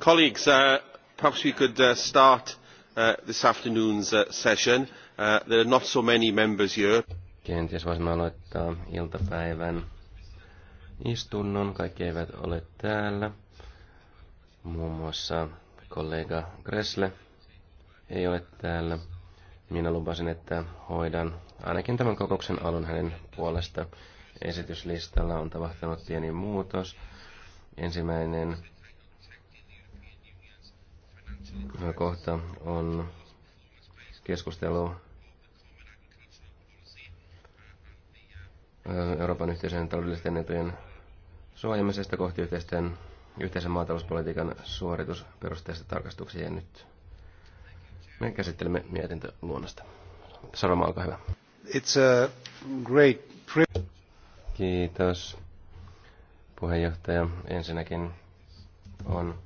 colleagues uh, perhaps we could uh, start uh, this afternoon's session. there are not so many members here. Kenties voisimme aloittaa iltapäivän istunnon. Kaikki eivät ole täällä. Muun muassa kollega Gressle ei ole täällä. Minä lupasin, että hoidan ainakin tämän kokouksen alun hänen puolesta. Esityslistalla on tapahtunut pieni muutos. Ensimmäinen kohta on keskustelu Euroopan yhteisön taloudellisten etujen suojamisesta kohti yhteisten, yhteisen maatalouspolitiikan suoritusperusteista tarkastuksia. Ja nyt me käsittelemme luonnosta. Sarama, olkaa hyvä. It's a great Kiitos puheenjohtaja. Ensinnäkin on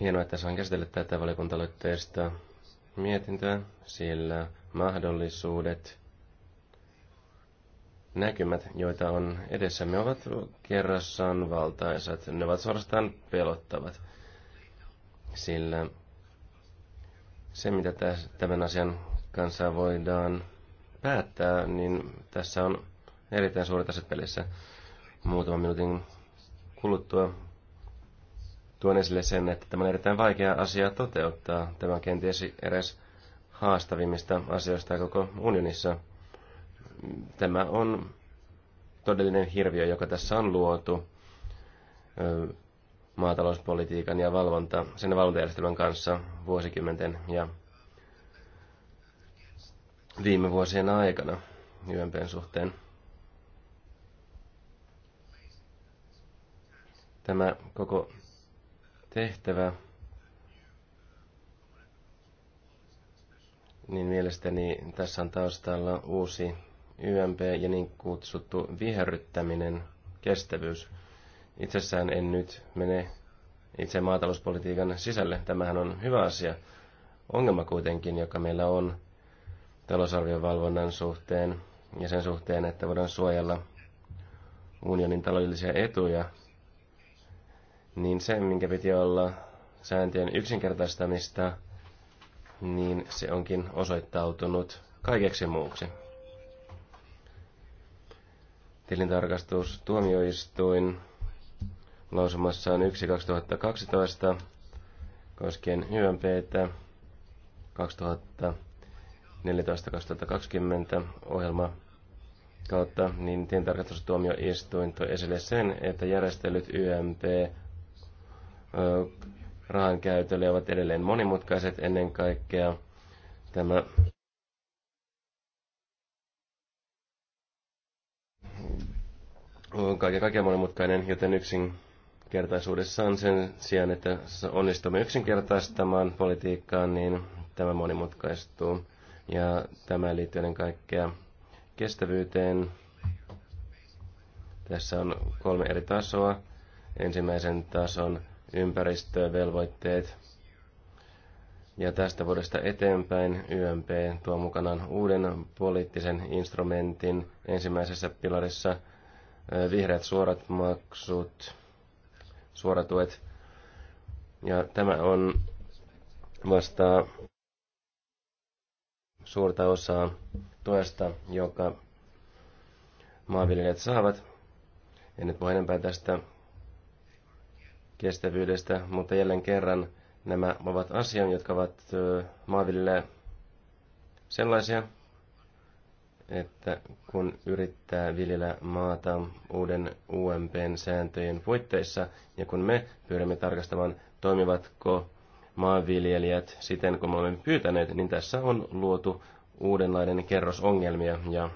Hienoa, että saan käsitellä tätä valiokuntaloitteesta mietintöä, sillä mahdollisuudet, näkymät, joita on edessämme, ovat kerrassaan valtaisat. Ne ovat suorastaan pelottavat, sillä se, mitä tämän asian kanssa voidaan päättää, niin tässä on erittäin suuret aset pelissä. Muutaman minuutin kuluttua tuon esille sen, että tämä on erittäin vaikea asia toteuttaa. Tämä on kenties eräs haastavimmista asioista koko unionissa. Tämä on todellinen hirviö, joka tässä on luotu maatalouspolitiikan ja valvonta, sen valvontajärjestelmän kanssa vuosikymmenten ja viime vuosien aikana YMPn suhteen. Tämä koko tehtävä, niin mielestäni tässä on taustalla uusi YMP ja niin kutsuttu viherryttäminen, kestävyys. Itsessään en nyt mene itse maatalouspolitiikan sisälle. Tämähän on hyvä asia. Ongelma kuitenkin, joka meillä on talousarviovalvonnan suhteen ja sen suhteen, että voidaan suojella unionin taloudellisia etuja niin se, minkä piti olla sääntöjen yksinkertaistamista, niin se onkin osoittautunut kaikeksi muuksi. Tilintarkastus tuomioistuin lausumassaan 1 2012 koskien YMPtä 2014-2020 ohjelma kautta, niin tilintarkastustuomioistuin toi esille sen, että järjestelyt YMP rahan käytölle ovat edelleen monimutkaiset ennen kaikkea. Tämä on kaiken kaiken monimutkainen, joten yksinkertaisuudessaan sen sijaan, että onnistumme yksinkertaistamaan politiikkaan, niin tämä monimutkaistuu. Ja tämä liittyy ennen kaikkea kestävyyteen. Tässä on kolme eri tasoa. Ensimmäisen tason ympäristövelvoitteet. Ja tästä vuodesta eteenpäin YMP tuo mukanaan uuden poliittisen instrumentin ensimmäisessä pilarissa vihreät suorat maksut, suoratuet. Ja tämä on vastaa suurta osaa tuesta, joka maanviljelijät saavat. En nyt voi enempää tästä kestävyydestä, mutta jälleen kerran nämä ovat asian, jotka ovat maaville sellaisia, että kun yrittää viljellä maata uuden UMPn sääntöjen puitteissa, ja kun me pyrimme tarkastamaan, toimivatko maanviljelijät siten, kun me olemme pyytäneet, niin tässä on luotu uudenlainen kerros ongelmia ja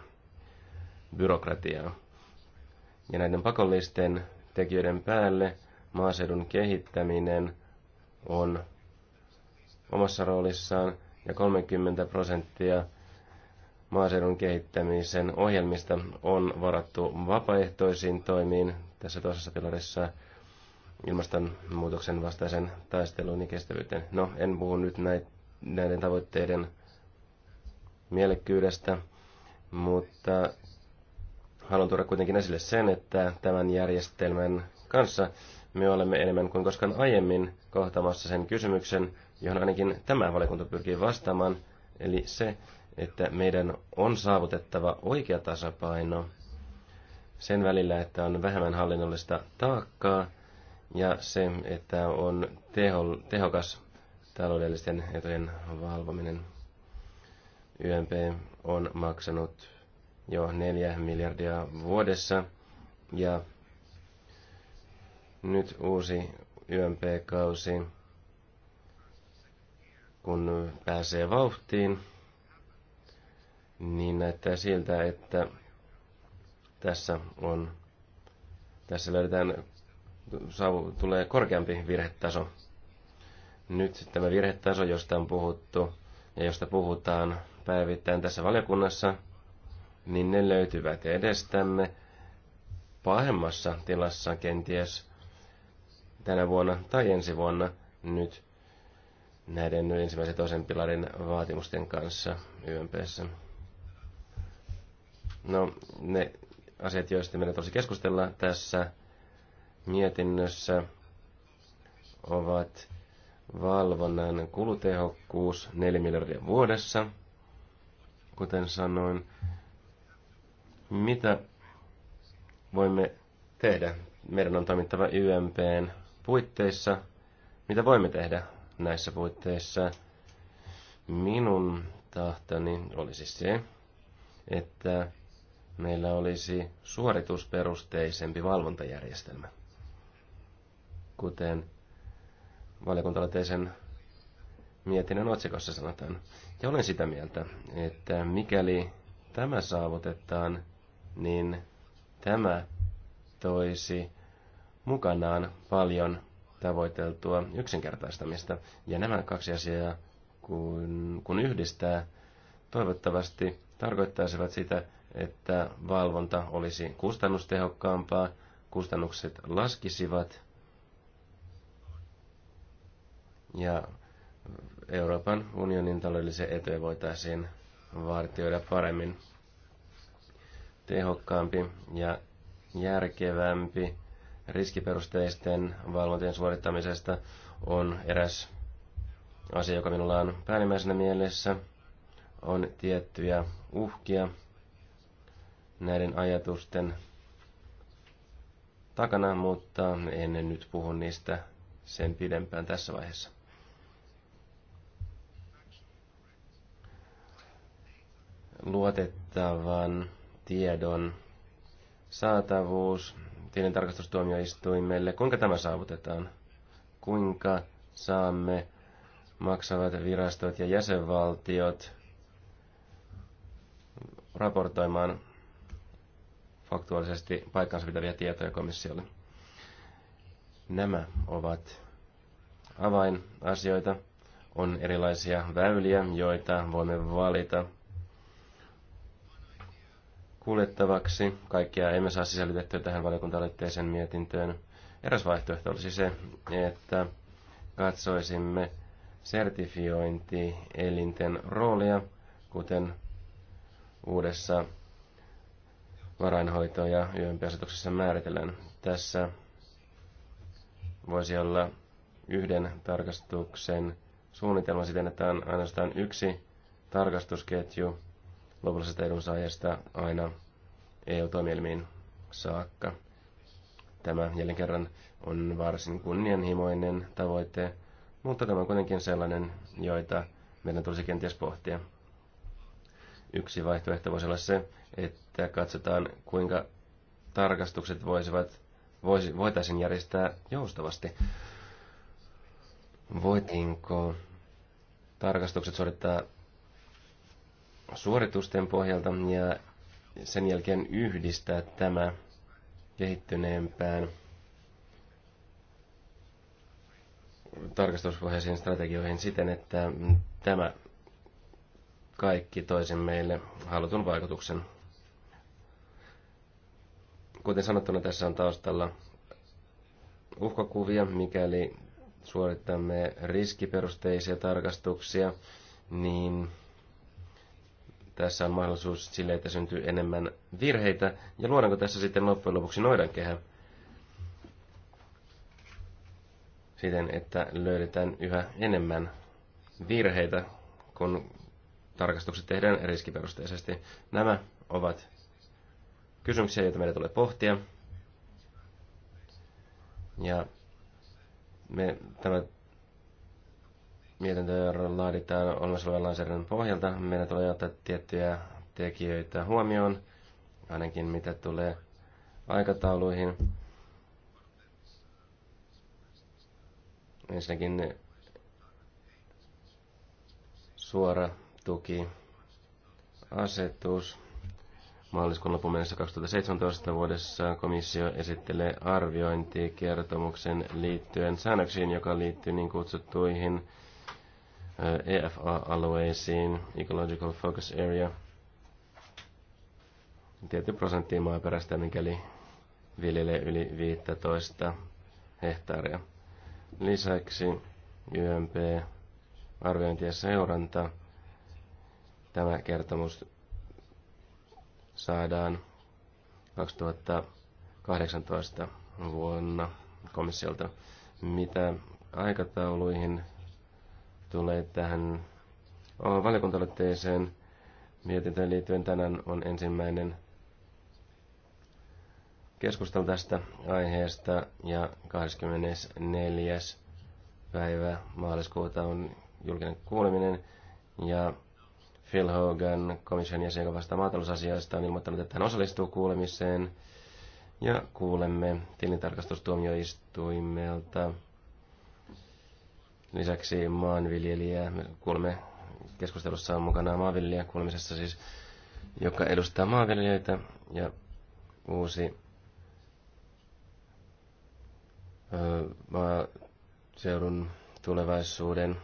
byrokratiaa. Ja näiden pakollisten tekijöiden päälle – maaseudun kehittäminen on omassa roolissaan ja 30 prosenttia maaseudun kehittämisen ohjelmista on varattu vapaaehtoisiin toimiin tässä toisessa pilarissa ilmastonmuutoksen vastaisen taistelun ja kestävyyteen. No, en puhu nyt näiden tavoitteiden mielekkyydestä, mutta haluan tuoda kuitenkin esille sen, että tämän järjestelmän kanssa me olemme enemmän kuin koskaan aiemmin kohtamassa sen kysymyksen, johon ainakin tämä valiokunta pyrkii vastaamaan, eli se, että meidän on saavutettava oikea tasapaino sen välillä, että on vähemmän hallinnollista taakkaa ja se, että on teho, tehokas taloudellisten etujen valvominen. YMP on maksanut jo 4 miljardia vuodessa ja nyt uusi YMP-kausi, kun pääsee vauhtiin, niin näyttää siltä, että tässä on, tässä löydetään, saavu, tulee korkeampi virhetaso. Nyt tämä virhetaso, josta on puhuttu ja josta puhutaan päivittäin tässä valiokunnassa, niin ne löytyvät edestämme pahemmassa tilassa kenties tänä vuonna tai ensi vuonna nyt näiden ensimmäisen toisen pilarin vaatimusten kanssa YMPssä. No, ne asiat, joista meidän tosi keskustella tässä mietinnössä, ovat valvonnan kulutehokkuus 4 miljardia vuodessa, kuten sanoin. Mitä voimme tehdä? Meidän on toimittava YMPn puitteissa, mitä voimme tehdä näissä puitteissa, minun tahtoni olisi se, että meillä olisi suoritusperusteisempi valvontajärjestelmä. Kuten valiokuntaloitteisen mietinnön otsikossa sanotaan. Ja olen sitä mieltä, että mikäli tämä saavutetaan, niin tämä toisi mukanaan paljon tavoiteltua yksinkertaistamista. Ja nämä kaksi asiaa, kun, kun yhdistää, toivottavasti tarkoittaisivat sitä, että valvonta olisi kustannustehokkaampaa, kustannukset laskisivat ja Euroopan unionin taloudellisen etuja voitaisiin vartioida paremmin. Tehokkaampi ja järkevämpi riskiperusteisten valvontien suorittamisesta on eräs asia, joka minulla on päällimmäisenä mielessä. On tiettyjä uhkia näiden ajatusten takana, mutta en nyt puhu niistä sen pidempään tässä vaiheessa. Luotettavan tiedon saatavuus tilintarkastustuomioistuimelle. Kuinka tämä saavutetaan? Kuinka saamme maksavat virastot ja jäsenvaltiot raportoimaan faktuaalisesti paikkansa pitäviä tietoja komissiolle? Nämä ovat avainasioita. On erilaisia väyliä, joita voimme valita – kuljettavaksi. Kaikkia emme saa sisällytettyä tähän valiokuntaloitteeseen mietintöön. Eräs vaihtoehto olisi se, että katsoisimme sertifiointielinten roolia, kuten uudessa varainhoito- ja yömpiasetuksessa määritellään. Tässä voisi olla yhden tarkastuksen suunnitelma siten, että on ainoastaan yksi tarkastusketju lopullisesta edunsaajasta aina EU-toimielmiin saakka. Tämä jälleen kerran on varsin kunnianhimoinen tavoite, mutta tämä on kuitenkin sellainen, joita meidän tulisi kenties pohtia. Yksi vaihtoehto voisi olla se, että katsotaan kuinka tarkastukset voisivat, voisi, voitaisiin järjestää joustavasti. Voitinko tarkastukset suorittaa suoritusten pohjalta ja sen jälkeen yhdistää tämä kehittyneempään tarkastuspohjaisiin strategioihin siten, että tämä kaikki toisen meille halutun vaikutuksen. Kuten sanottuna, tässä on taustalla uhkakuvia, mikäli suorittamme riskiperusteisia tarkastuksia, niin tässä on mahdollisuus sille, että syntyy enemmän virheitä, ja luodaanko tässä sitten loppujen lopuksi noidankehä siten, että löydetään yhä enemmän virheitä, kun tarkastukset tehdään riskiperusteisesti. Nämä ovat kysymyksiä, joita meidän tulee pohtia. Ja me, tämä mietintö laaditaan olemassa olevan lainsäädännön pohjalta. Meidän tulee ottaa tiettyjä tekijöitä huomioon, ainakin mitä tulee aikatauluihin. Ensinnäkin suora tuki asetus maaliskuun lopun mennessä 2017 vuodessa komissio esittelee arviointikertomuksen liittyen säännöksiin, joka liittyy niin kutsuttuihin EFA-alueisiin, Ecological Focus Area, tietty prosentti maaperästä, mikäli viljelee yli 15 hehtaaria. Lisäksi YMP, arviointi ja seuranta. Tämä kertomus saadaan 2018 vuonna komissiolta. Mitä aikatauluihin tulee tähän valiokuntaloitteeseen mietintöön liittyen. Tänään on ensimmäinen keskustelu tästä aiheesta ja 24. päivä maaliskuuta on julkinen kuuleminen ja Phil Hogan, komission jäsen, joka vastaa maatalousasioista, on ilmoittanut, että hän osallistuu kuulemiseen ja kuulemme tilintarkastustuomioistuimelta Lisäksi maanviljelijä, kuulemme keskustelussa on mukana maanviljelijä kuulemisessa siis, joka edustaa maanviljelijöitä ja uusi öö, maaseudun tulevaisuuden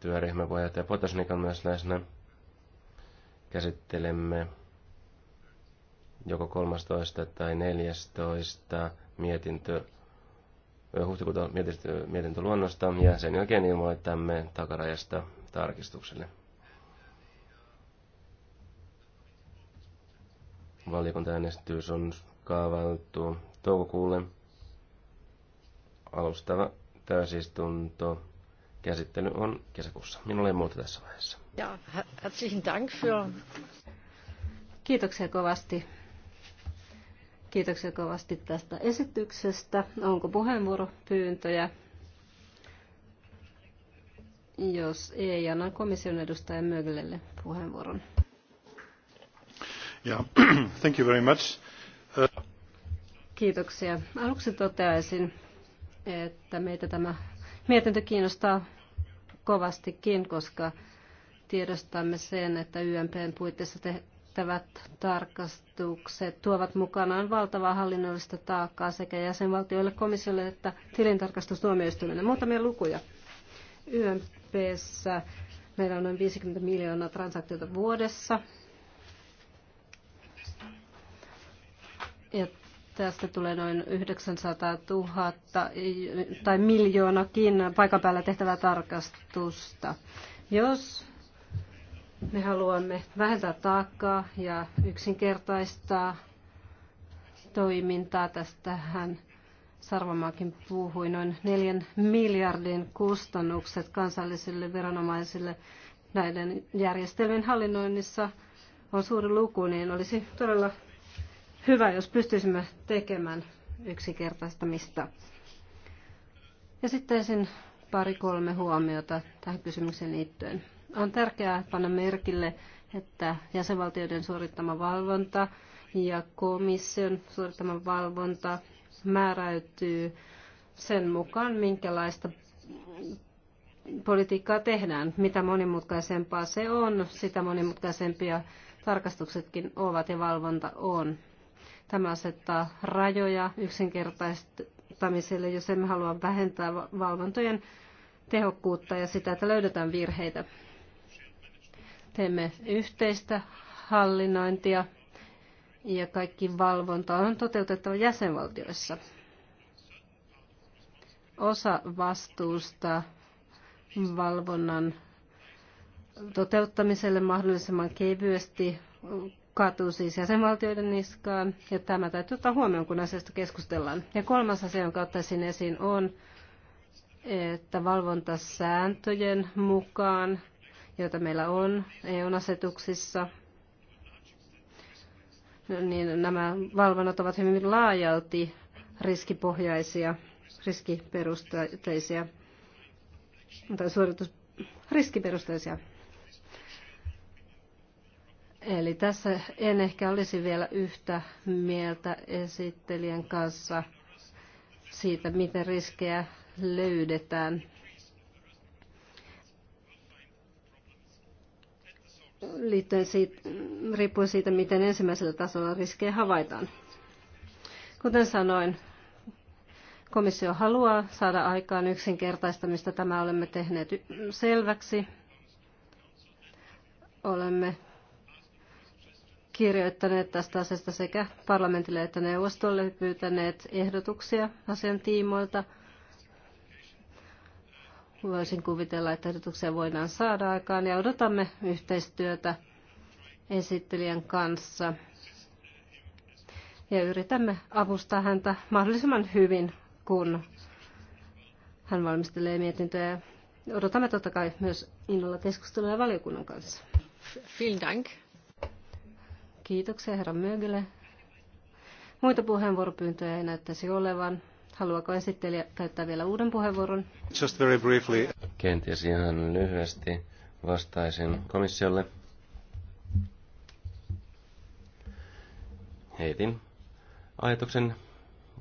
työryhmän puheenjohtaja Potosnik on myös läsnä. Käsittelemme joko 13 tai 14 mietintö huhtikuuta mietintöluonnosta ja sen jälkeen ilmoitamme takarajasta tarkistukselle. Valiokuntaäänestys on kaavailtu toukokuulle alustava täysistunto. Käsittely on kesäkuussa. Minulla ei muuta tässä vaiheessa. Ja, herzlichen Dank für... Kiitoksia kovasti Kiitoksia kovasti tästä esityksestä. Onko puheenvuoropyyntöjä? Jos ei, annan komission edustajan Mögelelle puheenvuoron. Yeah. Thank you very much. Uh... Kiitoksia. Aluksi toteaisin, että meitä tämä mietintö kiinnostaa kovastikin, koska tiedostamme sen, että YMPn puitteissa te- tehtävät tarkastukset tuovat mukanaan valtavaa hallinnollista taakkaa sekä jäsenvaltioille, komissiolle että tilintarkastustuomioistuimelle. Muutamia lukuja. YMPssä meillä on noin 50 miljoonaa transaktiota vuodessa. Ja tästä tulee noin 900 000 tai miljoonakin paikan päällä tehtävää tarkastusta. Jos me haluamme vähentää taakkaa ja yksinkertaistaa toimintaa. Tästähän Sarvamaakin puhui noin neljän miljardin kustannukset kansallisille viranomaisille näiden järjestelmien hallinnoinnissa on suuri luku, niin olisi todella hyvä, jos pystyisimme tekemään yksinkertaistamista. Ja sitten pari kolme huomiota tähän kysymykseen liittyen. On tärkeää panna merkille, että jäsenvaltioiden suorittama valvonta ja komission suorittama valvonta määräytyy sen mukaan, minkälaista politiikkaa tehdään. Mitä monimutkaisempaa se on, sitä monimutkaisempia tarkastuksetkin ovat ja valvonta on. Tämä asettaa rajoja yksinkertaistamiselle, jos emme halua vähentää valvontojen tehokkuutta ja sitä, että löydetään virheitä. Teemme yhteistä hallinnointia ja kaikki valvonta on toteutettava jäsenvaltioissa. Osa vastuusta valvonnan toteuttamiselle mahdollisimman kevyesti kaatuu siis jäsenvaltioiden niskaan, ja tämä täytyy ottaa huomioon, kun asiasta keskustellaan. Ja kolmas asia, jonka ottaisin esiin, on, että valvontasääntöjen mukaan joita meillä on EU-asetuksissa, niin nämä valvonnat ovat hyvin laajalti riskipohjaisia, riskiperusteisia tai suoritus, riskiperusteisia. Eli tässä en ehkä olisi vielä yhtä mieltä esittelijän kanssa siitä, miten riskejä löydetään liittyen siitä, riippuen siitä, miten ensimmäisellä tasolla riskejä havaitaan. Kuten sanoin, komissio haluaa saada aikaan yksinkertaistamista. Tämä olemme tehneet selväksi. Olemme kirjoittaneet tästä asiasta sekä parlamentille että neuvostolle pyytäneet ehdotuksia asian tiimoilta – Voisin kuvitella, että ehdotuksia voidaan saada aikaan ja odotamme yhteistyötä esittelijän kanssa. Ja yritämme avustaa häntä mahdollisimman hyvin, kun hän valmistelee mietintöä. Odotamme totta kai myös innolla keskustelua valiokunnan kanssa. Vielen Dank. Kiitoksia herra Mögele. Muita puheenvuoropyyntöjä ei näyttäisi olevan. Haluaako esittelijä käyttää vielä uuden puheenvuoron? Just very briefly. Kenties ihan lyhyesti vastaisin komissiolle. Heitin ajatuksen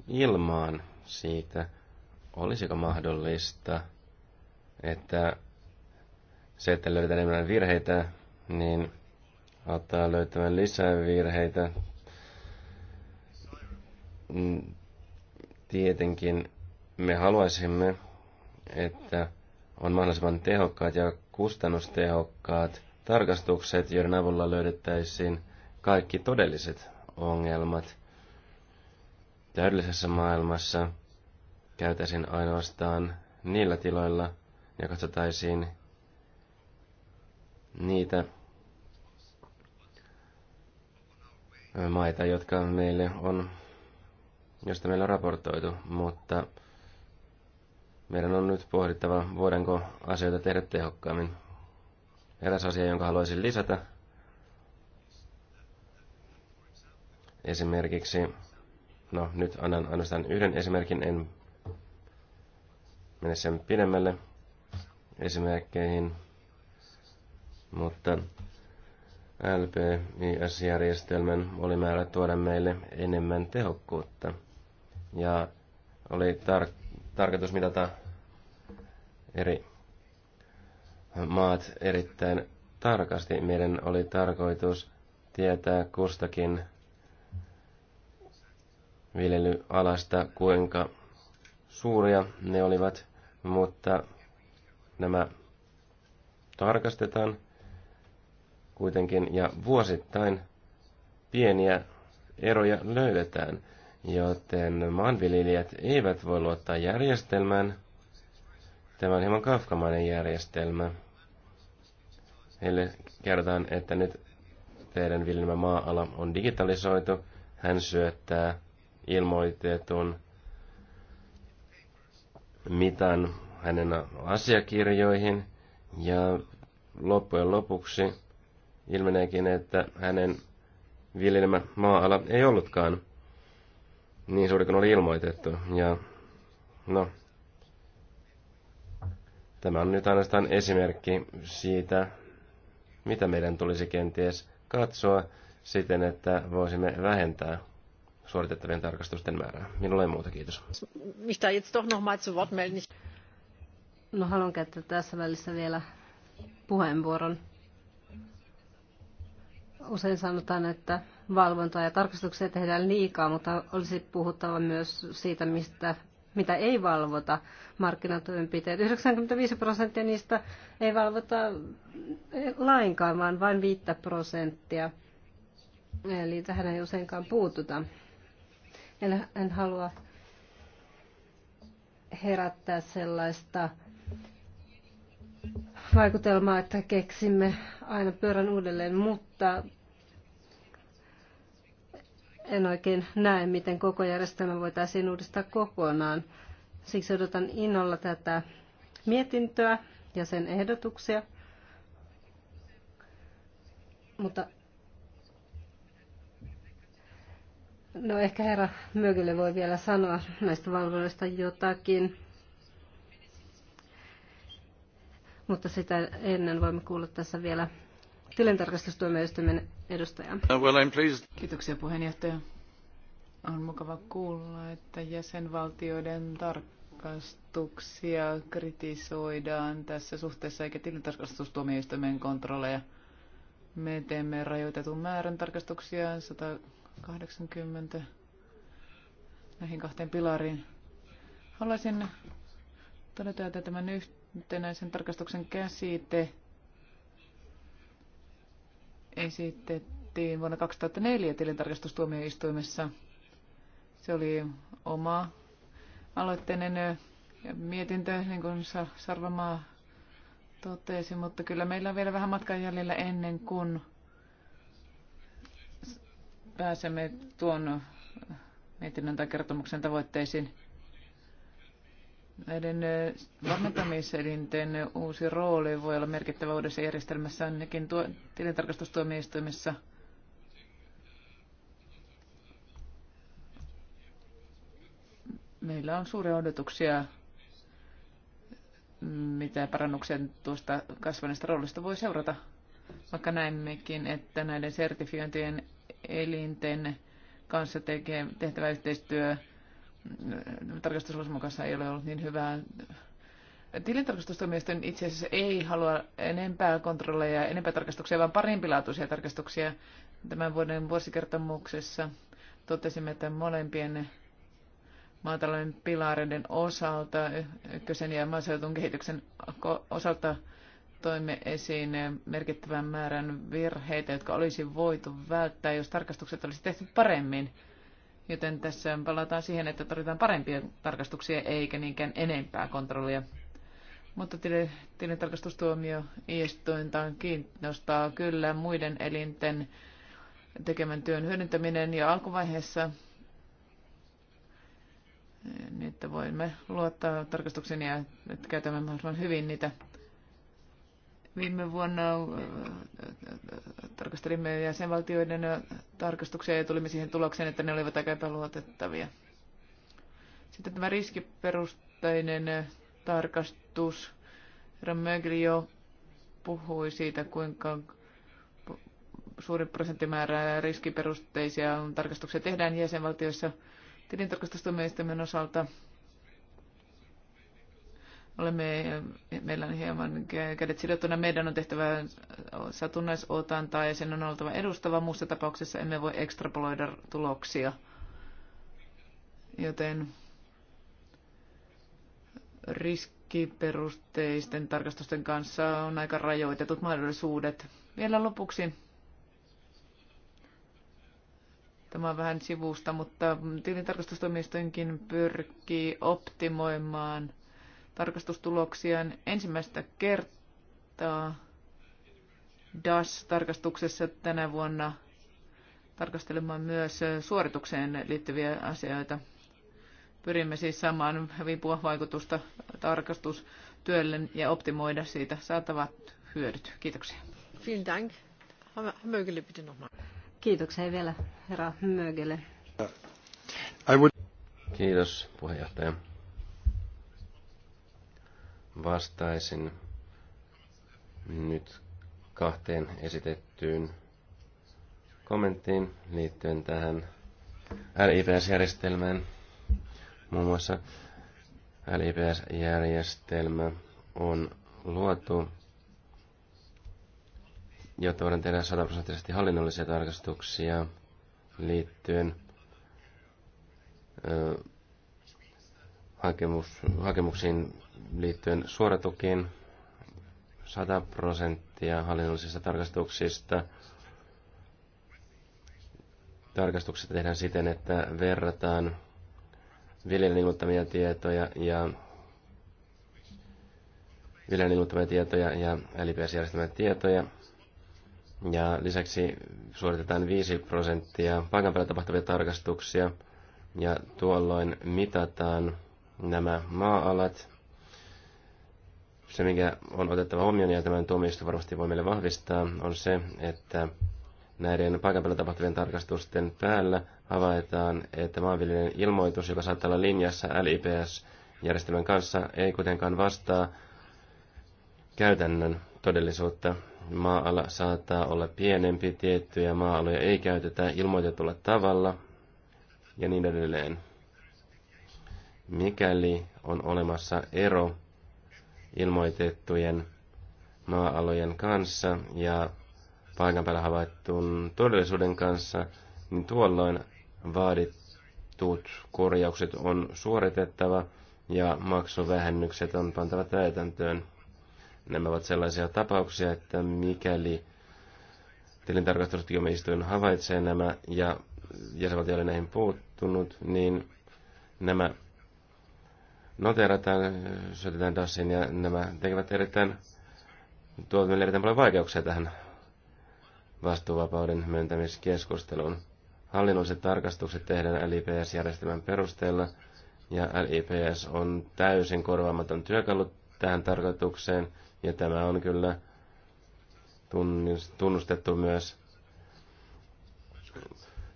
ilmaan siitä, olisiko mahdollista, että se, että löydetään enemmän virheitä, niin auttaa löytämään lisää virheitä. Mm, Tietenkin me haluaisimme, että on mahdollisimman tehokkaat ja kustannustehokkaat tarkastukset, joiden avulla löydettäisiin kaikki todelliset ongelmat. Täydellisessä maailmassa käytäisiin ainoastaan niillä tiloilla ja katsotaisiin niitä maita, jotka meille on josta meillä on raportoitu, mutta meidän on nyt pohdittava, voidaanko asioita tehdä tehokkaammin. Eräs asia, jonka haluaisin lisätä, esimerkiksi, no nyt annan ainoastaan yhden esimerkin, en mene sen pidemmälle esimerkkeihin, mutta LPIS-järjestelmän oli määrä tuoda meille enemmän tehokkuutta – ja oli tar- tarkoitus mitata eri maat erittäin tarkasti. Meidän oli tarkoitus tietää kustakin viljelyalasta, kuinka suuria ne olivat, mutta nämä tarkastetaan kuitenkin ja vuosittain pieniä eroja löydetään joten maanviljelijät eivät voi luottaa järjestelmään. Tämä on hieman kafkamainen järjestelmä. Heille kerrotaan, että nyt teidän viljelmä maa-ala on digitalisoitu. Hän syöttää ilmoitetun mitan hänen asiakirjoihin ja loppujen lopuksi ilmeneekin, että hänen viljelmä maa-ala ei ollutkaan niin suuri kuin oli ilmoitettu. Ja no, tämä on nyt ainoastaan esimerkki siitä, mitä meidän tulisi kenties katsoa siten, että voisimme vähentää suoritettavien tarkastusten määrää. Minulla ei muuta, kiitos. No haluan käyttää tässä välissä vielä puheenvuoron. Usein sanotaan, että valvontaa ja tarkastuksia tehdään liikaa, mutta olisi puhuttava myös siitä, mistä, mitä ei valvota markkinatoimenpiteet. 95 prosenttia niistä ei valvota lainkaan, vaan vain 5 prosenttia. Eli tähän ei useinkaan puututa. En, en halua herättää sellaista vaikutelmaa, että keksimme aina pyörän uudelleen, mutta en oikein näe, miten koko järjestelmä voitaisiin uudistaa kokonaan. Siksi odotan innolla tätä mietintöä ja sen ehdotuksia. Mutta no ehkä herra Mögille voi vielä sanoa näistä valvonnoista jotakin. Mutta sitä ennen voimme kuulla tässä vielä tilintarkastustuomioistuimen edustaja. Uh, well, I'm pleased. Kiitoksia puheenjohtaja. On mukava kuulla, että jäsenvaltioiden tarkastuksia kritisoidaan tässä suhteessa eikä tilintarkastustuomioistuimen kontrolleja. Me teemme rajoitetun määrän tarkastuksia 180 näihin kahteen pilariin. Haluaisin todeta, että tämän yhtenäisen tarkastuksen käsite esitettiin vuonna 2004 tilintarkastustuomioistuimessa. Se oli oma aloitteinen mietintö, niin kuin Sarvamaa totesi, mutta kyllä meillä on vielä vähän matkan jäljellä ennen kuin pääsemme tuon mietinnön tai kertomuksen tavoitteisiin. Näiden varmentamiselinten uusi rooli voi olla merkittävä uudessa järjestelmässä ainakin tuo, tilintarkastustuomioistuimessa. Meillä on suuria odotuksia, mitä parannuksia tuosta kasvaneesta roolista voi seurata, vaikka näemmekin, että näiden sertifiointien elinten kanssa tekee, tehtävä yhteistyö tarkastusosumman kanssa ei ole ollut niin hyvää. Tilintarkastustoimijoisten itse asiassa ei halua enempää kontrolleja, enempää tarkastuksia, vaan parempilaatuisia tarkastuksia. Tämän vuoden vuosikertomuksessa totesimme, että molempien maatalouden pilareiden osalta, ykkösen ja maaseutun kehityksen osalta toimme esiin merkittävän määrän virheitä, jotka olisi voitu välttää, jos tarkastukset olisi tehty paremmin. Joten tässä palataan siihen, että tarvitaan parempia tarkastuksia eikä niinkään enempää kontrollia. Mutta tilintarkastustuomio iestointaan kiinnostaa kyllä muiden elinten tekemän työn hyödyntäminen jo alkuvaiheessa, niin että voimme luottaa tarkastuksen ja käytämme mahdollisimman hyvin niitä Viime vuonna tarkastelimme jäsenvaltioiden tarkastuksia ja tulimme siihen tulokseen, että ne olivat aika epäluotettavia. Sitten tämä riskiperustainen tarkastus. Herra jo puhui siitä, kuinka suuri prosenttimäärä riskiperusteisia tarkastuksia tehdään jäsenvaltioissa tilintarkastustuomioistuimen osalta olemme, meillä on hieman kädet sidottuna. Meidän on tehtävä satunnaisotantaa ja sen on oltava edustava. Muussa tapauksessa emme voi ekstrapoloida tuloksia. Joten riskiperusteisten tarkastusten kanssa on aika rajoitetut mahdollisuudet. Vielä lopuksi. Tämä on vähän sivusta, mutta tilintarkastustoimistoinkin pyrkii optimoimaan – tarkastustuloksiaan ensimmäistä kertaa DAS-tarkastuksessa tänä vuonna tarkastelemaan myös suoritukseen liittyviä asioita. Pyrimme siis saamaan vipua vaikutusta tarkastustyölle ja optimoida siitä saatavat hyödyt. Kiitoksia. Vielen Dank. Mögele bitte nochmal. Kiitoksia vielä herra Mögele. Kiitos puheenjohtaja vastaisin nyt kahteen esitettyyn kommenttiin liittyen tähän LIPS-järjestelmään. Muun muassa LIPS-järjestelmä on luotu, jotta voidaan tehdä sataprosenttisesti hallinnollisia tarkastuksia liittyen ö, hakemus, hakemuksiin liittyen suoratukiin 100 prosenttia hallinnollisista tarkastuksista. Tarkastukset tehdään siten, että verrataan viljelijän ilmoittamia tietoja ja viljelijän ilmoittamia tietoja ja LPS tietoja. Ja lisäksi suoritetaan 5 prosenttia paikan päällä tapahtuvia tarkastuksia ja tuolloin mitataan nämä maa-alat se, mikä on otettava huomioon, ja tämän tuomioista varmasti voi meille vahvistaa, on se, että näiden paikan päällä tapahtuvien tarkastusten päällä havaitaan, että maanviljelijän ilmoitus, joka saattaa olla linjassa LIPS-järjestelmän kanssa, ei kuitenkaan vastaa käytännön todellisuutta. Maa-ala saattaa olla pienempi, tiettyjä maa-aloja ei käytetä ilmoitetulla tavalla ja niin edelleen. Mikäli on olemassa ero ilmoitettujen maa-alojen kanssa ja paikan päällä havaittuun todellisuuden kanssa, niin tuolloin vaadittut korjaukset on suoritettava ja maksuvähennykset on pantava täytäntöön. Nämä ovat sellaisia tapauksia, että mikäli tilintarkastustuomioistuin havaitsee nämä ja jäsenvaltio oli näihin puuttunut, niin nämä noterataan, syötetään Dassin ja nämä tekevät erittäin, tuovat erittäin paljon vaikeuksia tähän vastuuvapauden myöntämiskeskusteluun. Hallinnolliset tarkastukset tehdään LIPS-järjestelmän perusteella ja LIPS on täysin korvaamaton työkalu tähän tarkoitukseen ja tämä on kyllä tunnustettu myös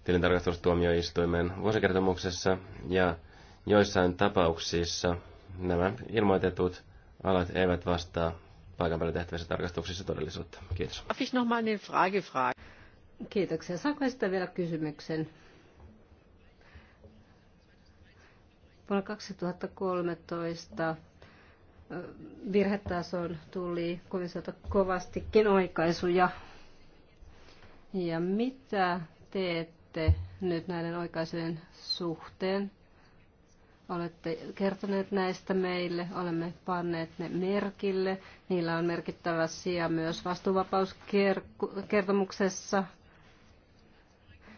tilintarkastustuomioistuimen vuosikertomuksessa ja Joissain tapauksissa nämä ilmoitetut alat eivät vastaa paikan päällä tehtävissä tarkastuksissa todellisuutta. Kiitos. Kiitoksia. Saanko sitä vielä kysymyksen? Vuonna 2013 virhetasoon tuli komissiolta kovastikin oikaisuja. Ja mitä teette nyt näiden oikaisujen suhteen? Olette kertoneet näistä meille, olemme panneet ne merkille. Niillä on merkittävä sija myös vastuuvapauskertomuksessa.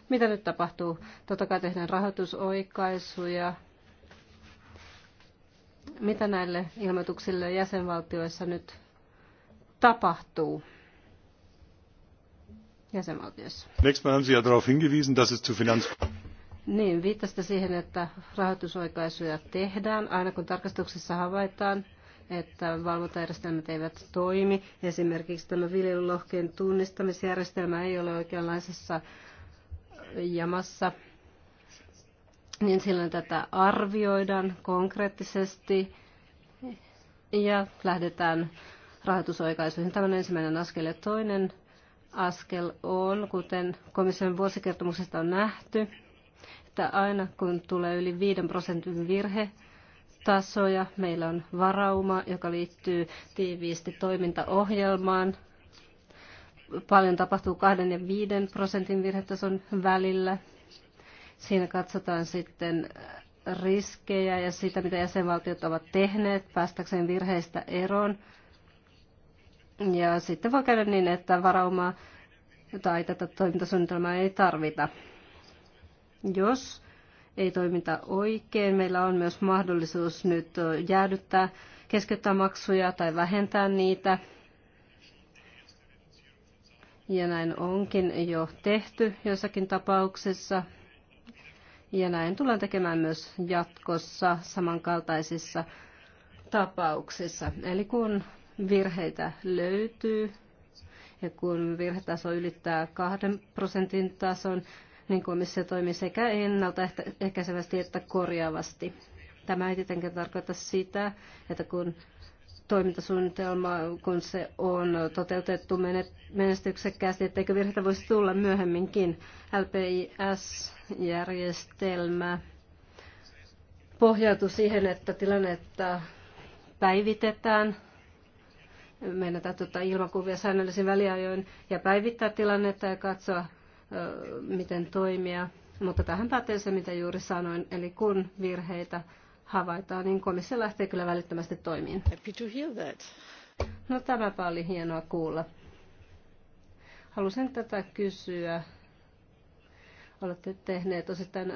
Mitä nyt tapahtuu? Totta kai tehdään rahoitusoikaisuja. Mitä näille ilmoituksille jäsenvaltioissa nyt tapahtuu? jäsenvaltioissa. Next haben Sie darauf hingewiesen, dass es zu Finanz niin, viittasitte siihen, että rahoitusoikaisuja tehdään aina kun tarkastuksessa havaitaan, että valvontajärjestelmät eivät toimi. Esimerkiksi tämä viljelylohkeen tunnistamisjärjestelmä ei ole oikeanlaisessa jamassa, niin silloin tätä arvioidaan konkreettisesti ja lähdetään rahoitusoikaisuihin. Tämä on ensimmäinen askel ja toinen askel on, kuten komission vuosikertomuksesta on nähty, että aina kun tulee yli 5 prosentin virhe, tasoja. Meillä on varauma, joka liittyy tiiviisti toimintaohjelmaan. Paljon tapahtuu 2 ja 5 prosentin virhetason välillä. Siinä katsotaan sitten riskejä ja sitä, mitä jäsenvaltiot ovat tehneet päästäkseen virheistä eroon. Ja sitten voi käydä niin, että varaumaa tai tätä toimintasuunnitelmaa ei tarvita. Jos ei toiminta oikein, meillä on myös mahdollisuus nyt jäädyttää, keskeyttää maksuja tai vähentää niitä. Ja näin onkin jo tehty jossakin tapauksessa. Ja näin tullaan tekemään myös jatkossa samankaltaisissa tapauksissa. Eli kun virheitä löytyy ja kun virhetaso ylittää kahden prosentin tason, niin komissio toimii sekä ennaltaehkäisevästi että korjaavasti. Tämä ei tietenkään tarkoita sitä, että kun toimintasuunnitelma, kun se on toteutettu menestyksekkäästi, etteikö virheitä voisi tulla myöhemminkin. LPIS-järjestelmä pohjautuu siihen, että tilannetta päivitetään. Meidän täytyy ottaa ilmakuvia säännöllisin väliajoin ja päivittää tilannetta ja katsoa, miten toimia. Mutta tähän pätee se, mitä juuri sanoin, eli kun virheitä havaitaan, niin komissio lähtee kyllä välittömästi toimiin. Happy to hear that. No tämäpä oli hienoa kuulla. Halusin tätä kysyä. Olette tehneet osittain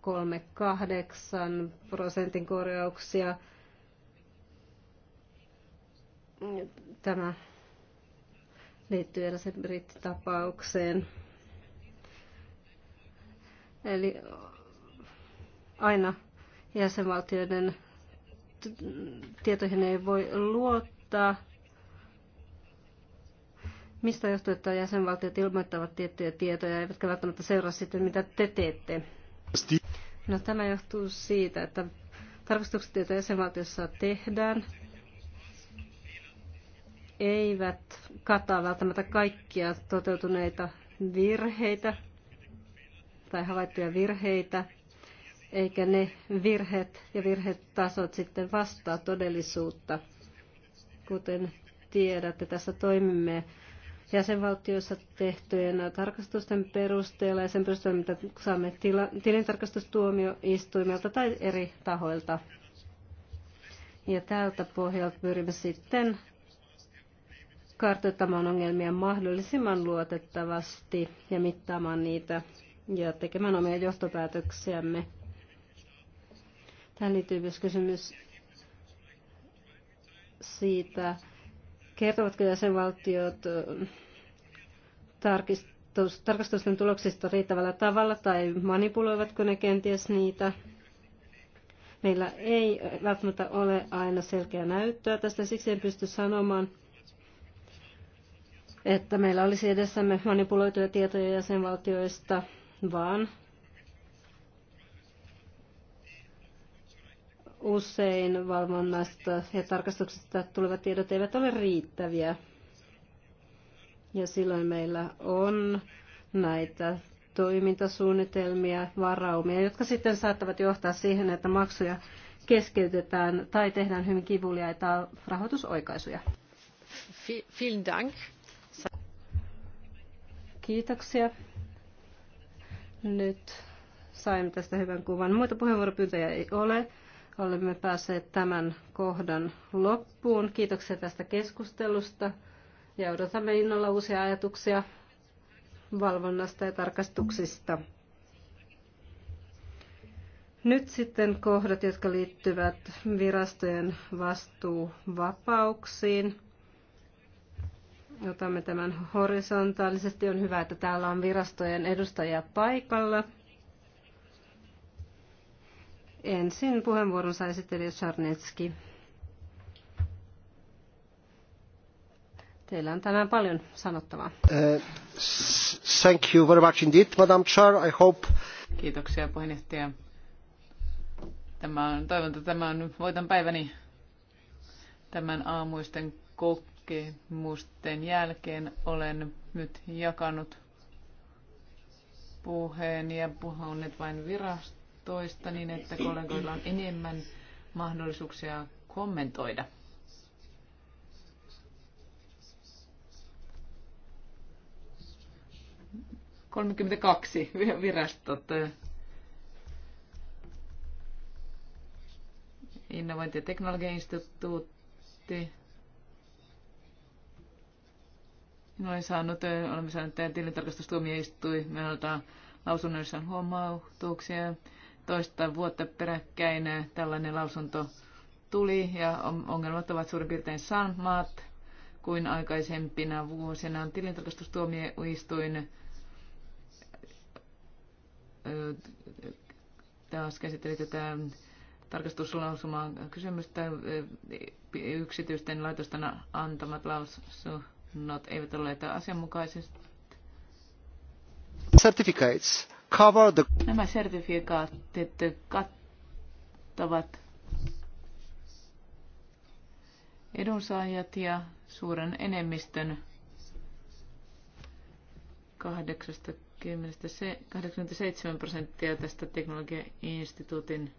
038 prosentin korjauksia. Tämä liittyy edes brittitapaukseen. tapaukseen. Eli aina jäsenvaltioiden tietoihin ei voi luottaa. Mistä johtuu, että jäsenvaltiot ilmoittavat tiettyjä tietoja, eivätkä välttämättä seuraa sitten, mitä te teette? No, tämä johtuu siitä, että tarkastukset, joita jäsenvaltiossa tehdään, eivät kata välttämättä kaikkia toteutuneita virheitä, tai havaittuja virheitä, eikä ne virheet ja virhetasot sitten vastaa todellisuutta. Kuten tiedätte, tässä toimimme jäsenvaltioissa tehtyjen tarkastusten perusteella ja sen perusteella, mitä saamme tila- tilintarkastustuomioistuimelta tai eri tahoilta. Ja tältä pohjalta pyrimme sitten kartoittamaan ongelmia mahdollisimman luotettavasti ja mittaamaan niitä ja tekemään omia johtopäätöksiämme. Tähän liittyy myös kysymys siitä, kertovatko jäsenvaltiot äh, tarkistus, tarkastusten tuloksista riittävällä tavalla tai manipuloivatko ne kenties niitä. Meillä ei välttämättä ole aina selkeää näyttöä tästä, siksi en pysty sanomaan, että meillä olisi edessämme manipuloituja tietoja jäsenvaltioista – vaan usein valvonnasta ja tarkastuksesta tulevat tiedot eivät ole riittäviä. Ja silloin meillä on näitä toimintasuunnitelmia, varaumia, jotka sitten saattavat johtaa siihen, että maksuja keskeytetään tai tehdään hyvin kivuliaita rahoitusoikaisuja. Vielen Dank. Kiitoksia. Nyt saimme tästä hyvän kuvan. Muita puheenvuoropyyntöjä ei ole. Olemme päässeet tämän kohdan loppuun. Kiitoksia tästä keskustelusta ja odotamme innolla uusia ajatuksia valvonnasta ja tarkastuksista. Nyt sitten kohdat, jotka liittyvät virastojen vastuuvapauksiin otamme tämän horisontaalisesti. On hyvä, että täällä on virastojen edustajia paikalla. Ensin puheenvuoron sai esittelijä Sarnetski. Teillä on tänään paljon sanottavaa. Uh, thank you very much indeed, Madam Chair. I hope... Kiitoksia puheenjohtaja. Tämä on, toivon, että tämä on voitan päiväni tämän aamuisten kokouksen kokemusten jälkeen olen nyt jakanut puheen ja puhunut vain virastoista niin, että kollegoilla on enemmän mahdollisuuksia kommentoida. Kolmekymmentäkaksi virastot. Innovointi- ja teknologiainstituutti, Olen saanut, olemme saaneet tämän tilintarkastustuomioistuimelta lausunnoissa huomautuksia. Toista vuotta peräkkäin tällainen lausunto tuli ja ongelmat ovat suurin piirtein samat kuin aikaisempina vuosina. Tilintarkastustuomioistuin taas käsitteli tätä tarkastuslausumaan kysymystä yksityisten laitosten antamat lausunnot not eivät olleet asianmukaiset. Certificates cover the... Nämä sertifikaatit kattavat edunsaajat ja suuren enemmistön 87 prosenttia tästä teknologiainstituutin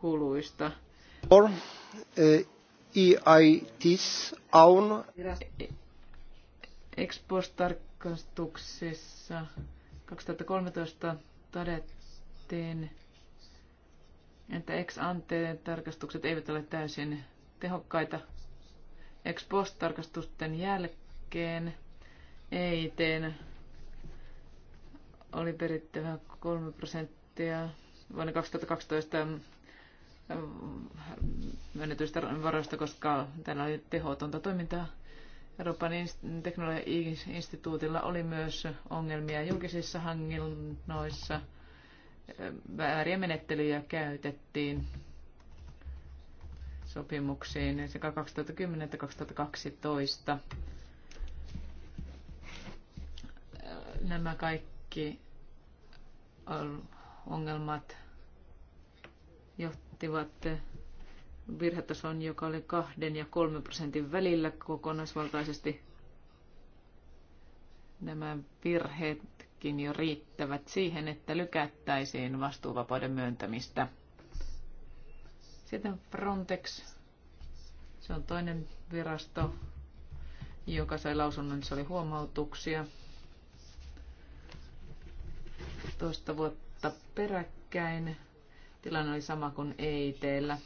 kuluista. Or, uh, EITs aun Expostarkastuksessa 2013 todettiin, että ex ante tarkastukset eivät ole täysin tehokkaita. Ex post tarkastusten jälkeen EIT oli perittävä 3 prosenttia vuonna 2012 myönnetyistä varoista, koska täällä oli tehotonta toimintaa. Euroopan teknologia-instituutilla oli myös ongelmia julkisissa hankinnoissa. Vääriä menettelyjä käytettiin sopimuksiin sekä 2010 että 2012. Nämä kaikki ongelmat johtuvat osoittivat virhetason, joka oli kahden ja kolmen prosentin välillä kokonaisvaltaisesti. Nämä virheetkin jo riittävät siihen, että lykättäisiin vastuuvapauden myöntämistä. Sitten Frontex, se on toinen virasto, joka sai lausunnon, se oli huomautuksia. Toista vuotta peräkkäin Tilanne oli sama kuin EITllä.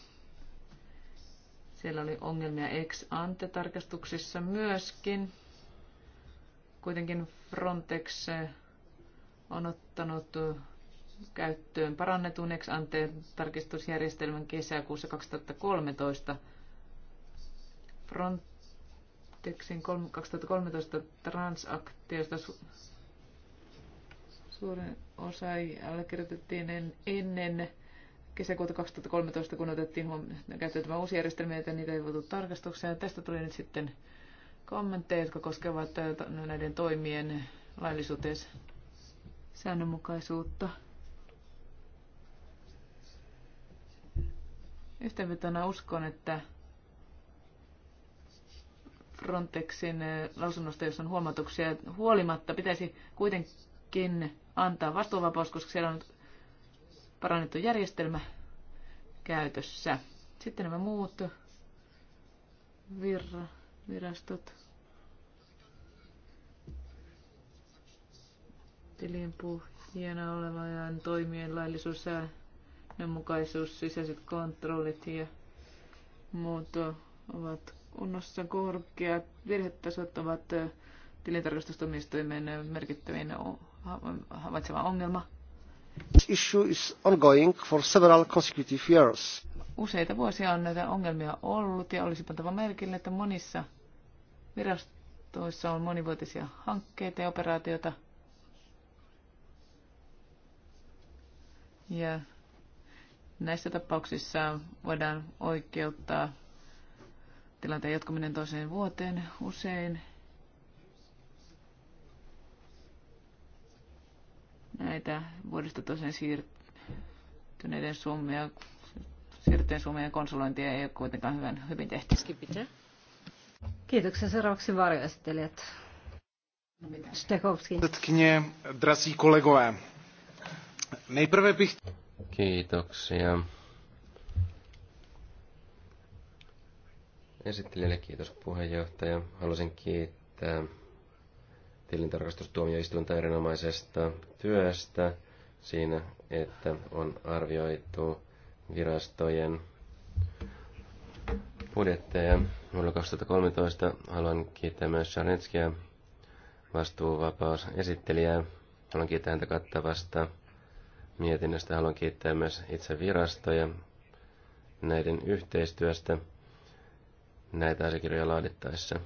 Siellä oli ongelmia ex ante tarkastuksissa myöskin. Kuitenkin Frontex on ottanut käyttöön parannetun ex ante tarkistusjärjestelmän kesäkuussa 2013. Frontexin 2013 transaktiosta suurin osa allekirjoitettiin ennen kesäkuuta 2013, kun otettiin käyttöön tämä uusi järjestelmä, että niitä ei voitu tarkastukseen. Tästä tuli nyt sitten kommentteja, jotka koskevat no, näiden toimien laillisuuteen säännönmukaisuutta. Yhteenvetona uskon, että Frontexin lausunnosta, jos on huomautuksia huolimatta, pitäisi kuitenkin antaa vastuuvapaus, koska siellä on parannettu järjestelmä käytössä. Sitten nämä muut virra, virastot. hieno oleva ja toimien laillisuus ja mukaisuus, sisäiset kontrollit ja muut ovat kunnossa korkeat. Virhetasot ovat tilintarkastustoimistoimen merkittävin havaitseva ongelma. This issue ongoing for several consecutive years. Useita vuosia on näitä ongelmia ollut ja olisi pantava merkille, että monissa virastoissa on monivuotisia hankkeita ja operaatioita. Ja näissä tapauksissa voidaan oikeuttaa tilanteen jatkuminen toiseen vuoteen usein näitä vuodesta toisen siirtyneiden summia, siirtyneiden summien konsulointia ei ole kuitenkaan hyvän, hyvin tehty. Kiitoksia seuraavaksi varjoesittelijät. No Stekovski. Předsedkyně, drazí nejprve bych... Kiitoksia. Esittelijälle kiitos puheenjohtaja. Haluaisin kiittää tilintarkastustuomioistuinta erinomaisesta työstä siinä, että on arvioitu virastojen budjetteja. Vuonna 2013 haluan kiittää myös Sarnetskia, vastuuvapaus esittelijää. Haluan kiittää häntä kattavasta mietinnöstä. Haluan kiittää myös itse virastoja näiden yhteistyöstä näitä asiakirjoja laadittaessa.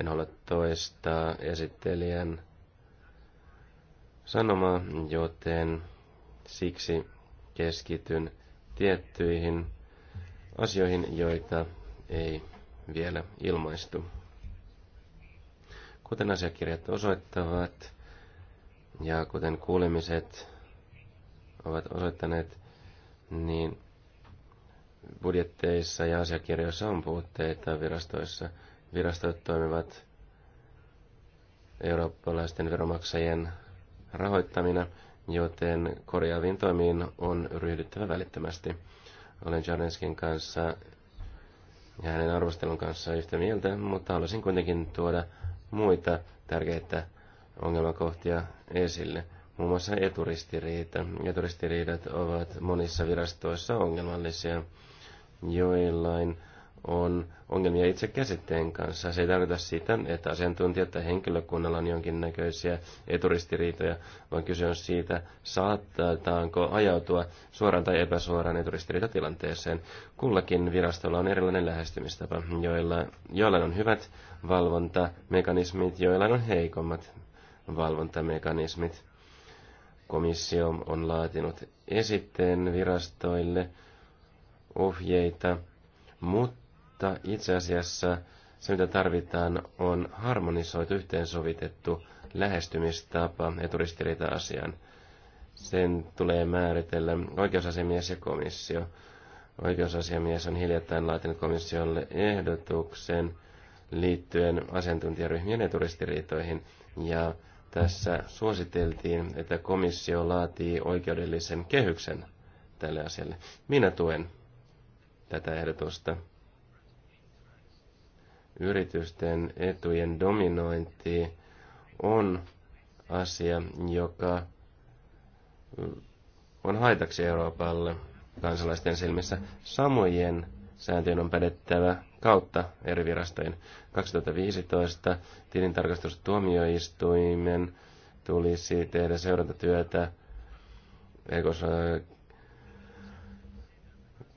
En halua toistaa esittelijän sanomaa, joten siksi keskityn tiettyihin asioihin, joita ei vielä ilmaistu. Kuten asiakirjat osoittavat ja kuten kuulemiset ovat osoittaneet, niin budjetteissa ja asiakirjoissa on puutteita virastoissa – virastot toimivat eurooppalaisten veromaksajien rahoittamina, joten korjaaviin toimiin on ryhdyttävä välittömästi. Olen Jarenskin kanssa ja hänen arvostelun kanssa yhtä mieltä, mutta haluaisin kuitenkin tuoda muita tärkeitä ongelmakohtia esille. Muun muassa eturistiriita. Eturistiriidat ovat monissa virastoissa ongelmallisia. Joillain on ongelmia itse käsitteen kanssa. Se ei tarkoita sitä, että asiantuntijat tai henkilökunnalla on jonkinnäköisiä eturistiriitoja, vaan kyse on siitä, saattaako ajautua suoraan tai epäsuoraan eturistiriitatilanteeseen. Kullakin virastolla on erilainen lähestymistapa, joilla, joilla on hyvät valvontamekanismit, joilla on heikommat valvontamekanismit. Komissio on laatinut esitteen virastoille ohjeita, mutta mutta itse asiassa se, mitä tarvitaan, on harmonisoitu, yhteensovitettu lähestymistapa eturistiriita-asiaan. Sen tulee määritellä oikeusasiamies ja komissio. Oikeusasiamies on hiljattain laatinut komissiolle ehdotuksen liittyen asiantuntijaryhmien eturistiriitoihin, ja tässä suositeltiin, että komissio laatii oikeudellisen kehyksen tälle asialle. Minä tuen tätä ehdotusta yritysten etujen dominointi on asia, joka mm, on haitaksi Euroopalle kansalaisten silmissä. Samojen sääntöjen on pädettävä kautta eri virastojen. 2015 tilintarkastustuomioistuimen tulisi tehdä seurantatyötä Ekos,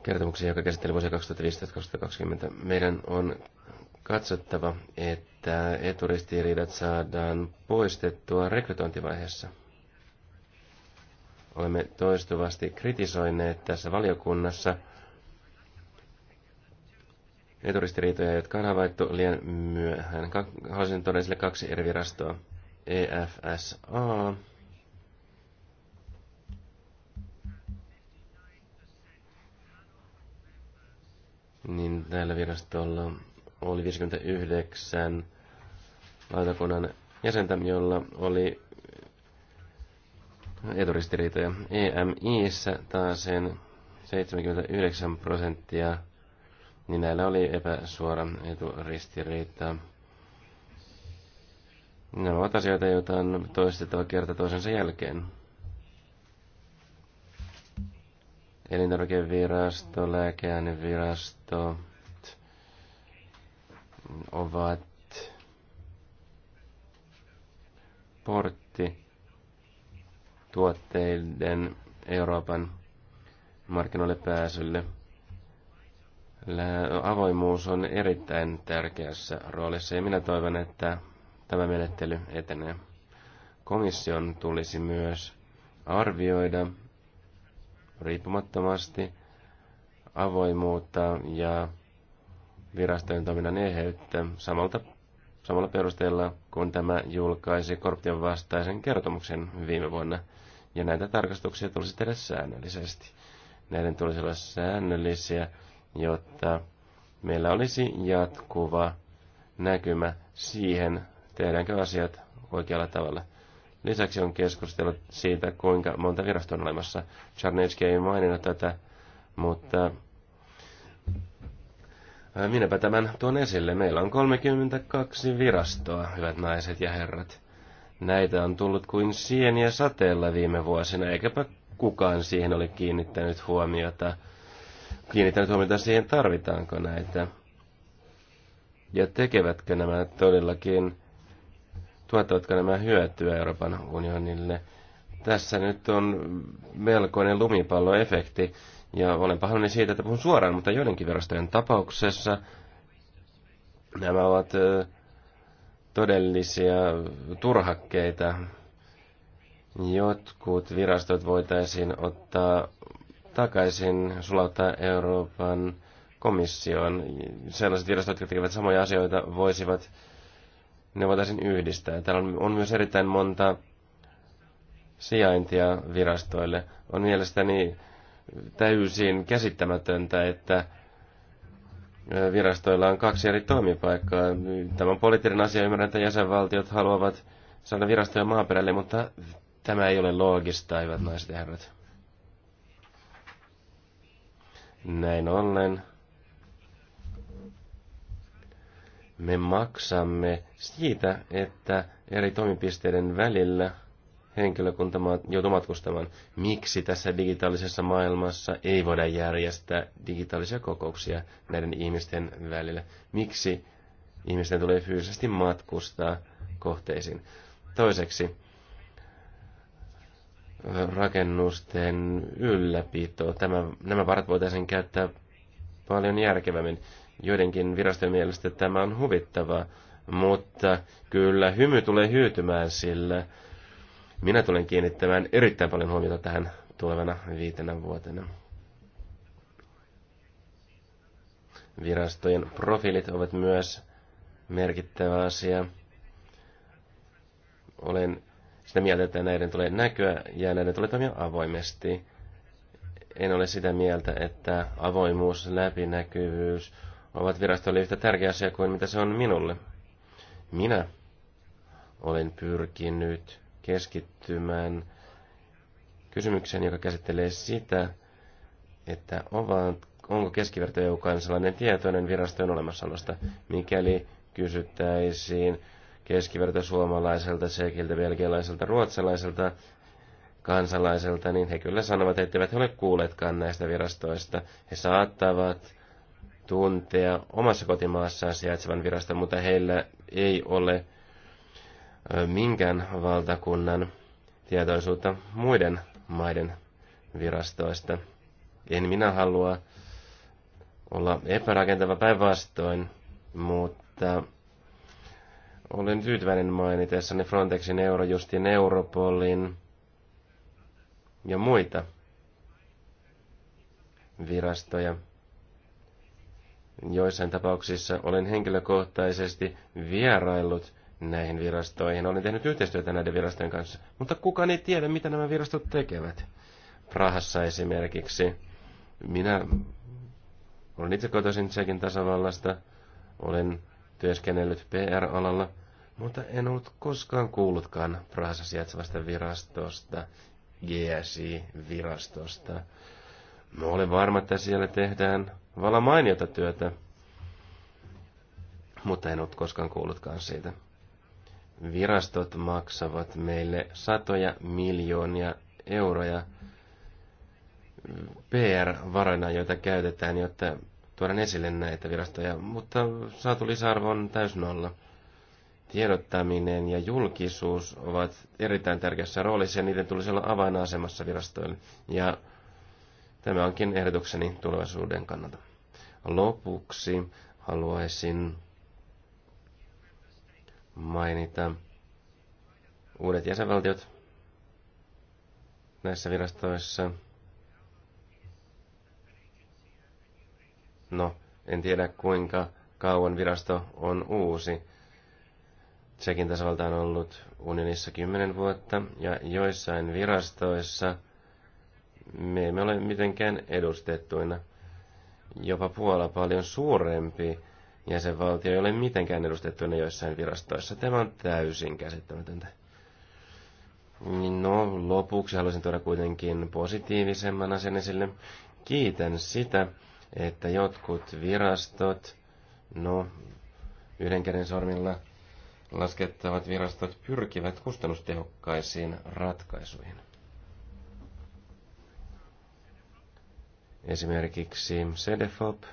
kertomuksia, joka käsitteli vuosia 2015-2020. Meidän on katsottava, että eturistiriidat saadaan poistettua rekrytointivaiheessa. Olemme toistuvasti kritisoineet tässä valiokunnassa eturistiriitoja, jotka on havaittu liian myöhään. Haluaisin tuoda sille kaksi eri virastoa. EFSA niin tällä virastolla oli 59 lautakunnan jäsentä, jolla oli eturistiriitoja. EMIssä taas sen 79 prosenttia, niin näillä oli epäsuora eturistiriita. Nämä ovat asioita, joita on toistettava kerta toisensa jälkeen. Elintarvikevirasto, lääkeainevirasto, virasto ovat portti tuotteiden Euroopan markkinoille pääsylle. Avoimuus on erittäin tärkeässä roolissa ja minä toivon, että tämä menettely etenee. Komission tulisi myös arvioida riippumattomasti avoimuutta ja virastojen toiminnan eheyttä samalta, samalla perusteella, kun tämä julkaisi korruption vastaisen kertomuksen viime vuonna. Ja näitä tarkastuksia tulisi tehdä säännöllisesti. Näiden tulisi olla säännöllisiä, jotta meillä olisi jatkuva näkymä siihen, tehdäänkö asiat oikealla tavalla. Lisäksi on keskustellut siitä, kuinka monta virastoa on olemassa. Charnetski ei maininnut tätä, mutta Minäpä tämän tuon esille. Meillä on 32 virastoa, hyvät naiset ja herrat. Näitä on tullut kuin sieniä sateella viime vuosina, eikäpä kukaan siihen ole kiinnittänyt huomiota. Kiinnittänyt huomiota siihen, tarvitaanko näitä. Ja tekevätkö nämä todellakin, tuottavatko nämä hyötyä Euroopan unionille. Tässä nyt on melkoinen lumipalloefekti. Ja olen pahoillani siitä, että puhun suoraan, mutta joidenkin verrastojen tapauksessa nämä ovat todellisia turhakkeita. Jotkut virastot voitaisiin ottaa takaisin, sulauttaa Euroopan komissioon. Sellaiset virastot, jotka tekevät samoja asioita, voisivat, ne voitaisiin yhdistää. Täällä on, on myös erittäin monta sijaintia virastoille. On mielestäni täysin käsittämätöntä, että virastoilla on kaksi eri toimipaikkaa. Tämä on poliittinen asia, ymmärrän, että jäsenvaltiot haluavat saada virastoja maaperälle, mutta tämä ei ole loogista, hyvät naiset ja herrat. Näin ollen me maksamme siitä, että eri toimipisteiden välillä – henkilökunta joutuu matkustamaan. Miksi tässä digitaalisessa maailmassa ei voida järjestää digitaalisia kokouksia näiden ihmisten välillä? Miksi ihmisten tulee fyysisesti matkustaa kohteisiin? Toiseksi, rakennusten ylläpito. Tämä, nämä varat voitaisiin käyttää paljon järkevämmin. Joidenkin virastojen mielestä tämä on huvittavaa, mutta kyllä hymy tulee hyytymään sillä minä tulen kiinnittämään erittäin paljon huomiota tähän tulevana viitenä vuotena. Virastojen profiilit ovat myös merkittävä asia. Olen sitä mieltä, että näiden tulee näkyä ja näiden tulee toimia avoimesti. En ole sitä mieltä, että avoimuus, läpinäkyvyys ovat virastolle yhtä tärkeä asia kuin mitä se on minulle. Minä olen pyrkinyt keskittymään kysymykseen, joka käsittelee sitä, että onko keskiverto EU-kansalainen tietoinen virastojen olemassaolosta, mikäli kysyttäisiin keskiverto suomalaiselta, sekiltä, belgialaiselta, ruotsalaiselta kansalaiselta, niin he kyllä sanovat, että eivät he ole kuulleetkaan näistä virastoista. He saattavat tuntea omassa kotimaassaan sijaitsevan viraston, mutta heillä ei ole minkään valtakunnan tietoisuutta muiden maiden virastoista. En minä halua olla epärakentava päinvastoin, mutta olen tyytyväinen mainitessani Frontexin, Eurojustin, Europolin ja muita virastoja. Joissain tapauksissa olen henkilökohtaisesti vieraillut näihin virastoihin. Olin tehnyt yhteistyötä näiden virastojen kanssa, mutta kukaan ei tiedä, mitä nämä virastot tekevät. Prahassa esimerkiksi. Minä olen itse kotoisin Tsekin tasavallasta, olen työskennellyt PR-alalla, mutta en ollut koskaan kuullutkaan Prahassa sijaitsevasta virastosta, GSI-virastosta. Mä no, olen varma, että siellä tehdään vala mainiota työtä, mutta en ollut koskaan kuullutkaan siitä virastot maksavat meille satoja miljoonia euroja pr varoina joita käytetään, jotta tuodaan esille näitä virastoja, mutta saatu lisäarvo on täys nolla. Tiedottaminen ja julkisuus ovat erittäin tärkeässä roolissa ja niiden tulisi olla avainasemassa virastoille. Ja tämä onkin ehdotukseni tulevaisuuden kannalta. Lopuksi haluaisin mainita uudet jäsenvaltiot näissä virastoissa. No, en tiedä kuinka kauan virasto on uusi. Tsekin tasavalta on ollut unionissa kymmenen vuotta, ja joissain virastoissa me emme ole mitenkään edustettuina. Jopa Puola paljon suurempi jäsenvaltio ei ole mitenkään edustettuna joissain virastoissa. Tämä on täysin käsittämätöntä. No, lopuksi haluaisin tuoda kuitenkin positiivisemman asian esille. Kiitän sitä, että jotkut virastot, no, yhden käden sormilla laskettavat virastot pyrkivät kustannustehokkaisiin ratkaisuihin. Esimerkiksi CDFOP,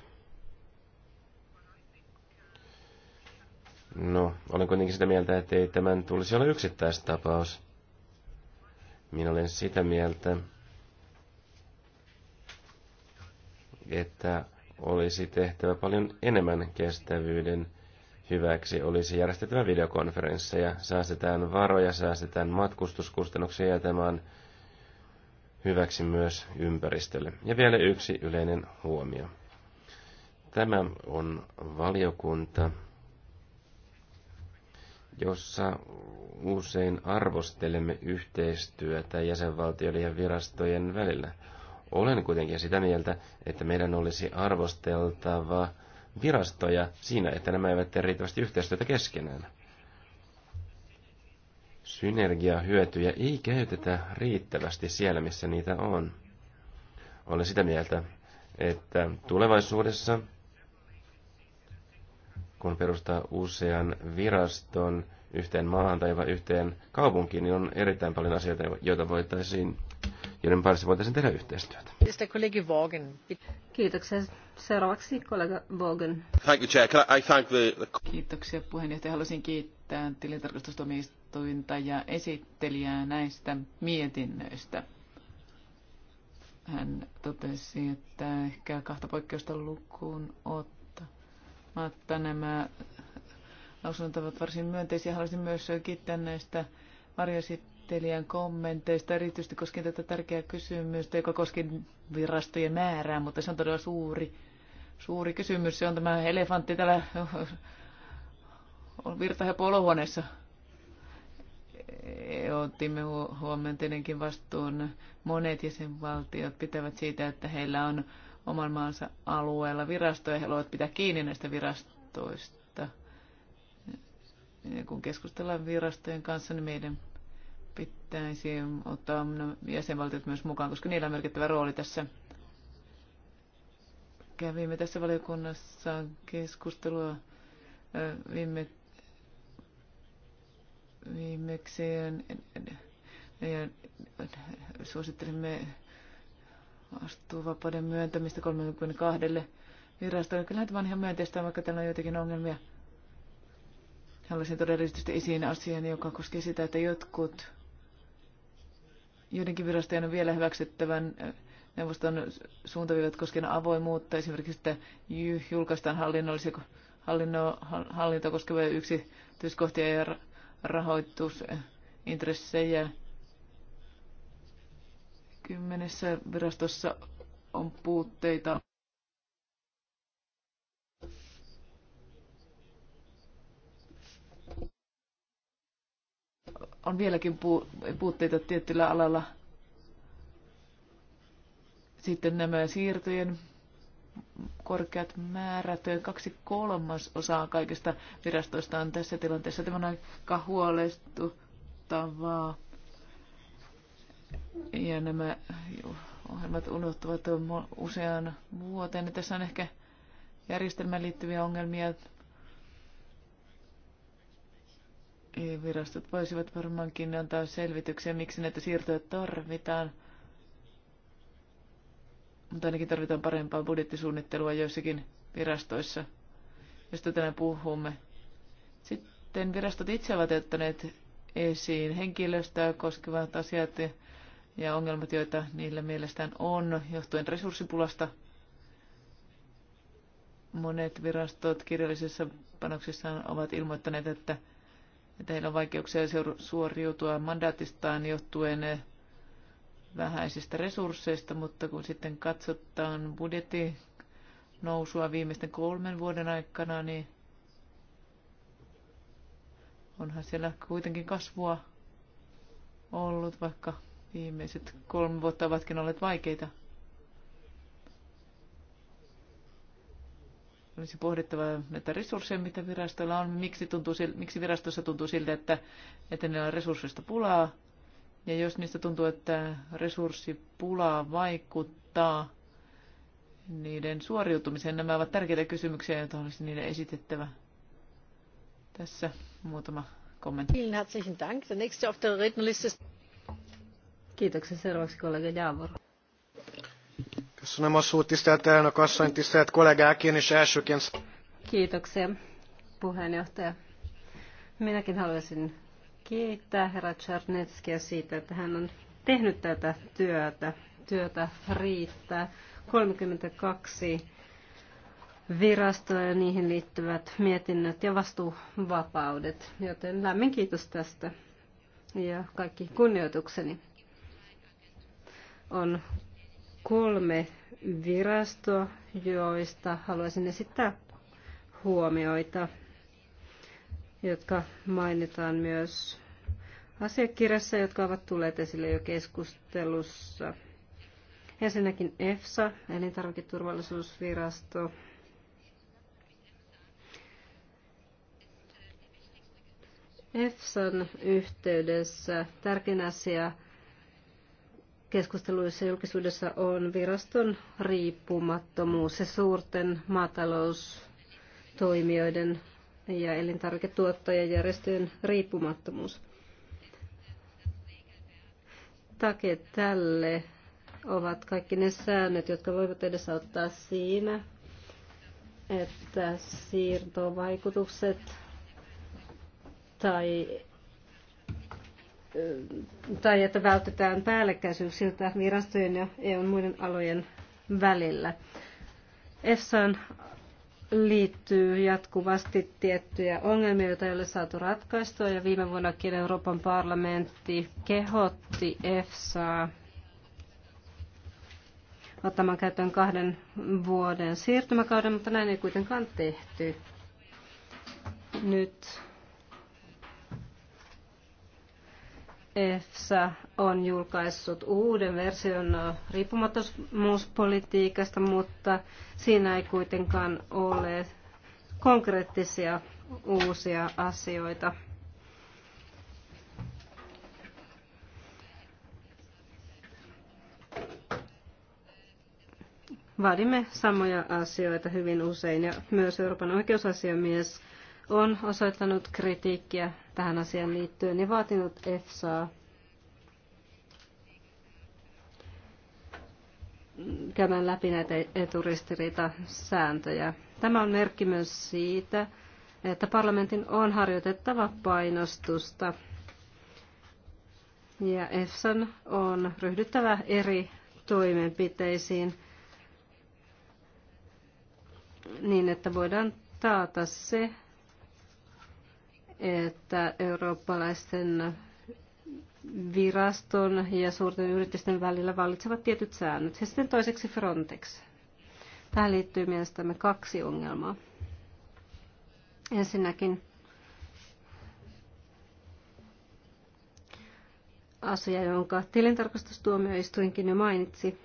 No, olen kuitenkin sitä mieltä, että ei tämän tulisi olla yksittäistapaus. Minä olen sitä mieltä, että olisi tehtävä paljon enemmän kestävyyden hyväksi. Olisi järjestettävä videokonferensseja, säästetään varoja, säästetään matkustuskustannuksia ja tämä on hyväksi myös ympäristölle. Ja vielä yksi yleinen huomio. Tämä on valiokunta, jossa usein arvostelemme yhteistyötä jäsenvaltioiden ja virastojen välillä. Olen kuitenkin sitä mieltä, että meidän olisi arvosteltava virastoja siinä, että nämä eivät tee riittävästi yhteistyötä keskenään. Synergiahyötyjä ei käytetä riittävästi siellä, missä niitä on. Olen sitä mieltä, että tulevaisuudessa kun perustaa usean viraston yhteen maahan tai yhteen kaupunkiin, niin on erittäin paljon asioita, joita voitaisiin, joiden parissa voitaisiin tehdä yhteistyötä. Kiitoksia. Seuraavaksi kollega Vaughan. Thank you, I thank the... Kiitoksia puheenjohtaja. Haluaisin kiittää tilintarkastustuomioistuinta ja esittelijää näistä mietinnöistä. Hän totesi, että ehkä kahta poikkeusta lukuun ottaa että nämä lausunnot ovat varsin myönteisiä. Haluaisin myös kiittää näistä varjoesittelijän kommenteista, erityisesti koskien tätä tärkeää kysymystä, joka koski virastojen määrää, mutta se on todella suuri, suuri kysymys. Se on tämä elefantti täällä ja polohuoneessa. E, otimme huomioon tietenkin vastuun. Monet jäsenvaltiot pitävät siitä, että heillä on oman maansa alueella virastoja. He haluavat pitää kiinni näistä virastoista. Ja kun keskustellaan virastojen kanssa, niin meidän pitäisi ottaa no, jäsenvaltiot myös mukaan, koska niillä on merkittävä rooli tässä. Kävimme tässä valiokunnassa keskustelua viime, viimeksi ja, ja, ja suosittelimme vapauden myöntämistä 32 virastolle. Kyllä tämä on ihan myönteistä, vaikka täällä on joitakin ongelmia. Haluaisin todellisesti esiin asian, joka koskee sitä, että jotkut, joidenkin virastojen on vielä hyväksyttävän neuvoston suuntaviivat koskien avoimuutta, esimerkiksi, että julkaistaan hallinnollisia hallinno, hallintoa koskevia yksityiskohtia ja rahoitusintressejä Kymmenessä virastossa on puutteita. On vieläkin puutteita tietyllä alalla. Sitten nämä siirtojen korkeat määrät, kaksi kolmasosaa kaikista virastoista on tässä tilanteessa. Tämä on aika huolestuttavaa. Ja nämä ohjelmat unohtuvat usean vuoteen. Niin tässä on ehkä järjestelmään liittyviä ongelmia. Virastot voisivat varmaankin antaa selvityksiä, miksi näitä siirtoja tarvitaan. Mutta ainakin tarvitaan parempaa budjettisuunnittelua joissakin virastoissa, josta tänään puhumme. Sitten virastot itse ovat ottaneet esiin henkilöstöä koskevat asiat ja ongelmat, joita niillä mielestään on, johtuen resurssipulasta. Monet virastot kirjallisissa panoksissaan ovat ilmoittaneet, että, että heillä on vaikeuksia suoriutua mandaatistaan johtuen vähäisistä resursseista, mutta kun sitten katsotaan budjetti nousua viimeisten kolmen vuoden aikana, niin onhan siellä kuitenkin kasvua ollut, vaikka Viimeiset kolme vuotta ovatkin olleet vaikeita. Olisi pohdittava näitä resursseja, mitä virastoilla on. Miksi, tuntuu, miksi virastossa tuntuu siltä, että, että ne on resursseista pulaa? Ja jos niistä tuntuu, että resurssipulaa vaikuttaa niiden suoriutumiseen, nämä ovat tärkeitä kysymyksiä, joita olisi niiden esitettävä. Tässä muutama kommentti. Vielen herzlichen Dank. Der nächste auf der Rednerliste ist Kiitoksia. Seuraavaksi kollega Javor. Köszönöm a szót, tisztelt elnök asszony, tisztelt kollégák, én is elsőként... Kiitoksia, puheenjohtaja. Minäkin haluaisin kiittää herra Czarneckia siitä, että hän on tehnyt tätä työtä. Työtä riittää. 32 virastoja ja niihin liittyvät mietinnöt ja vastuuvapaudet. Joten lämmin kiitos tästä ja kaikki kunnioitukseni on kolme virastoa, joista haluaisin esittää huomioita, jotka mainitaan myös asiakirjassa, jotka ovat tulleet esille jo keskustelussa. Ensinnäkin EFSA, elintarviketurvallisuusvirasto. EFSAn yhteydessä tärkein asia keskusteluissa julkisuudessa on viraston riippumattomuus ja suurten maataloustoimijoiden ja elintarviketuottajajärjestöjen riippumattomuus. Take tälle ovat kaikki ne säännöt, jotka voivat edesauttaa siinä, että siirtovaikutukset tai tai että vältetään päällekkäisyyksiltä virastojen ja EUn muiden alojen välillä. EFSAan liittyy jatkuvasti tiettyjä ongelmia, joita ei ole saatu ratkaistua, ja viime vuonnakin Euroopan parlamentti kehotti EFSAa ottamaan käyttöön kahden vuoden siirtymäkauden, mutta näin ei kuitenkaan tehty. Nyt EFSA on julkaissut uuden version riippumattomuuspolitiikasta, mutta siinä ei kuitenkaan ole konkreettisia uusia asioita. Vaadimme samoja asioita hyvin usein ja myös Euroopan oikeusasiamies on osoittanut kritiikkiä tähän asiaan liittyen ja niin vaatinut EFSAa käymään läpi näitä eturistiriitasääntöjä. Tämä on merkki myös siitä, että parlamentin on harjoitettava painostusta ja EFSAn on ryhdyttävä eri toimenpiteisiin niin, että voidaan taata se, että eurooppalaisten viraston ja suurten yritysten välillä vallitsevat tietyt säännöt. Ja sitten toiseksi Frontex. Tähän liittyy mielestämme kaksi ongelmaa. Ensinnäkin asia, jonka tilintarkastustuomioistuinkin jo mainitsi,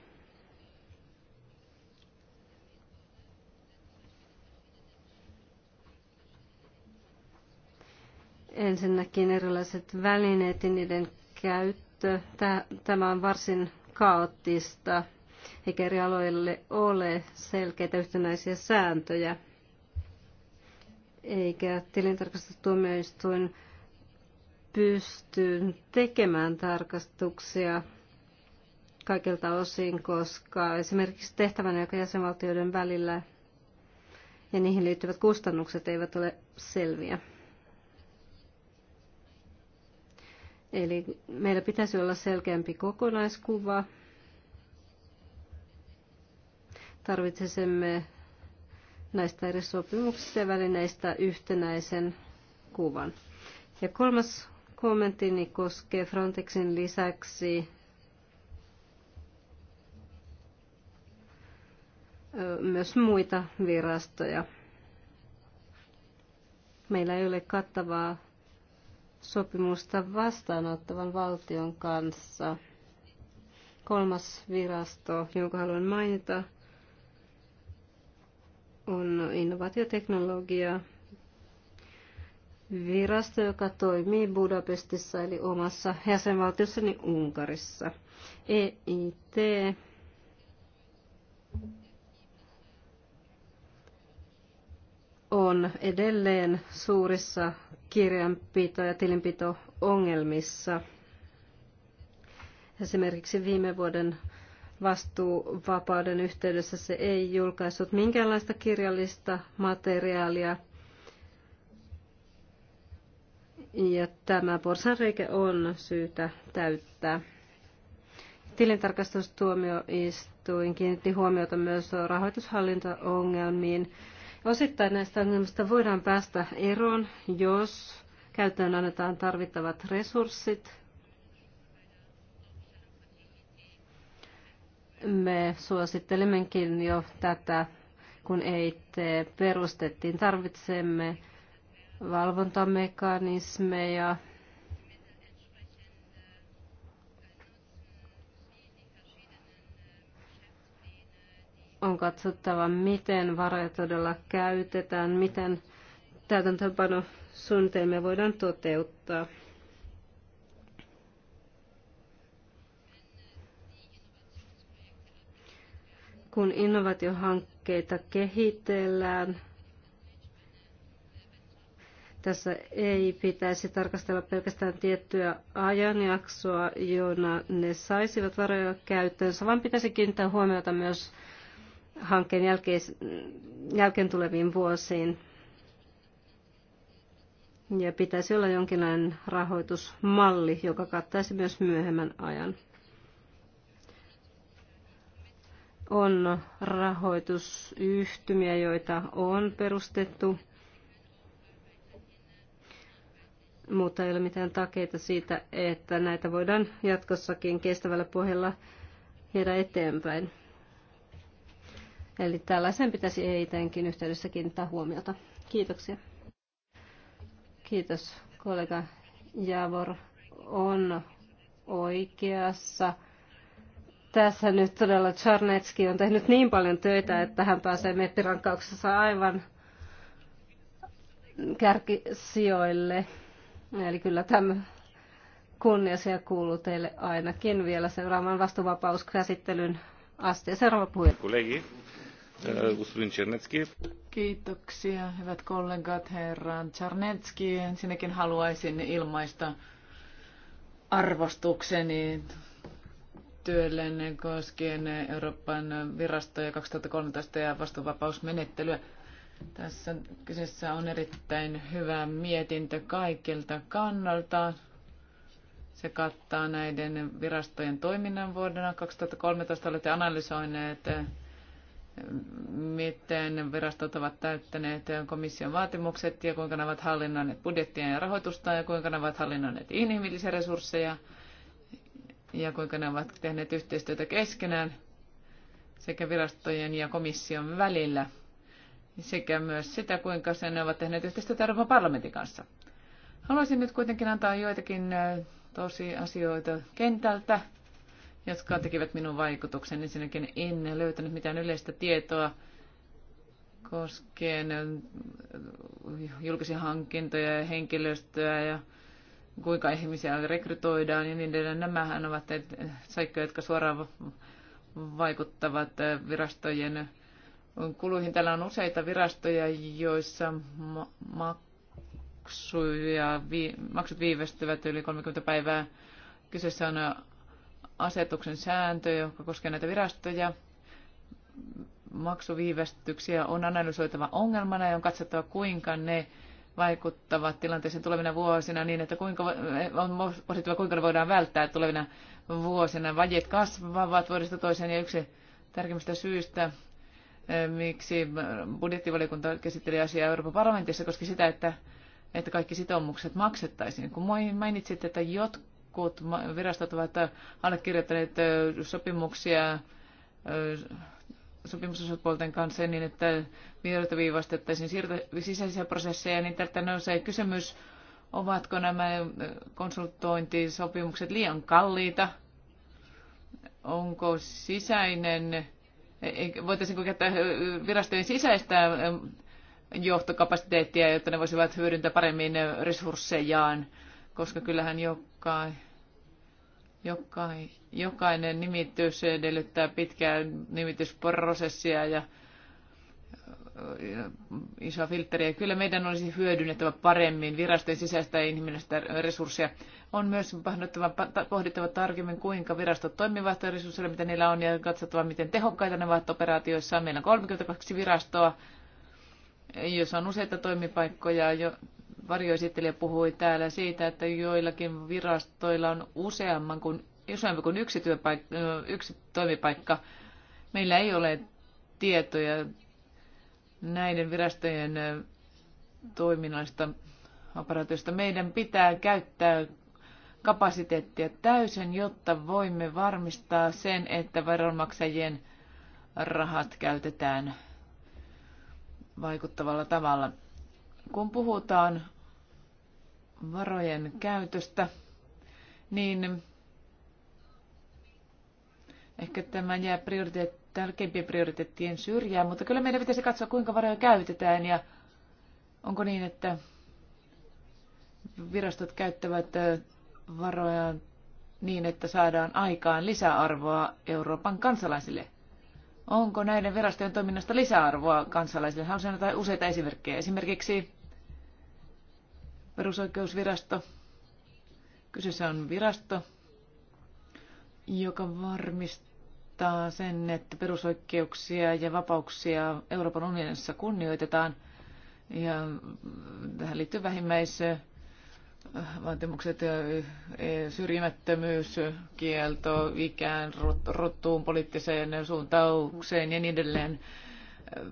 Ensinnäkin erilaiset välineet ja niiden käyttö. Tämä on varsin kaoottista, eikä eri aloille ole selkeitä yhtenäisiä sääntöjä. Eikä tilintarkastustuomioistuin pysty tekemään tarkastuksia kaikilta osin, koska esimerkiksi tehtävän joka jäsenvaltioiden välillä ja niihin liittyvät kustannukset eivät ole selviä. Eli meillä pitäisi olla selkeämpi kokonaiskuva. Tarvitsemme näistä eri sopimuksista ja välineistä yhtenäisen kuvan. Ja kolmas kommenttini koskee Frontexin lisäksi myös muita virastoja. Meillä ei ole kattavaa sopimusta vastaanottavan valtion kanssa. Kolmas virasto, jonka haluan mainita, on innovaatioteknologia virasto, joka toimii Budapestissa eli omassa jäsenvaltiossani Unkarissa. EIT on edelleen suurissa kirjanpito- ja tilinpito-ongelmissa. Esimerkiksi viime vuoden vastuuvapauden yhteydessä se ei julkaissut minkäänlaista kirjallista materiaalia. Ja tämä porsanreike on syytä täyttää. Tilintarkastustuomioistuin kiinnitti huomiota myös rahoitushallintaongelmiin Osittain näistä ongelmista voidaan päästä eroon, jos käyttöön annetaan tarvittavat resurssit. Me suosittelemmekin jo tätä, kun EIT perustettiin. Tarvitsemme valvontamekanismeja, On katsottava, miten varoja todella käytetään, miten täytäntöönpano suunnitelmia voidaan toteuttaa. Kun innovaatiohankkeita kehitellään, tässä ei pitäisi tarkastella pelkästään tiettyä ajanjaksoa, jona ne saisivat varoja käyttöönsä, vaan pitäisi kiinnittää huomiota myös hankkeen jälkeen, jälkeen tuleviin vuosiin. Ja pitäisi olla jonkinlainen rahoitusmalli, joka kattaisi myös myöhemmän ajan. On rahoitusyhtymiä, joita on perustettu, mutta ei ole mitään takeita siitä, että näitä voidaan jatkossakin kestävällä pohjalla viedä eteenpäin. Eli tällaisen pitäisi EITenkin yhteydessä kiinnittää huomiota. Kiitoksia. Kiitos kollega Javor on oikeassa. Tässä nyt todella Charnetski on tehnyt niin paljon töitä, että hän pääsee meppirankkauksessa aivan kärkisijoille. Eli kyllä tämä kunnia siellä kuuluu teille ainakin vielä seuraavan vastuvapauskäsittelyn asteen. Seuraava puhuja. Kollegi, äh, Kiitoksia, hyvät kollegat, herra Czarnecki. Ensinnäkin haluaisin ilmaista arvostukseni työllenne koskien Euroopan virastoja 2013 ja vastuuvapausmenettelyä. Tässä kyseessä on erittäin hyvä mietintö kaikilta kannalta. Se kattaa näiden virastojen toiminnan vuodena 2013. Olette analysoineet, eh, miten virastot ovat täyttäneet komission vaatimukset ja kuinka ne ovat hallinnoineet budjettia ja rahoitusta ja kuinka ne ovat hallinnoineet inhimillisiä resursseja ja kuinka ne ovat tehneet yhteistyötä keskenään sekä virastojen ja komission välillä sekä myös sitä, kuinka sen ne ovat tehneet yhteistyötä Euroopan parlamentin kanssa. Haluaisin nyt kuitenkin antaa joitakin eh, asioita kentältä, jotka tekivät minun vaikutuksen. Ensinnäkin en löytänyt mitään yleistä tietoa koskien julkisia hankintoja ja henkilöstöä ja kuinka ihmisiä rekrytoidaan ja niin edelleen. Nämähän ovat seikkoja, jotka suoraan vaikuttavat virastojen kuluihin. Täällä on useita virastoja, joissa ma- maksuja, vi, maksut viivästyvät yli 30 päivää. Kyseessä on asetuksen sääntö, joka koskee näitä virastoja. Maksuviivästyksiä on analysoitava ongelmana ja on katsottava, kuinka ne vaikuttavat tilanteeseen tulevina vuosina niin, että kuinka on pohdittava, kuinka ne voidaan välttää tulevina vuosina. Vajet kasvavat vuodesta toiseen ja yksi tärkeimmistä syistä, eh, miksi budjettivaliokunta käsitteli asiaa Euroopan parlamentissa, koska sitä, että että kaikki sitoumukset maksettaisiin. Kun mainitsit, että jotkut virastot ovat äh, allekirjoittaneet äh, sopimuksia äh, sopimusosapuolten kanssa niin, että virtaviivastettaisiin sisäisiä prosesseja, niin tältä nousee kysymys, ovatko nämä konsultointisopimukset liian kalliita? Onko sisäinen, e- e- voitaisiinko käyttää virastojen sisäistä johtokapasiteettia, jotta ne voisivat hyödyntää paremmin resurssejaan, koska kyllähän joka, joka, jokainen nimitys edellyttää pitkää nimitysprosessia ja isoa filtteriä. Kyllä meidän olisi hyödynnettävä paremmin virastojen sisäistä ja inhimillistä resurssia. On myös pohdittava tarkemmin, kuinka virastot toimivat resursseilla, mitä niillä on, ja katsottava, miten tehokkaita ne ovat operaatioissa. Meillä on 32 virastoa jos on useita toimipaikkoja, jo varjoesittelijä puhui täällä siitä, että joillakin virastoilla on useamman kuin, useampi kuin yksi, yksi toimipaikka. Meillä ei ole tietoja näiden virastojen toiminnallista operaatiosta. Meidän pitää käyttää kapasiteettia täysin, jotta voimme varmistaa sen, että veronmaksajien rahat käytetään vaikuttavalla tavalla. Kun puhutaan varojen käytöstä, niin ehkä tämä jää prioriteet, tärkeimpien prioriteettien syrjään, mutta kyllä meidän pitäisi katsoa, kuinka varoja käytetään ja onko niin, että virastot käyttävät varoja niin, että saadaan aikaan lisäarvoa Euroopan kansalaisille. Onko näiden virastojen toiminnasta lisäarvoa kansalaisille? Haluaisin antaa useita esimerkkejä. Esimerkiksi perusoikeusvirasto. Kyseessä on virasto, joka varmistaa sen, että perusoikeuksia ja vapauksia Euroopan unionissa kunnioitetaan. Ja tähän liittyy vähimmäisö vaatimukset, e, syrjimättömyys, kielto, ikään, rottuun, poliittiseen suuntaukseen ja niin edelleen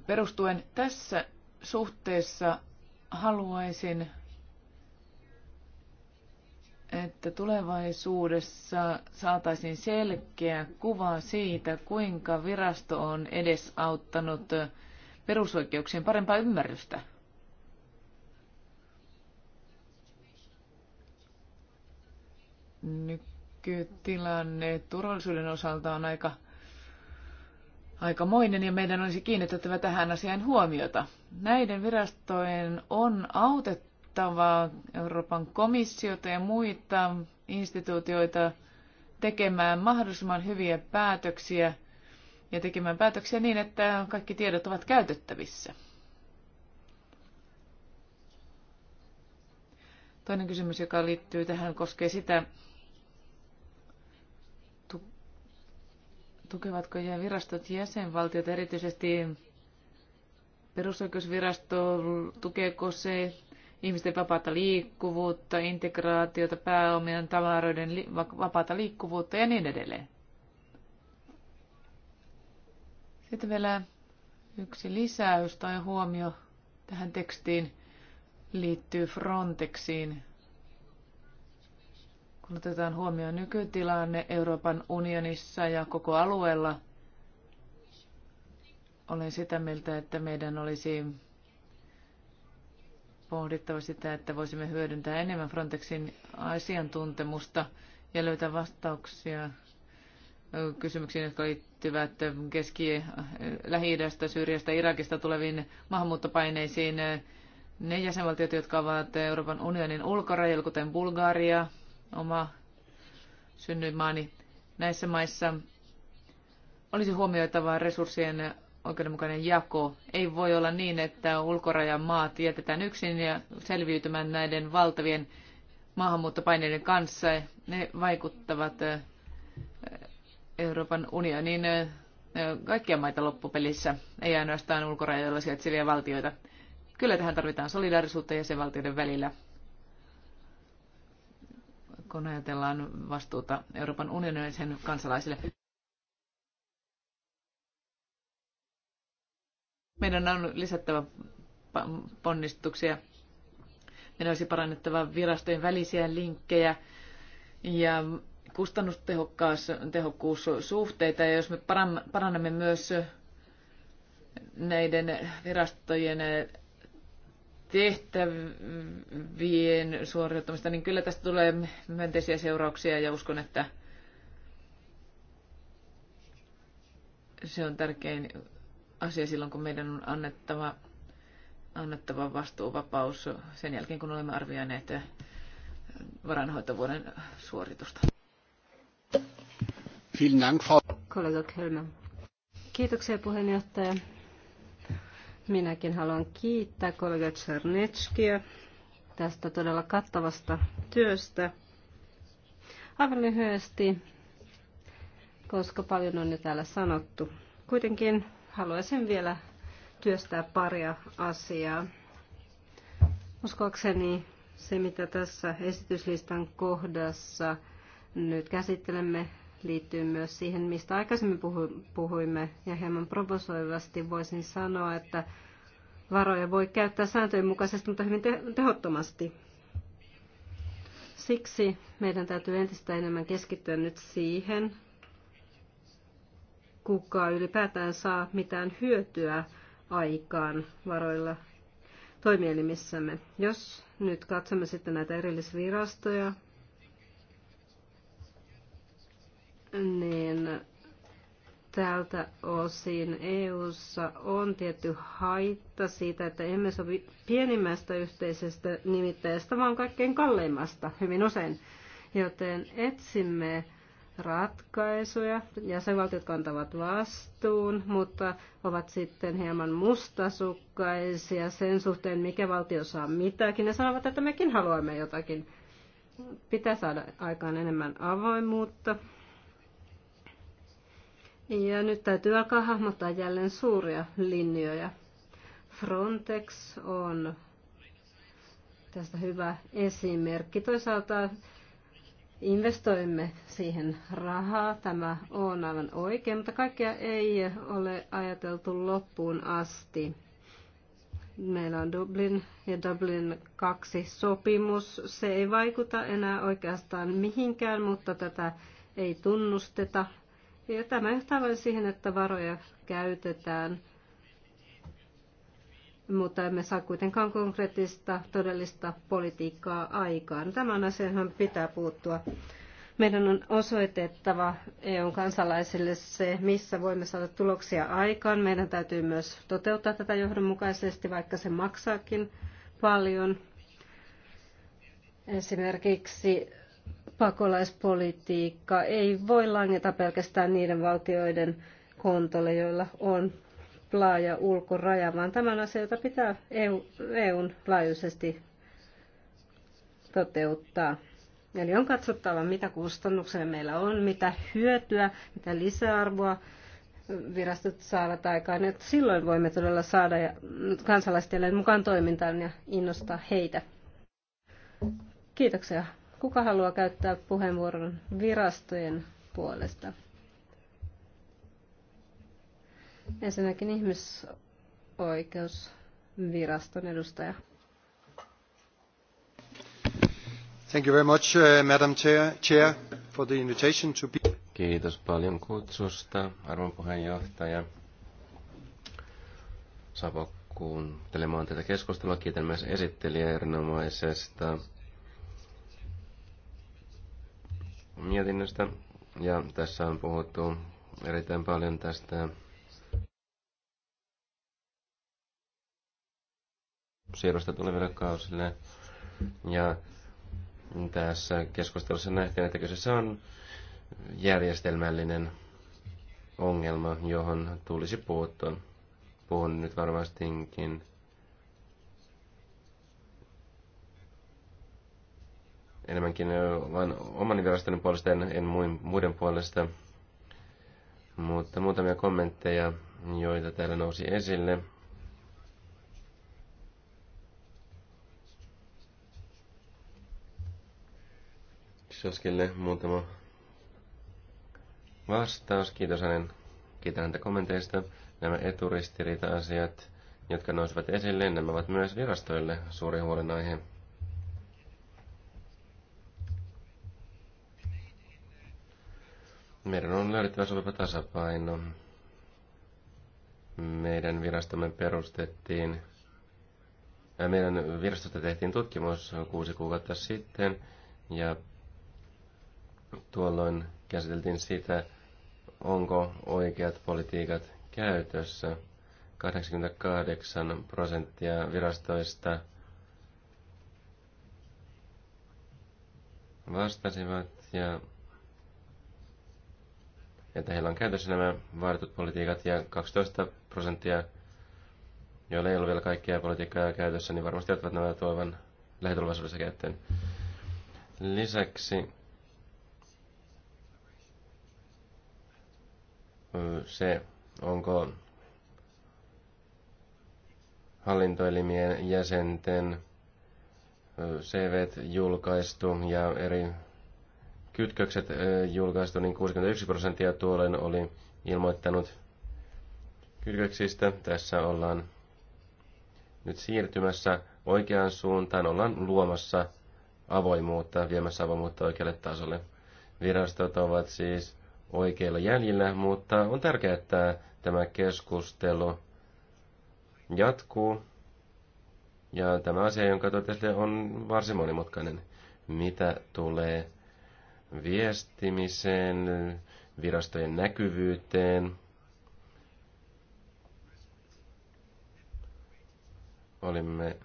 perustuen. Tässä suhteessa haluaisin, että tulevaisuudessa saataisiin selkeä kuva siitä, kuinka virasto on edesauttanut perusoikeuksien parempaa ymmärrystä Nykytilanne turvallisuuden osalta on aika aikamoinen ja meidän olisi kiinnitettävä tähän asiaan huomiota. Näiden virastojen on autettava Euroopan komissiota ja muita instituutioita tekemään mahdollisimman hyviä päätöksiä ja tekemään päätöksiä niin, että kaikki tiedot ovat käytettävissä. Toinen kysymys, joka liittyy tähän, koskee sitä, Tukevatko ja virastot jäsenvaltiot erityisesti perusoikeusvirasto, tukeeko se ihmisten vapaata liikkuvuutta, integraatiota, pääomien, tavaroiden li- vapaata liikkuvuutta ja niin edelleen. Sitten vielä yksi lisäys tai huomio tähän tekstiin liittyy Frontexiin otetaan huomioon nykytilanne Euroopan unionissa ja koko alueella, olen sitä mieltä, että meidän olisi pohdittava sitä, että voisimme hyödyntää enemmän Frontexin asiantuntemusta ja löytää vastauksia kysymyksiin, jotka liittyvät Keski- Lähi-idästä, Syyriasta, Irakista tuleviin maahanmuuttopaineisiin. Ne jäsenvaltiot, jotka ovat Euroopan unionin ulkorajalla, kuten Bulgaria, oma synnyinmaani. Näissä maissa olisi huomioitava resurssien oikeudenmukainen jako. Ei voi olla niin, että ulkorajan maat jätetään yksin ja selviytymään näiden valtavien maahanmuuttopaineiden kanssa. Ne vaikuttavat Euroopan unionin kaikkia maita loppupelissä, ei ainoastaan ulkorajoilla sijaitsevia valtioita. Kyllä tähän tarvitaan solidaarisuutta jäsenvaltioiden välillä kun ajatellaan vastuuta Euroopan unionin ja sen kansalaisille. Meidän on lisättävä ponnistuksia. Meidän olisi parannettava virastojen välisiä linkkejä ja kustannustehokkuussuhteita. Ja jos me parannamme myös näiden virastojen tehtävien suoriuttamista, niin kyllä tästä tulee myönteisiä seurauksia ja uskon, että se on tärkein asia silloin, kun meidän on annettava, annettava vastuuvapaus sen jälkeen, kun olemme arvioineet varanhoitovuoden suoritusta. Kollega Kiitoksia puheenjohtaja. Minäkin haluan kiittää kollega Czerneckiä tästä todella kattavasta työstä. Aivan lyhyesti, koska paljon on jo täällä sanottu. Kuitenkin haluaisin vielä työstää paria asiaa. Uskoakseni se, mitä tässä esityslistan kohdassa nyt käsittelemme, liittyy myös siihen, mistä aikaisemmin puhuimme, ja hieman provosoivasti voisin sanoa, että varoja voi käyttää sääntöjen mukaisesti, mutta hyvin tehottomasti. Siksi meidän täytyy entistä enemmän keskittyä nyt siihen, kuka ylipäätään saa mitään hyötyä aikaan varoilla toimielimissämme. Jos nyt katsomme sitten näitä erillisvirastoja, niin täältä osin EU:ssa on tietty haitta siitä, että emme sovi pienimmästä yhteisestä nimittäjästä, vaan kaikkein kalleimmasta hyvin usein. Joten etsimme ratkaisuja, jäsenvaltiot kantavat vastuun, mutta ovat sitten hieman mustasukkaisia sen suhteen, mikä valtio saa mitäkin, ja sanovat, että mekin haluamme jotakin. Pitää saada aikaan enemmän avoimuutta, ja nyt täytyy alkaa hahmottaa jälleen suuria linjoja. Frontex on tästä hyvä esimerkki. Toisaalta investoimme siihen rahaa, tämä on aivan oikein, mutta kaikkea ei ole ajateltu loppuun asti. Meillä on Dublin ja Dublin 2 sopimus. Se ei vaikuta enää oikeastaan mihinkään, mutta tätä ei tunnusteta ja tämä johtaa vain siihen, että varoja käytetään, mutta emme saa kuitenkaan konkreettista, todellista politiikkaa aikaan. Tämän asian pitää puuttua. Meidän on osoitettava eu kansalaisille se, missä voimme saada tuloksia aikaan. Meidän täytyy myös toteuttaa tätä johdonmukaisesti, vaikka se maksaakin paljon. Esimerkiksi pakolaispolitiikka ei voi langeta pelkästään niiden valtioiden kontolle, joilla on laaja ulkoraja, vaan tämän asian, jota pitää EU, EUn laajuisesti toteuttaa. Eli on katsottava, mitä kustannuksia meillä on, mitä hyötyä, mitä lisäarvoa virastot saavat aikaan. Että silloin voimme todella saada kansalaiset mukaan toimintaan ja innostaa heitä. Kiitoksia Kuka haluaa käyttää puheenvuoron virastojen puolesta? Ensinnäkin ihmisoikeusviraston edustaja. Thank you very much, uh, Madam Chair, for the invitation to be... Kiitos paljon kutsusta, arvon puheenjohtaja. Savo kuuntelemaan tätä keskustelua. Kiitän myös esittelijä erinomaisesta mietinnöstä. Ja tässä on puhuttu erittäin paljon tästä siirrosta tuleville kausille. Ja tässä keskustelussa nähtiin, että kyseessä on järjestelmällinen ongelma, johon tulisi puuttua. Puhun nyt varmastikin enemmänkin vain oman virastoni puolesta, en, en muiden puolesta. Mutta muutamia kommentteja, joita täällä nousi esille. Soskille muutama vastaus. Kiitos hänen, kiitän häntä kommenteista. Nämä eturistiriita-asiat, jotka nousivat esille, nämä ovat myös virastoille suuri huolenaihe. Meidän on löydettävä sopiva tasapaino. Meidän virastomme perustettiin, ja äh, meidän virastosta tehtiin tutkimus kuusi kuukautta sitten, ja tuolloin käsiteltiin sitä, onko oikeat politiikat käytössä. 88 prosenttia virastoista vastasivat ja että heillä on käytössä nämä vaaditut politiikat ja 12 prosenttia, joilla ei ole vielä kaikkia politiikkaa käytössä, niin varmasti ottavat nämä tuovan lähitulevaisuudessa käyttöön. Lisäksi se, onko hallintoelimien jäsenten CV julkaistu ja eri kytkökset julkaistu, niin 61 prosenttia tuolen oli ilmoittanut kytköksistä. Tässä ollaan nyt siirtymässä oikeaan suuntaan, ollaan luomassa avoimuutta, viemässä avoimuutta oikealle tasolle. Virastot ovat siis oikeilla jäljillä, mutta on tärkeää, että tämä keskustelu jatkuu. Ja tämä asia, jonka totesitte, on varsin monimutkainen. Mitä tulee viestimiseen, virastojen näkyvyyteen. Olimme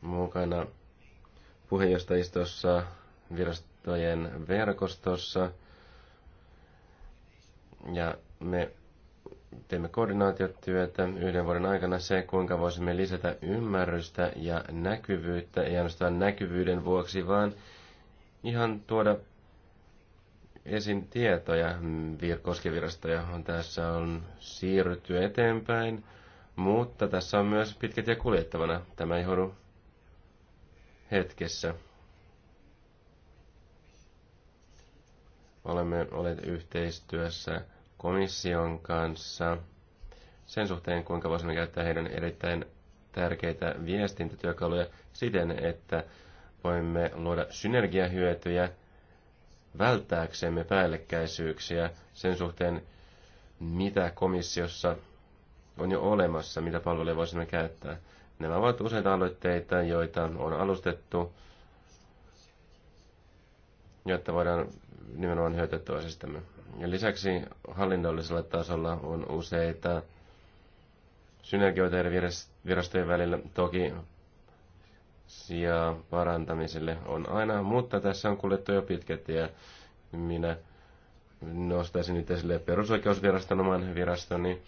mukana puheenjohtajistossa, virastojen verkostossa ja me teemme koordinaatiotyötä yhden vuoden aikana se, kuinka voisimme lisätä ymmärrystä ja näkyvyyttä, ei ainoastaan näkyvyyden vuoksi, vaan ihan tuoda esim. tietoja koskevirastoja johon tässä on siirrytty eteenpäin, mutta tässä on myös pitkä tie kuljettavana. Tämä ei hoidu hetkessä. Olemme olleet yhteistyössä komission kanssa sen suhteen, kuinka voisimme käyttää heidän erittäin tärkeitä viestintätyökaluja siten, että voimme luoda synergiahyötyjä välttääksemme päällekkäisyyksiä sen suhteen, mitä komissiossa on jo olemassa, mitä palveluja voisimme käyttää. Nämä ovat useita aloitteita, joita on alustettu, jotta voidaan nimenomaan hyötyä toisistamme. Ja lisäksi hallinnollisella tasolla on useita synergioita eri virastojen välillä. Toki sijaa parantamiselle on aina, mutta tässä on kuljettu jo pitkä tie. Minä nostaisin nyt esille perusoikeusviraston oman virastoni.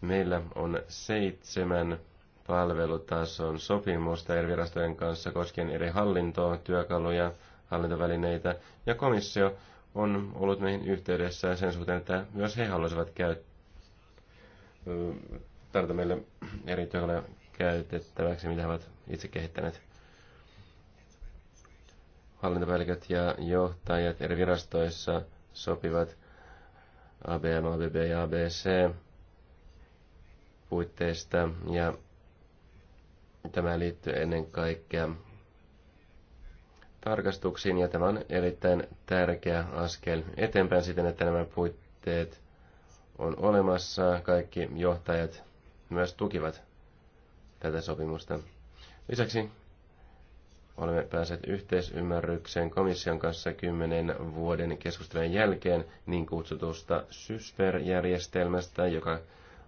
Meillä on seitsemän palvelutason sopimusta eri virastojen kanssa koskien eri hallintoa, työkaluja, hallintovälineitä ja komissio on ollut meihin yhteydessä sen suhteen, että myös he haluaisivat käyttää tarjota meille eri työkaluja käytettäväksi, mitä he ovat itse kehittäneet hallintopäälliköt ja johtajat eri virastoissa sopivat ABM, ABB ja ABC puitteista ja tämä liittyy ennen kaikkea tarkastuksiin ja tämä on erittäin tärkeä askel eteenpäin siten, että nämä puitteet on olemassa. Kaikki johtajat myös tukivat tätä sopimusta. Lisäksi Olemme päässeet yhteisymmärrykseen komission kanssa kymmenen vuoden keskustelujen jälkeen niin kutsutusta SYSPER-järjestelmästä, joka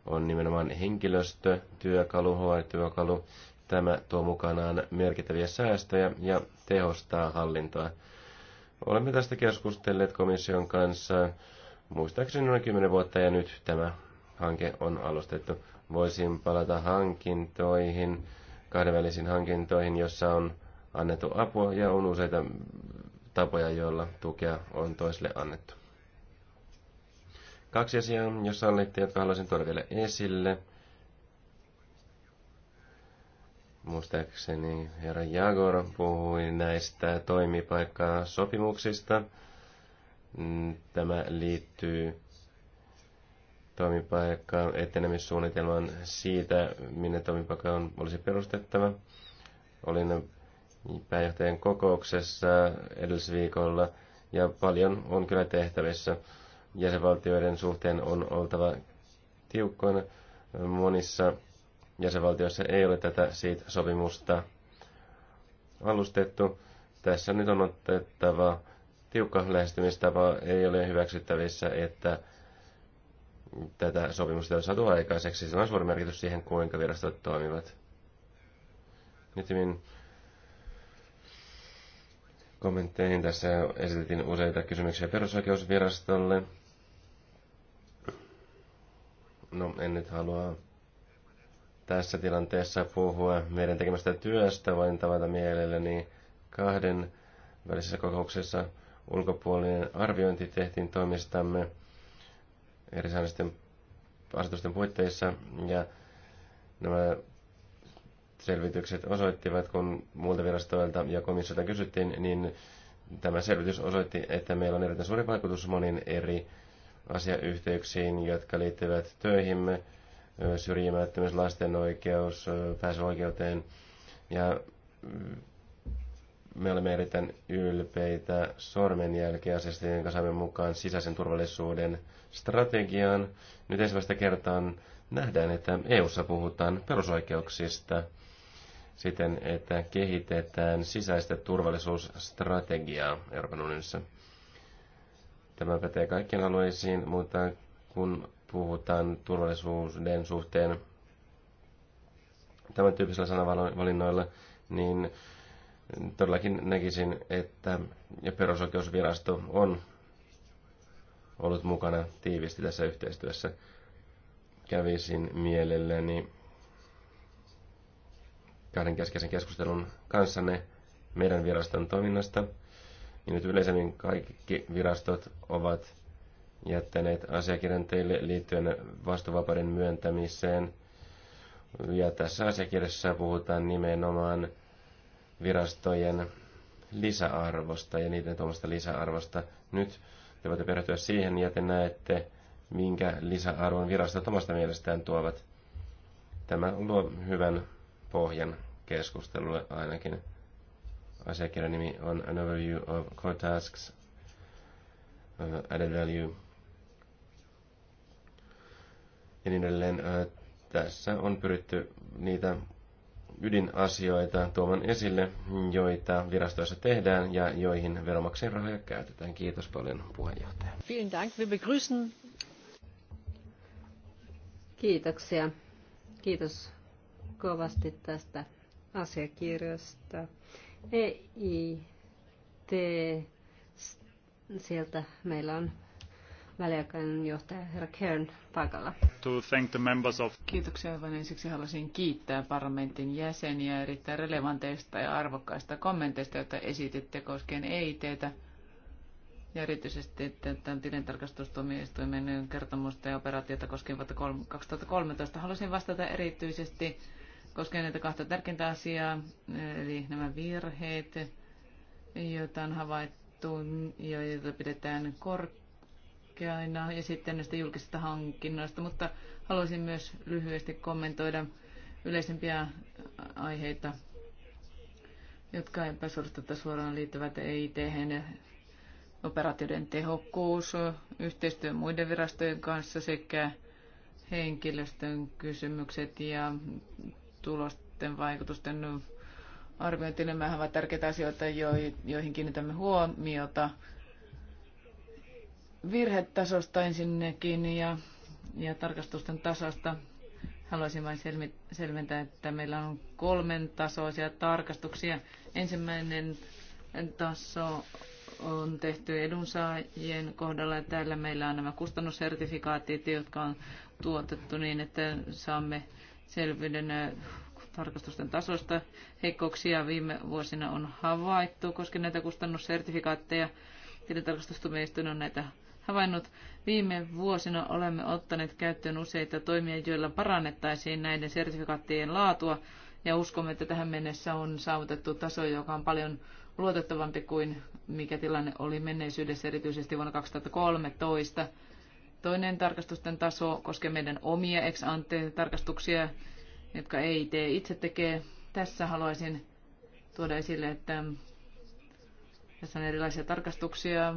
on nimenomaan henkilöstötyökalu, HR-työkalu. Tämä tuo mukanaan merkittäviä säästöjä ja tehostaa hallintoa. Olemme tästä keskustelleet komission kanssa muistaakseni noin 10 vuotta ja nyt tämä hanke on alustettu. Voisin palata hankintoihin, kahdenvälisiin hankintoihin, jossa on annettu apua ja on useita tapoja, joilla tukea on toisille annettu. Kaksi asiaa, jos sallitte, jotka haluaisin tuoda vielä esille. Muistaakseni herra Jagor puhui näistä toimipaikkasopimuksista. Tämä liittyy toimipaikkaan etenemissuunnitelman siitä, minne toimipaikka on, olisi perustettava. Olin pääjohtajien kokouksessa edellisviikolla ja paljon on kyllä tehtävissä. Jäsenvaltioiden suhteen on oltava tiukkoina. Monissa jäsenvaltioissa ei ole tätä siitä sopimusta alustettu. Tässä nyt on otettava tiukka lähestymistapa. Ei ole hyväksyttävissä, että tätä sopimusta on saatu aikaiseksi. Sillä on suuri merkitys siihen, kuinka virastot toimivat. Nyt kommentteihin. Tässä esitettiin useita kysymyksiä perusoikeusvirastolle. No, en nyt halua tässä tilanteessa puhua meidän tekemästä työstä, vain tavata mielelläni kahden välisessä kokouksessa ulkopuolinen arviointi tehtiin toimistamme eri säännösten asetusten puitteissa ja nämä selvitykset osoittivat, kun muilta virastoilta ja komissiota kysyttiin, niin tämä selvitys osoitti, että meillä on erittäin suuri vaikutus monin eri asiayhteyksiin, jotka liittyvät töihimme, syrjimättömyys, lasten oikeus, pääsyoikeuteen. Ja me olemme erittäin ylpeitä sormenjälkiasiasta, jonka saamme mukaan sisäisen turvallisuuden strategiaan. Nyt ensimmäistä kertaa nähdään, että EU:ssa puhutaan perusoikeuksista – siten, että kehitetään sisäistä turvallisuusstrategiaa Euroopan unionissa. Tämä pätee kaikkien alueisiin, mutta kun puhutaan turvallisuuden suhteen tämän tyyppisillä sanavalinnoilla, niin todellakin näkisin, että perusoikeusvirasto on ollut mukana tiiviisti tässä yhteistyössä. Kävisin mielelläni kahden keskeisen keskustelun kanssanne meidän viraston toiminnasta. Ja nyt yleisemmin kaikki virastot ovat jättäneet asiakirjan teille liittyen vastuvapauden myöntämiseen. Ja tässä asiakirjassa puhutaan nimenomaan virastojen lisäarvosta ja niiden tuomasta lisäarvosta. Nyt te voitte perehtyä siihen ja te näette, minkä lisäarvon virastot omasta mielestään tuovat. Tämä luo hyvän pohjan keskustelulle ainakin. Asiakirjan nimi on An Overview of Core Tasks, uh, Added Value ja niin edelleen. Uh, tässä on pyritty niitä ydinasioita tuomaan esille, joita virastoissa tehdään ja joihin veromaksajien rahoja käytetään. Kiitos paljon puheenjohtaja. Vielen Dank, wir begrüßen. Kiitoksia. Kiitos kovasti tästä asiakirjasta. EIT, sieltä meillä on väliaikainen johtaja herra Kern paikalla. To thank the members of... Kiitoksia aivan ensiksi haluaisin kiittää parlamentin jäseniä erittäin relevanteista ja arvokkaista kommenteista, joita esititte koskien EITtä ja erityisesti tämän tilintarkastustuomioistuimen kertomusta ja operaatiota koskevat 2013. Haluaisin vastata erityisesti koskee näitä kahta tärkeintä asiaa, eli nämä virheet, joita on havaittu ja joita pidetään korkeina, ja sitten näistä julkisista hankinnoista. Mutta haluaisin myös lyhyesti kommentoida yleisempiä aiheita, jotka epäsuorastutta suoraan liittyvät EIT, operaatioiden tehokkuus, yhteistyö muiden virastojen kanssa sekä henkilöstön kysymykset ja tulosten vaikutusten arviointi, nämä ovat tärkeitä asioita, joihin kiinnitämme huomiota. Virhetasosta ensinnäkin ja, ja tarkastusten tasosta haluaisin vain selventää, että meillä on kolmen tasoisia tarkastuksia. Ensimmäinen taso on tehty edunsaajien kohdalla ja täällä meillä on nämä kustannussertifikaatit, jotka on tuotettu niin, että saamme selvyyden tarkastusten tasosta. Heikkouksia viime vuosina on havaittu koska näitä kustannussertifikaatteja. Tilintarkastustuomioistuin on näitä havainnut. Viime vuosina olemme ottaneet käyttöön useita toimia, joilla parannettaisiin näiden sertifikaattien laatua, ja uskomme, että tähän mennessä on saavutettu taso, joka on paljon luotettavampi kuin mikä tilanne oli menneisyydessä, erityisesti vuonna 2013 Toinen tarkastusten taso koskee meidän omia ex ante tarkastuksia, jotka ei tee itse tekee. Tässä haluaisin tuoda esille, että tässä on erilaisia tarkastuksia.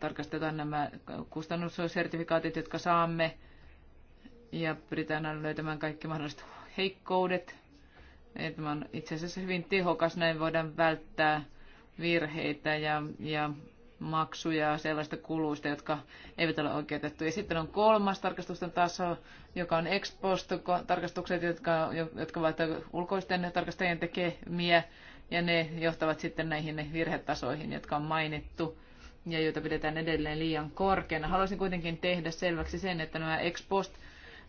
Tarkastetaan nämä kustannussertifikaatit, jotka saamme, ja pyritään löytämään kaikki mahdolliset heikkoudet. Tämä on itse asiassa hyvin tehokas, näin voidaan välttää virheitä ja, ja maksuja sellaista kuluista, jotka eivät ole oikeutettuja. Sitten on kolmas tarkastusten taso, joka on ex tarkastukset, jotka, jotka ovat ulkoisten tarkastajien tekemiä, ja ne johtavat sitten näihin virhetasoihin, jotka on mainittu ja joita pidetään edelleen liian korkeana. Haluaisin kuitenkin tehdä selväksi sen, että nämä ex post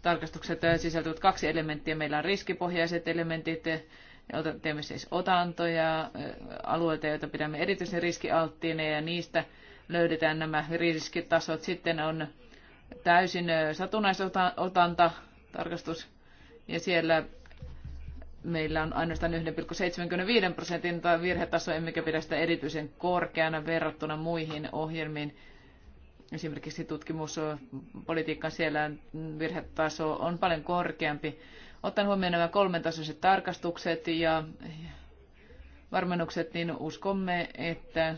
tarkastukset sisältyvät kaksi elementtiä. Meillä on riskipohjaiset elementit, Teemme siis otantoja alueita, joita pidämme erityisen riskialttiina ja niistä löydetään nämä riskitasot. Sitten on täysin satunnaisotanta tarkastus ja siellä meillä on ainoastaan 1,75 prosentin virhetaso, emmekä pidä sitä erityisen korkeana verrattuna muihin ohjelmiin. Esimerkiksi tutkimuspolitiikan siellä virhetaso on paljon korkeampi. Ottaen huomioon nämä kolmen tasoiset tarkastukset ja varmennukset, niin uskomme, että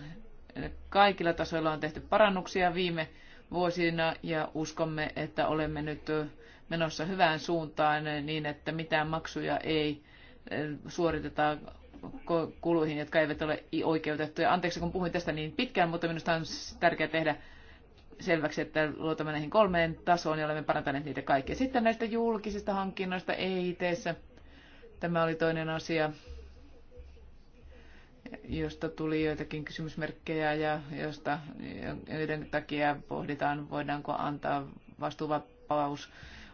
kaikilla tasoilla on tehty parannuksia viime vuosina ja uskomme, että olemme nyt menossa hyvään suuntaan niin, että mitään maksuja ei eh, suoriteta kuluihin, jotka eivät ole oikeutettuja. Anteeksi, kun puhuin tästä niin pitkään, mutta minusta on tärkeää tehdä selväksi, että luotamme näihin kolmeen tasoon ja olemme parantaneet niitä kaikkia. Sitten näistä julkisista hankinnoista EITssä. Tämä oli toinen asia, josta tuli joitakin kysymysmerkkejä ja josta, joiden takia pohditaan, voidaanko antaa vastuuvapaus.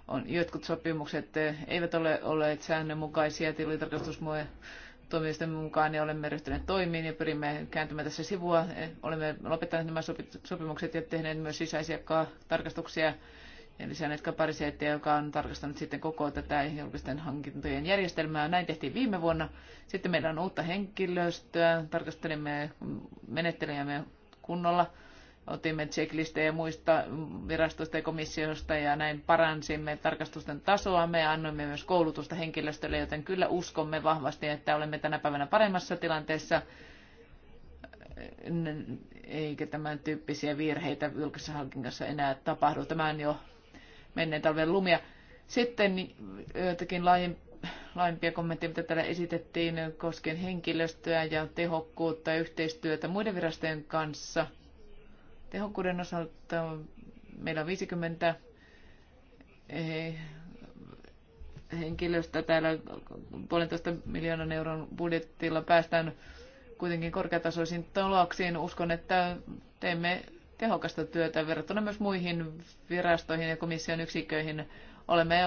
On, jotkut sopimukset eh, eivät ole olleet säännönmukaisia, tilintarkastusmuotoja tuomioisten mukaan niin olemme ryhtyneet toimiin ja pyrimme kääntymään tässä sivua. Olemme lopettaneet nämä sopimukset ja tehneet myös sisäisiä tarkastuksia ja lisänneet kapariseettia, joka on tarkastanut sitten koko tätä julkisten hankintojen järjestelmää. Näin tehtiin viime vuonna. Sitten meillä on uutta henkilöstöä. Tarkastelimme menettelyjämme kunnolla otimme checklistejä muista virastoista ja komissiosta ja näin paransimme tarkastusten tasoa. Me annoimme myös koulutusta henkilöstölle, joten kyllä uskomme vahvasti, että olemme tänä päivänä paremmassa tilanteessa eikä tämän tyyppisiä virheitä julkisessa hankinnassa enää tapahdu. Tämä on jo menneen talven lumia. Sitten joitakin laajempia kommentteja, mitä täällä esitettiin koskien henkilöstöä ja tehokkuutta ja yhteistyötä muiden virastojen kanssa – Tehokkuuden osalta meillä on 50 eh, henkilöstä täällä puolentoista miljoonan euron budjettilla päästään kuitenkin korkeatasoisiin tuloksiin. Uskon, että teemme tehokasta työtä verrattuna myös muihin virastoihin ja komission yksiköihin. Olemme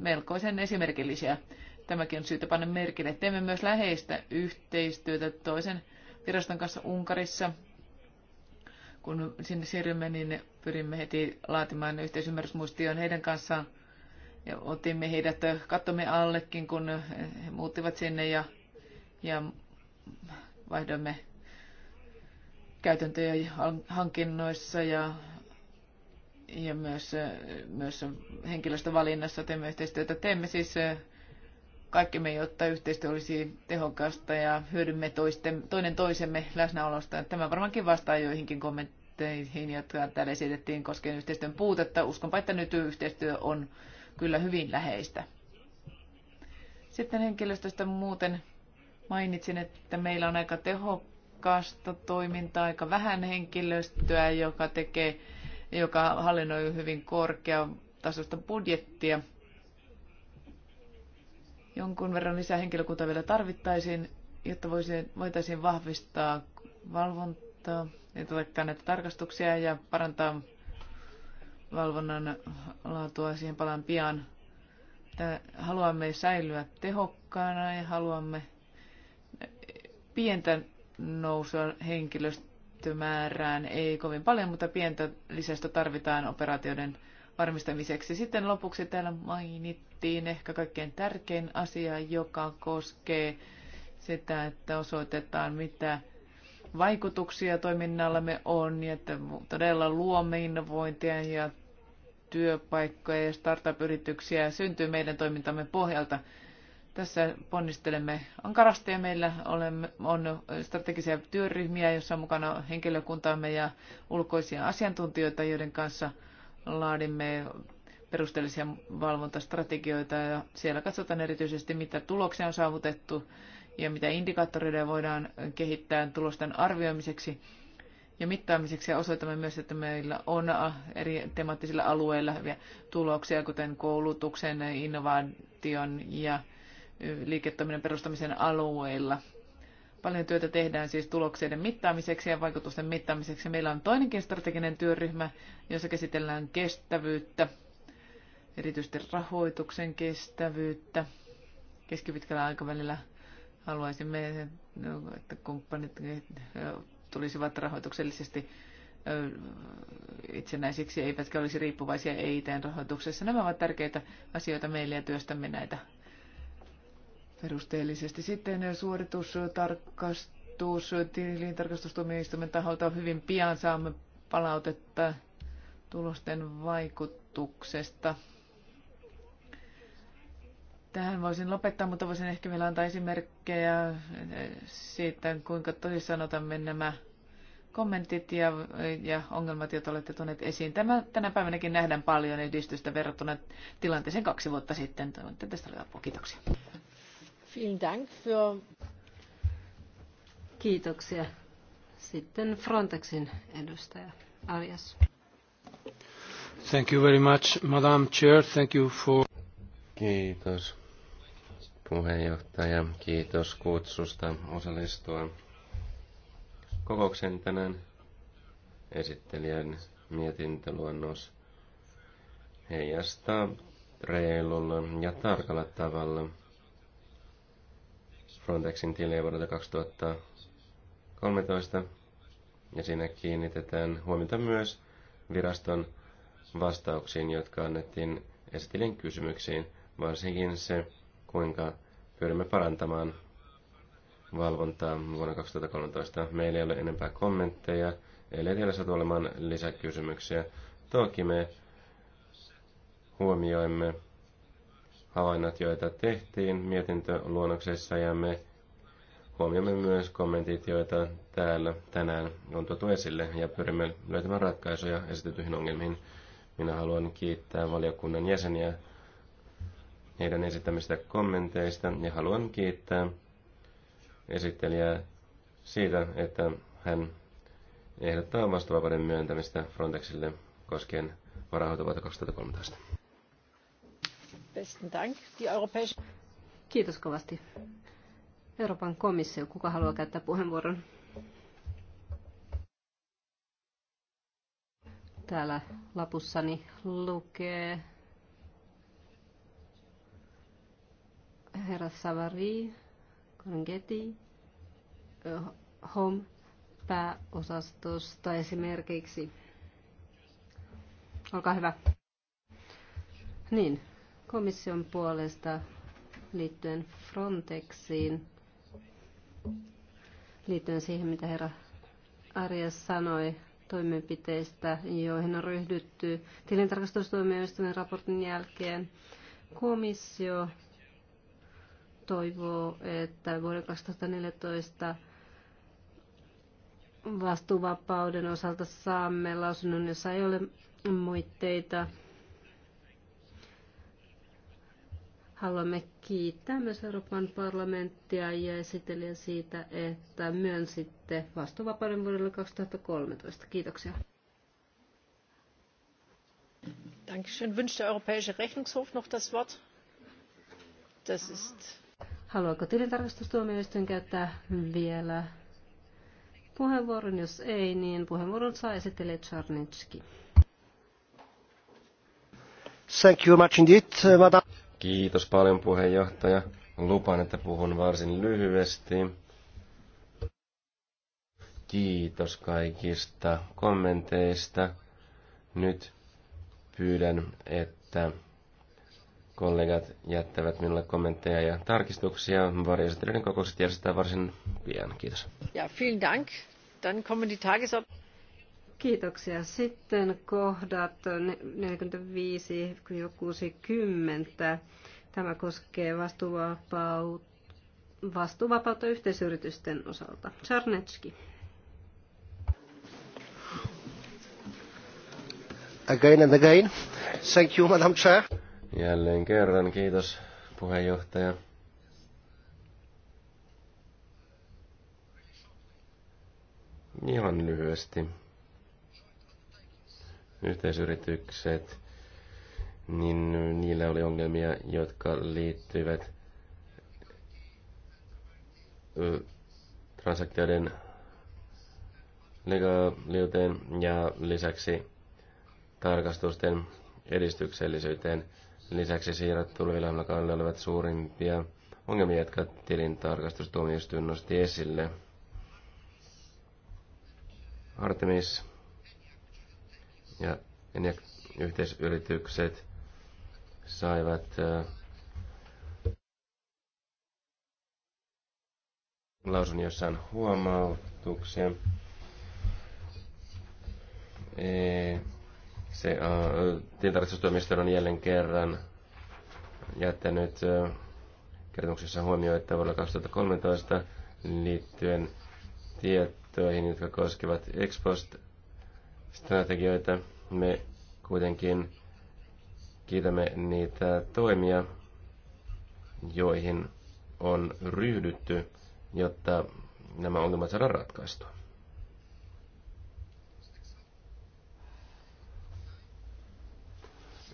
melkoisen esimerkillisiä. Tämäkin on syytä panna merkille. Teemme myös läheistä yhteistyötä toisen viraston kanssa Unkarissa kun sinne siirrymme, niin pyrimme heti laatimaan yhteisymmärrysmuistioon heidän kanssaan. Ja otimme heidät kattomme allekin, kun he muuttivat sinne ja, ja vaihdoimme käytäntöjä hankinnoissa ja, ja myös, myös henkilöstövalinnassa teemme yhteistyötä. Teemme siis kaikki me, jotta yhteistyö olisi tehokasta ja hyödymme toisten, toinen toisemme läsnäolosta. Tämä varmaankin vastaa joihinkin kommentteihin, jotka täällä esitettiin koskien yhteistyön puutetta. Uskonpa, että nyt yhteistyö on kyllä hyvin läheistä. Sitten henkilöstöstä muuten mainitsin, että meillä on aika tehokasta toimintaa, aika vähän henkilöstöä, joka tekee, joka hallinnoi hyvin tasosta budjettia – Jonkun verran lisää henkilökuntaa vielä tarvittaisiin, jotta voitaisiin vahvistaa valvontaa ja näitä tarkastuksia ja parantaa valvonnan laatua. Siihen palaan pian. Haluamme säilyä tehokkaana ja haluamme pientä nousua henkilöstömäärään. Ei kovin paljon, mutta pientä lisästä tarvitaan operaatioiden varmistamiseksi. Sitten lopuksi täällä mainittiin mainittiin ehkä kaikkein tärkein asia, joka koskee sitä, että osoitetaan mitä vaikutuksia toiminnallamme on, ja että todella luomme innovointia ja työpaikkoja ja startup-yrityksiä syntyy meidän toimintamme pohjalta. Tässä ponnistelemme ankarasti ja meillä olemme, on strategisia työryhmiä, joissa on mukana henkilökuntaamme ja ulkoisia asiantuntijoita, joiden kanssa laadimme perusteellisia valvontastrategioita ja siellä katsotaan erityisesti, mitä tuloksia on saavutettu ja mitä indikaattoreita voidaan kehittää tulosten arvioimiseksi ja mittaamiseksi ja osoitamme myös, että meillä on äh, eri temaattisilla alueilla hyviä tuloksia, kuten koulutuksen, innovaation ja liiketoiminnan perustamisen alueilla. Paljon työtä tehdään siis tuloksien mittaamiseksi ja vaikutusten mittaamiseksi. Meillä on toinenkin strateginen työryhmä, jossa käsitellään kestävyyttä erityisesti rahoituksen kestävyyttä. Keskipitkällä aikavälillä haluaisimme, että kumppanit eh, tulisivat rahoituksellisesti itsenäisiksi, eivätkä olisi riippuvaisia EITn rahoituksessa. Nämä ovat tärkeitä asioita meille ja työstämme näitä perusteellisesti. Sitten eh, suoritustarkastus tilintarkastustuomioistuimen taholta hyvin pian saamme palautetta tulosten vaikutuksesta. Tähän voisin lopettaa, mutta voisin ehkä vielä antaa esimerkkejä siitä, kuinka tosissaan otamme nämä kommentit ja, ja ongelmat, joita olette tuoneet esiin. Tämä, tänä päivänäkin nähdään paljon edistystä verrattuna tilanteeseen kaksi vuotta sitten. Toivon, että tästä oli apua. Kiitoksia. Vielen Dank für... Kiitoksia. Sitten Frontexin edustaja Arias. Thank you very much, Madam Chair. Thank you for... Kiitos puheenjohtaja. Kiitos kutsusta osallistua kokouksen tänään esittelijän mietintöluonnos heijastaa reilulla ja tarkalla tavalla Frontexin tilejä vuodelta 2013 ja siinä kiinnitetään huomiota myös viraston vastauksiin, jotka annettiin esittelijän kysymyksiin, varsinkin se, kuinka pyrimme parantamaan valvontaa vuonna 2013. Meillä ei ole enempää kommentteja, ei vielä saatu olemaan lisäkysymyksiä. Toki me huomioimme havainnot, joita tehtiin mietintöluonnoksessa ja me huomioimme myös kommentit, joita täällä tänään on tuotu esille ja pyrimme löytämään ratkaisuja esitetyihin ongelmiin. Minä haluan kiittää valiokunnan jäseniä heidän esittämistä kommenteista ja haluan kiittää esittelijää siitä, että hän ehdottaa vastuvapauden myöntämistä Frontexille koskien varahoitovuotta 2013. Besten Dank. Die europäische... Kiitos kovasti. Euroopan komissio, kuka haluaa käyttää puheenvuoron? Täällä lapussani lukee herra Savari, Kongeti, HOM pääosastosta esimerkiksi. Olkaa hyvä. Niin, komission puolesta liittyen Frontexiin, liittyen siihen, mitä herra Arias sanoi toimenpiteistä, joihin on ryhdytty tilintarkastustuomioistuimen raportin jälkeen. Komissio toivoo, että vuoden 2014 vastuuvapauden osalta saamme lausunnon, jossa ei ole moitteita. Haluamme kiittää myös Euroopan parlamenttia ja esitellä siitä, että myönsitte vastuuvapauden vuodelle 2013. Kiitoksia. Dankeschön. Wünscht der Europäische Rechnungshof noch das Wort? Das ist Haluaako tilintarkastustuomioistuin käyttää vielä puheenvuoron? Jos ei, niin puheenvuoron saa esitellä Czarnitski. Thank you much indeed, madam. Kiitos paljon puheenjohtaja. Lupaan, että puhun varsin lyhyesti. Kiitos kaikista kommenteista. Nyt pyydän, että kollegat jättävät minulle kommentteja ja tarkistuksia. Varjoesittelyiden kokoukset järjestetään varsin pian. Kiitos. Ja, vielen dank. Dann kommen die Tagesord Kiitoksia. Sitten kohdat 45-60. Tämä koskee vastuuvapautta, vastuuvapautta yhteisyritysten osalta. Czarnecki. Again and again. Thank you, Madam Chair. Jälleen kerran, kiitos puheenjohtaja. Ihan lyhyesti. Yhteisyritykset, niin niillä oli ongelmia, jotka liittyivät transaktioiden legaaliuteen ja lisäksi tarkastusten edistyksellisyyteen – Lisäksi siirrot tulevilla kaudella olivat suurimpia ongelmia, jotka tilintarkastustuomioistuin nosti esille. Artemis ja yhteisyritykset saivat äh, lausun jossain huomautuksia. E- se tilintarkastustoimisto on jälleen kerran jättänyt kertomuksessa että vuonna 2013 liittyen tietoihin, jotka koskevat Expost-strategioita. Me kuitenkin kiitämme niitä toimia, joihin on ryhdytty, jotta nämä ongelmat saadaan ratkaistua.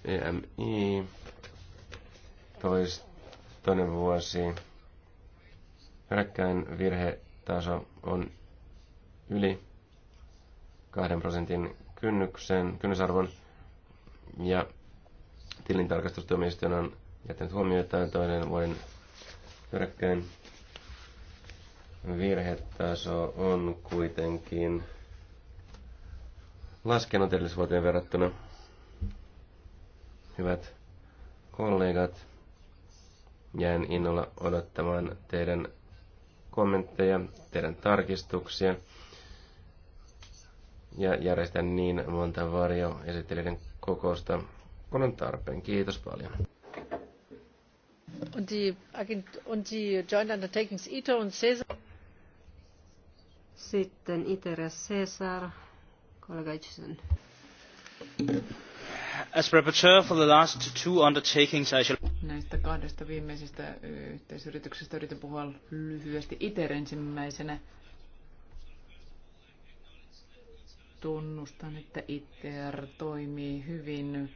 EMI, tois, toinen vuosi. Peräkkäin virhetaso on yli 2 prosentin kynnyksen, kynnysarvon ja tilintarkastustuomioistuin on jättänyt että toinen vuoden peräkkäin virhetaso on kuitenkin laskenut edellisvuoteen verrattuna hyvät kollegat. Jään innolla odottamaan teidän kommentteja, teidän tarkistuksia. Ja järjestän niin monta varjoesittelijöiden kokousta, kun on tarpeen. Kiitos paljon. Und die, und die Joint Undertakings ITO und CESAR. Sitten ITER CESAR. Kollega Itchison. As rapporteur for the last two undertakings, I shall... Näistä kahdesta viimeisestä yhteisyrityksestä yritän puhua lyhyesti itse ensimmäisenä. Tunnustan, että ITER toimii hyvin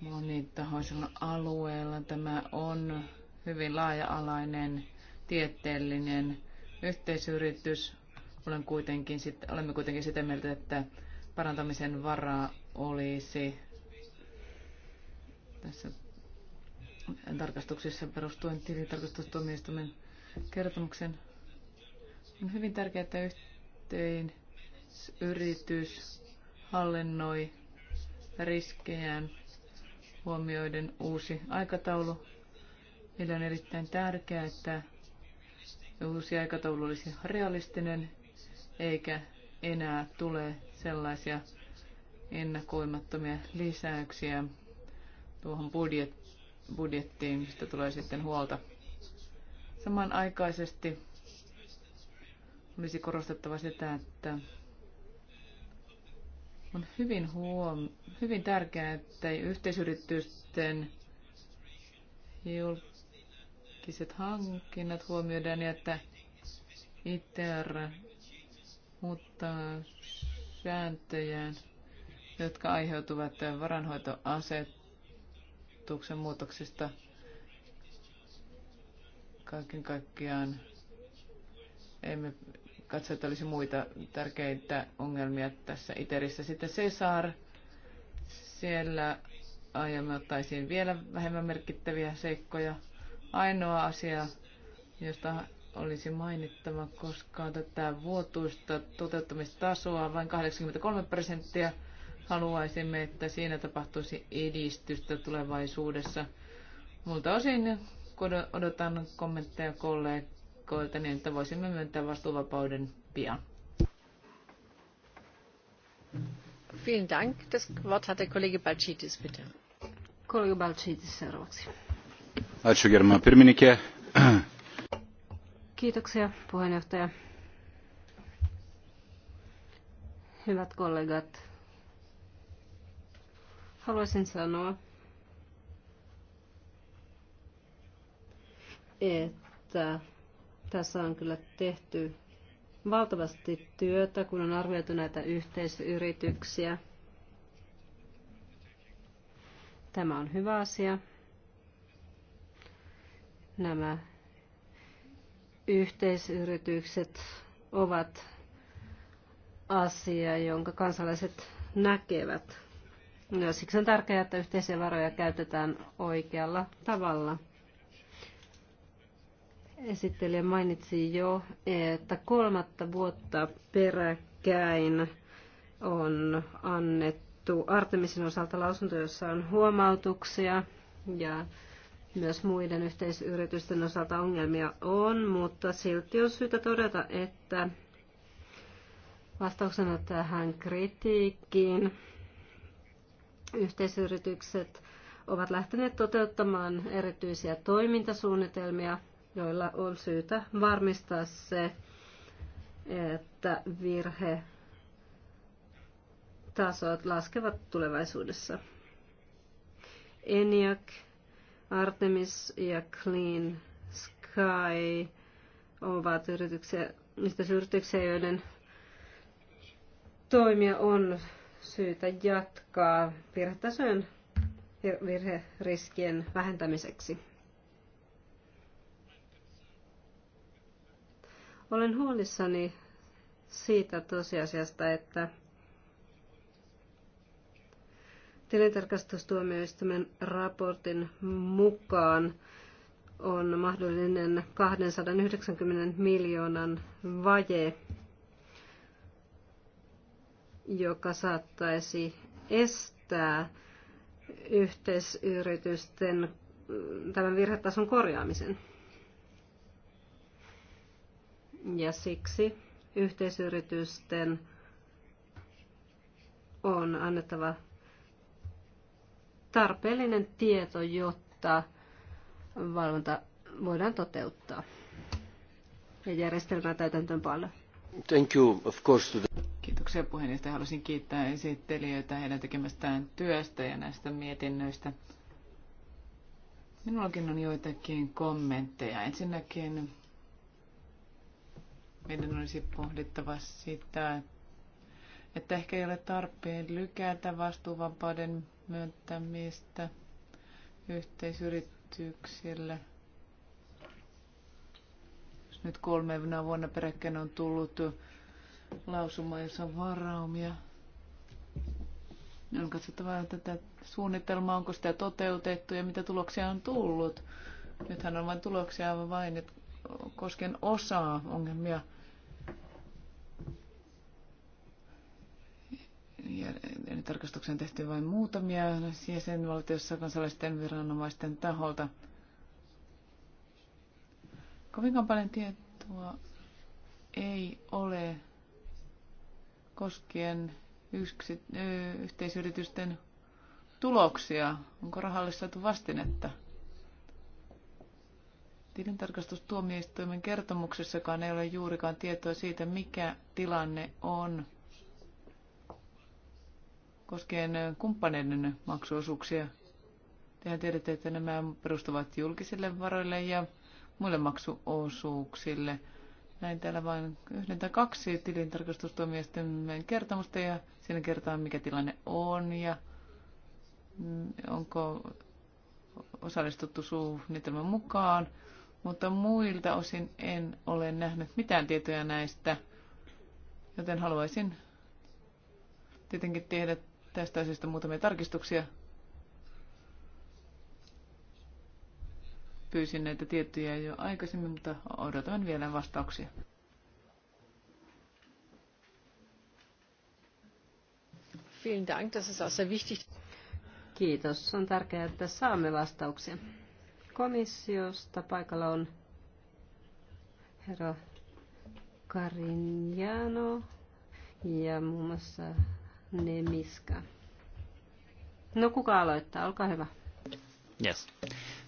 monitahoisella alueella. Tämä on hyvin laaja-alainen tieteellinen yhteisyritys. Olen kuitenkin sit, olemme kuitenkin sitä mieltä, että parantamisen varaa olisi tässä tarkastuksessa perustuen tilintarkastustuomioistuimen kertomuksen. On hyvin tärkeää, että yritys hallinnoi riskejään huomioiden uusi aikataulu. Meillä on erittäin tärkeää, että uusi aikataulu olisi realistinen eikä enää tule sellaisia ennakoimattomia lisäyksiä tuohon budjet, budjettiin, mistä tulee sitten huolta. Samanaikaisesti olisi korostettava sitä, että on hyvin, huom- hyvin tärkeää, että yhteisyritysten julkiset hankinnat huomioidaan ja että ITR muuttaa sääntöjään jotka aiheutuvat varanhoitoasetuksen muutoksista. Kaiken kaikkiaan emme katso, että olisi muita tärkeitä ongelmia tässä ITERissä. Sitten Cesar, siellä aiemmin ottaisiin vielä vähemmän merkittäviä seikkoja. Ainoa asia, josta olisi mainittava, koska tätä vuotuista toteuttamistasoa vain 83 prosenttia – Haluaisimme, että siinä tapahtuisi edistystä tulevaisuudessa. Muilta osin odotan kommentteja kollegoilta niin, että voisimme myöntää vastuuvapauden pian. Vielen Dank. Das Wort hat der Kollege Balcitis, bitte. Kollege Balcitis seuraavaksi. Ačiū, germa pirmininkė. Kiitoksia, puheenjohtaja. Hyvät kollegat, Haluaisin sanoa, että tässä on kyllä tehty valtavasti työtä, kun on arvioitu näitä yhteisyrityksiä. Tämä on hyvä asia. Nämä yhteisyritykset ovat asia, jonka kansalaiset näkevät No, siksi on tärkeää, että yhteisiä varoja käytetään oikealla tavalla. Esittelijä mainitsi jo, että kolmatta vuotta peräkkäin on annettu Artemisin osalta lausunto, jossa on huomautuksia ja myös muiden yhteisyritysten osalta ongelmia on, mutta silti on syytä todeta, että vastauksena tähän kritiikkiin Yhteisyritykset ovat lähteneet toteuttamaan erityisiä toimintasuunnitelmia, joilla on syytä varmistaa se, että virhe tasot laskevat tulevaisuudessa. ENIAC, Artemis ja Clean Sky ovat yrityksiä, niistä yrityksiä, joiden toimia on syytä jatkaa virhetasojen virheriskien vähentämiseksi. Olen huolissani siitä tosiasiasta, että tilintarkastustuomioistuimen raportin mukaan on mahdollinen 290 miljoonan vaje joka saattaisi estää yhteisyritysten mm, tämän virhetason korjaamisen. Ja siksi yhteisyritysten on annettava tarpeellinen tieto, jotta valvonta voidaan toteuttaa ja järjestelmää paljon. Thank you, of course, to the... Kiitoksia puheenjohtaja. Haluaisin kiittää esittelijöitä heidän tekemästään työstä ja näistä mietinnöistä. Minullakin on joitakin kommentteja. Ensinnäkin meidän olisi pohdittava sitä, että ehkä ei ole tarpeen lykätä vastuuvapauden myöntämistä yhteisyrityksille. Nyt kolmena vuonna peräkkäin on tullut lausumaa, jossa on varaumia. On katsottava tätä suunnitelmaa, onko sitä toteutettu ja mitä tuloksia on tullut. Nythän on vain tuloksia vain, että kosken osaa ongelmia. Ja tarkastuksen tehty vain muutamia jäsenvaltiossa kansalaisten viranomaisten taholta. Kovinkaan paljon tietoa ei ole koskien yksi, yhteisyritysten tuloksia? Onko rahalle saatu vastinetta? Tilintarkastustuomioistuimen kertomuksessakaan ei ole juurikaan tietoa siitä, mikä tilanne on koskien kumppaneiden maksuosuuksia. Tehän tiedätte, että nämä perustuvat julkisille varoille ja muille maksuosuuksille – näin täällä vain yhden tai kaksi tilintarkastustuomioistuimen kertomusta ja siinä kertaa, mikä tilanne on ja mm, onko osallistuttu suunnitelman mukaan, mutta muilta osin en ole nähnyt mitään tietoja näistä, joten haluaisin tietenkin tehdä tästä asiasta muutamia tarkistuksia. pyysin näitä tiettyjä, jo aikaisemmin, mutta odotan vielä vastauksia. Vielen Dank, das ist auch sehr wichtig. Kiitos. On tärkeää, että saamme vastauksia. Komissiosta paikalla on herra Karinjano ja muun muassa Nemiska. No kuka aloittaa? Olkaa hyvä. Yes.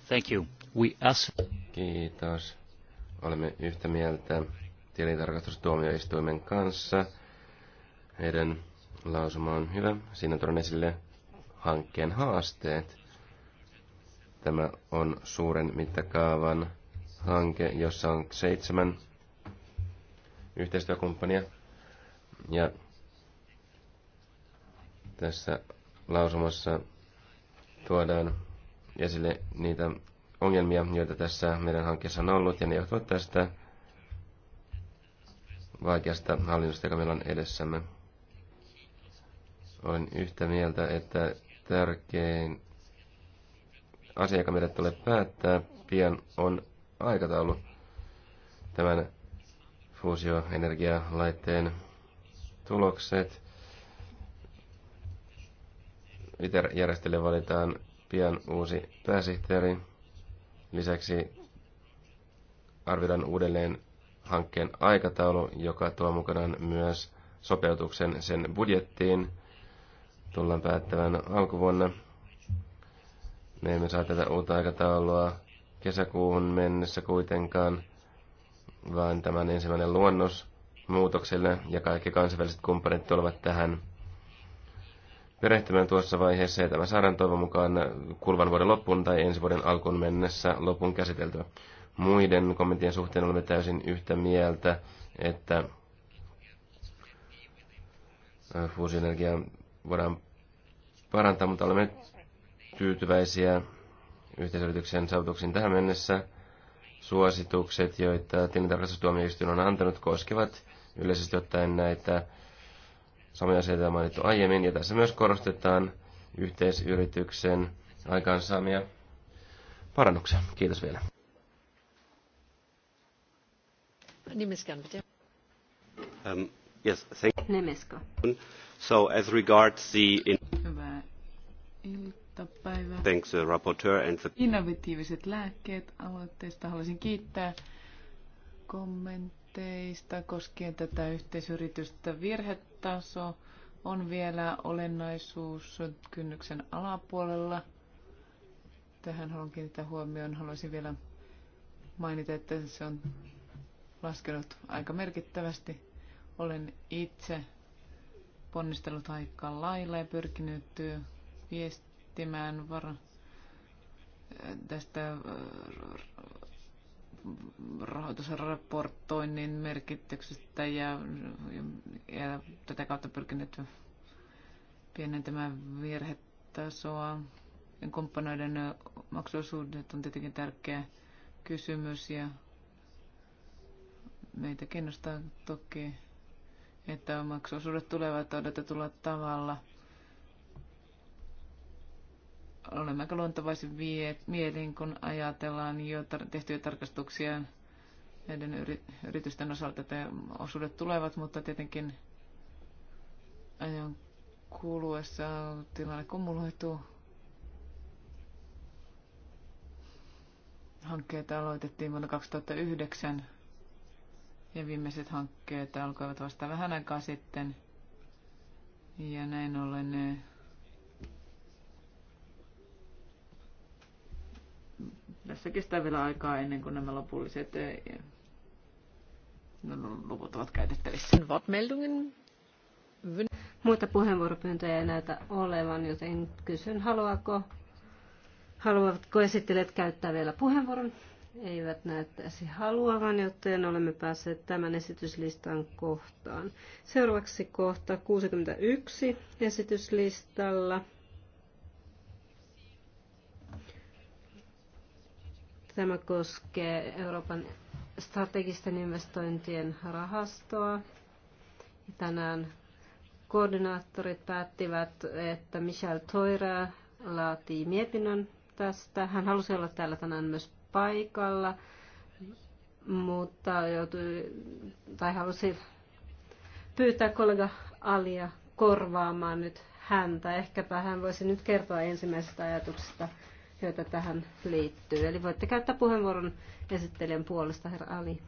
Thank you. We ask... Kiitos. Olemme yhtä mieltä tilintarkastustuomioistuimen kanssa. Heidän lausuma on hyvä. Siinä tuon esille hankkeen haasteet. Tämä on suuren mittakaavan hanke, jossa on seitsemän yhteistyökumppania. Ja tässä lausumassa tuodaan esille niitä ongelmia, joita tässä meidän hankkeessa on ollut, ja ne johtuvat tästä vaikeasta hallinnosta, joka meillä on edessämme. Olen yhtä mieltä, että tärkein asia, joka meidän tulee päättää pian, on aikataulu tämän fuusioenergialaitteen tulokset. ITER-järjestelyyn valitaan pian uusi pääsihteeri. Lisäksi arvioidaan uudelleen hankkeen aikataulu, joka tuo mukanaan myös sopeutuksen sen budjettiin. Tullaan päättävän alkuvuonna. Me emme saa tätä uutta aikataulua kesäkuuhun mennessä kuitenkaan, vaan tämän ensimmäinen luonnos muutokselle ja kaikki kansainväliset kumppanit tulevat tähän perehtymään tuossa vaiheessa ja tämä saadaan toivon mukaan kulvan vuoden loppuun tai ensi vuoden alkuun mennessä lopun käsiteltyä. Muiden kommenttien suhteen olemme täysin yhtä mieltä, että fuusioenergiaa voidaan parantaa, mutta olemme tyytyväisiä yhteisyrityksen saavutuksiin tähän mennessä. Suositukset, joita tilintarkastustuomioistuin on antanut, koskevat yleisesti ottaen näitä Samoja asioita on mainittu aiemmin, ja tässä myös korostetaan yhteisyrityksen aikaansaamia parannuksia. Kiitos vielä. Nimiskan, um, yes, thank So as regards the... Hyvää iltapäivää. Thanks the uh, rapporteur and the... Innovatiiviset lääkkeet aloitteesta haluaisin kiittää kommentteista koskien tätä yhteisyritystä virhettä taso on vielä olennaisuus kynnyksen alapuolella. Tähän haluan kiinnittää huomioon. Haluaisin vielä mainita, että se on laskenut aika merkittävästi. Olen itse ponnistellut aika lailla ja pyrkinyt viestimään var- tästä äh, rahoitusraportoinnin merkityksestä ja, ja, ja tätä kautta pyrkinyt pienentämään virhetasoa. Komppanoiden maksuosuudet on tietenkin tärkeä kysymys ja meitä kiinnostaa toki, että maksuosuudet tulevat odotetulla tavalla – olemme aika luontavaisin mielin, kun ajatellaan jo tar- tehtyjä tarkastuksia näiden yri- yritysten osalta, että osuudet tulevat, mutta tietenkin ajan kuluessa tilanne kumuloituu. Hankkeita aloitettiin vuonna 2009 ja viimeiset hankkeet alkoivat vasta vähän aikaa sitten. Ja näin ollen ne eh, Tässä kestää vielä aikaa ennen kuin nämä lopulliset eh, luvut ovat käytettävissä. Muita puheenvuoropyyntöjä ei näytä olevan, joten kysyn, haluaako, haluavatko esittelijät käyttää vielä puheenvuoron? Eivät näyttäisi haluavan, joten olemme päässeet tämän esityslistan kohtaan. Seuraavaksi kohta 61 esityslistalla. Tämä koskee Euroopan strategisten investointien rahastoa. Tänään koordinaattorit päättivät, että Michel Toira laatii mietinnön tästä. Hän halusi olla täällä tänään myös paikalla, mutta joutui, tai halusi pyytää kollega Alia korvaamaan nyt häntä. Ehkäpä hän voisi nyt kertoa ensimmäisestä ajatuksesta joita tähän liittyy. Eli voitte käyttää puheenvuoron esittelijän puolesta, herra Ali.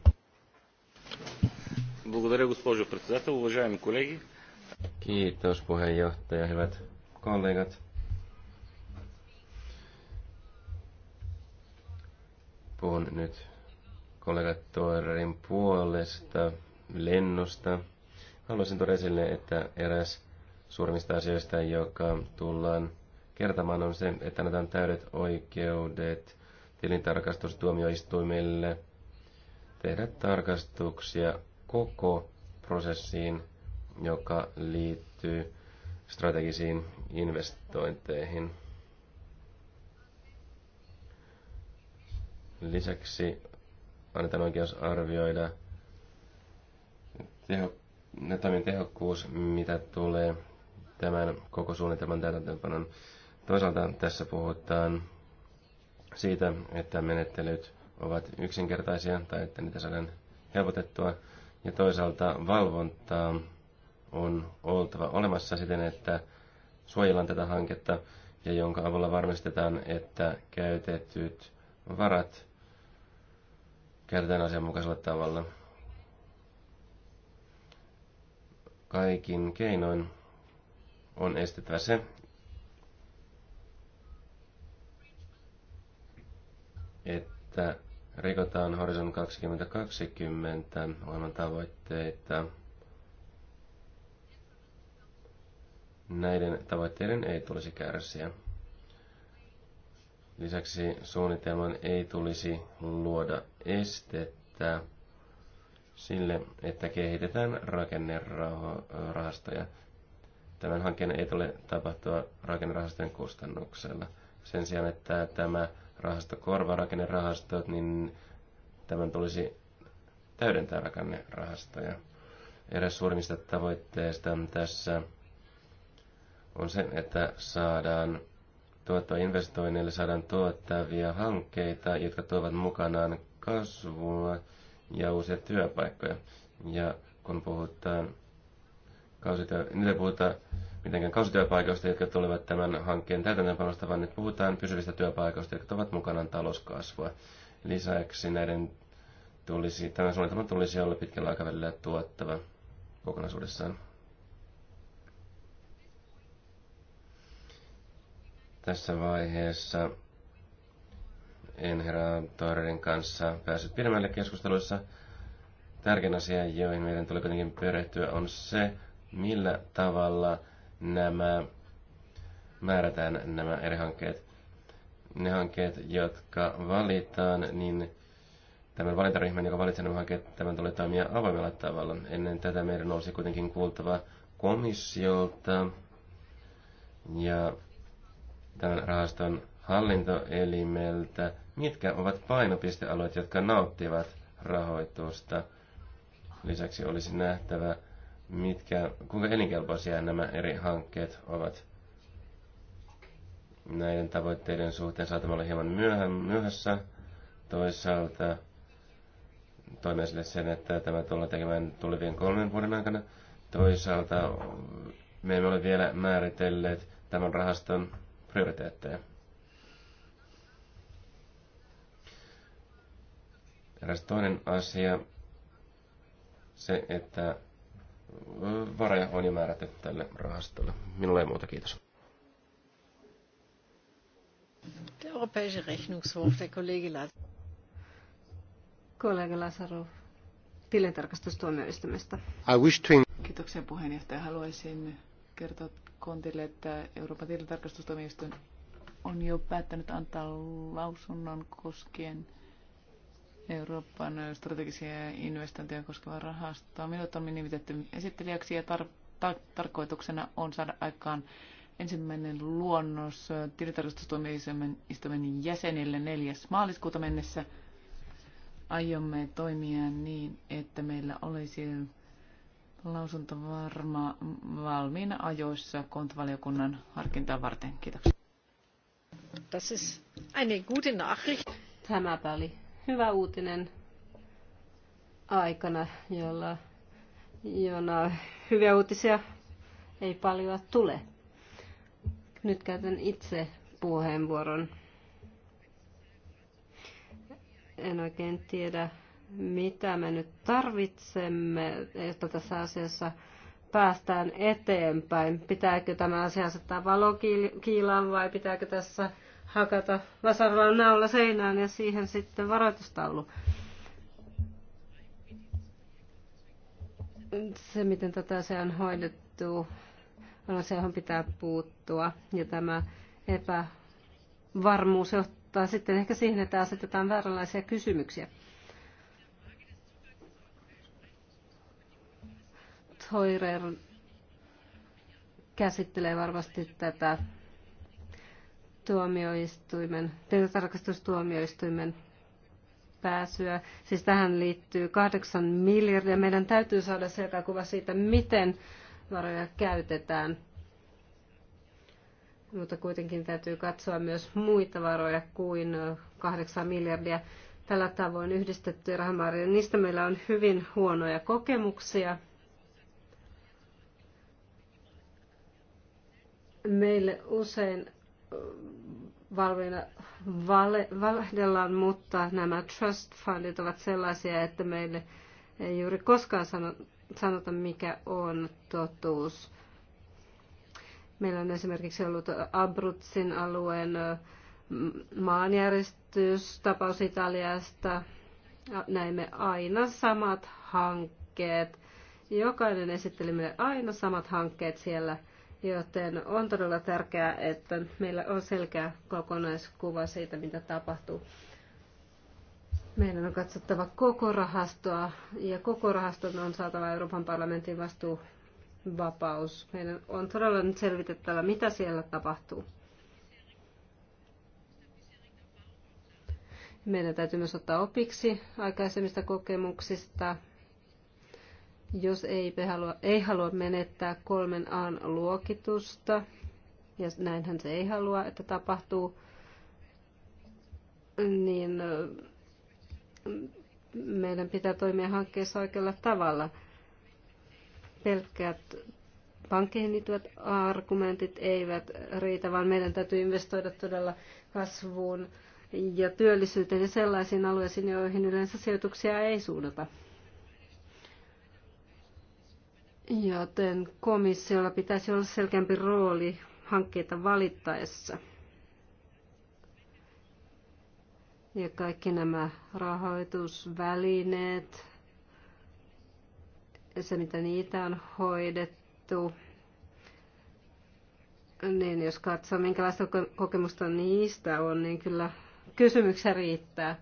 Kiitos puheenjohtaja, hyvät kollegat. Puhun nyt Toerin puolesta lennosta. Haluaisin tuoda esille, että eräs suurimmista asioista, joka tullaan kertomaan on se, että annetaan täydet oikeudet tilintarkastustuomioistuimille tehdä tarkastuksia koko prosessiin, joka liittyy strategisiin investointeihin. Lisäksi annetaan oikeus arvioida teho, toimin tehokkuus, mitä tulee tämän koko suunnitelman täytäntöönpanon Toisaalta tässä puhutaan siitä, että menettelyt ovat yksinkertaisia tai että niitä saadaan helpotettua. Ja toisaalta valvontaa on oltava olemassa siten, että suojellaan tätä hanketta ja jonka avulla varmistetaan, että käytetyt varat käytetään asianmukaisella tavalla. Kaikin keinoin on estettävä se, että rikotaan Horizon 2020 ohjelman tavoitteita. Näiden tavoitteiden ei tulisi kärsiä. Lisäksi suunnitelman ei tulisi luoda estettä sille, että kehitetään rakennerahastoja. Tämän hankkeen ei tule tapahtua rakennerahastojen kustannuksella. Sen sijaan, että tämä rahasto, korvarakennerahastot, niin tämän tulisi täydentää rakennerahastoja. Eräs suurimmista tavoitteista tässä on se, että saadaan tuottoa investoinneille, saadaan tuottavia hankkeita, jotka tuovat mukanaan kasvua ja uusia työpaikkoja. Ja kun puhutaan kausityö, nyt ei puhuta mitenkään kausityöpaikoista, jotka tulevat tämän hankkeen täytäntöönpanosta, vaan nyt puhutaan pysyvistä työpaikoista, jotka ovat mukanaan talouskasvua. Lisäksi näiden tulisi, tämän suunnitelman tulisi olla pitkällä aikavälillä tuottava kokonaisuudessaan. Tässä vaiheessa en herra Toirerin kanssa päässyt pidemmälle keskusteluissa. Tärkein asia, joihin meidän tulee kuitenkin perehtyä, on se, millä tavalla nämä määrätään nämä eri hankkeet. Ne hankkeet, jotka valitaan, niin tämän valintaryhmän, joka valitsee nämä hankkeet, tämän tulee toimia avoimella tavalla. Ennen tätä meidän olisi kuitenkin kuultava komissiolta ja tämän rahaston hallintoelimeltä, mitkä ovat painopistealueet, jotka nauttivat rahoitusta. Lisäksi olisi nähtävä, mitkä, kuinka elinkelpoisia nämä eri hankkeet ovat näiden tavoitteiden suhteen saatamme olla hieman myöhä, myöhässä. Toisaalta toimme esille sen, että tämä tullaan tekemään tulevien kolmen vuoden aikana. Toisaalta me emme ole vielä määritelleet tämän rahaston prioriteetteja. Eräs toinen asia, se, että varoja on jo määrätty tälle rahastolle. Minulla ei muuta, kiitos. Europäische Rechnungshof, der Kollege Kollega Lazarov, tilintarkastustuomioistuimesta. I wish to... Kiitoksia puheenjohtaja. Haluaisin kertoa Kontille, että Euroopan tilintarkastustuomioistuin on jo päättänyt antaa lausunnon koskien Euroopan strategisia investointeja koskeva rahasto. Minut on nimitetty esittelijäksi ja tar- tar- tarkoituksena on saada aikaan ensimmäinen luonnos tilintarkastustuomioistuimen jäsenille 4. maaliskuuta mennessä. Aiomme toimia niin, että meillä olisi lausunto varma valmiina ajoissa kontvaliokunnan harkintaa varten. Kiitoksia. Das ist eine gute Nachricht. Tämäpä oli hyvä uutinen aikana, jolla, jona hyviä uutisia ei paljon tule. Nyt käytän itse puheenvuoron. En oikein tiedä, mitä me nyt tarvitsemme, jotta tässä asiassa päästään eteenpäin. Pitääkö tämä asia asettaa valokiilaan vai pitääkö tässä hakata vasaralla naula seinään ja siihen sitten varoitustaulu. Se, miten tätä se on hoidettu, on se, johon pitää puuttua. Ja tämä epävarmuus johtaa sitten ehkä siihen, että asetetaan vääränlaisia kysymyksiä. Toirer käsittelee varmasti tätä tuomioistuimen, tietotarkastustuomioistuimen pääsyä. Siis tähän liittyy kahdeksan miljardia. Meidän täytyy saada selkeä kuva siitä, miten varoja käytetään. Mutta kuitenkin täytyy katsoa myös muita varoja kuin kahdeksan miljardia. Tällä tavoin yhdistettyjä rahamääriä. Niistä meillä on hyvin huonoja kokemuksia. Meille usein valmiina vale, valehdellaan, mutta nämä trust fundit ovat sellaisia, että meille ei juuri koskaan sanota, mikä on totuus. Meillä on esimerkiksi ollut Abruzzin alueen maanjäristystapaus Italiasta. Näimme aina samat hankkeet. Jokainen esitteli meille aina samat hankkeet siellä – Joten on todella tärkeää, että meillä on selkeä kokonaiskuva siitä, mitä tapahtuu. Meidän on katsottava koko rahastoa ja koko rahaston on saatava Euroopan parlamentin vastuu vapaus. Meidän on todella nyt selvitettävä, mitä siellä tapahtuu. Meidän täytyy myös ottaa opiksi aikaisemmista kokemuksista jos ei halua, ei halua menettää kolmen an luokitusta, ja näinhän se ei halua, että tapahtuu, niin meidän pitää toimia hankkeessa oikealla tavalla. Pelkkät pankkeihin liittyvät argumentit eivät riitä, vaan meidän täytyy investoida todella kasvuun ja työllisyyteen ja sellaisiin alueisiin, joihin yleensä sijoituksia ei suunnata joten komissiolla pitäisi olla selkeämpi rooli hankkeita valittaessa. Ja kaikki nämä rahoitusvälineet, se mitä niitä on hoidettu, niin jos katsoo minkälaista kokemusta niistä on, niin kyllä kysymyksiä riittää.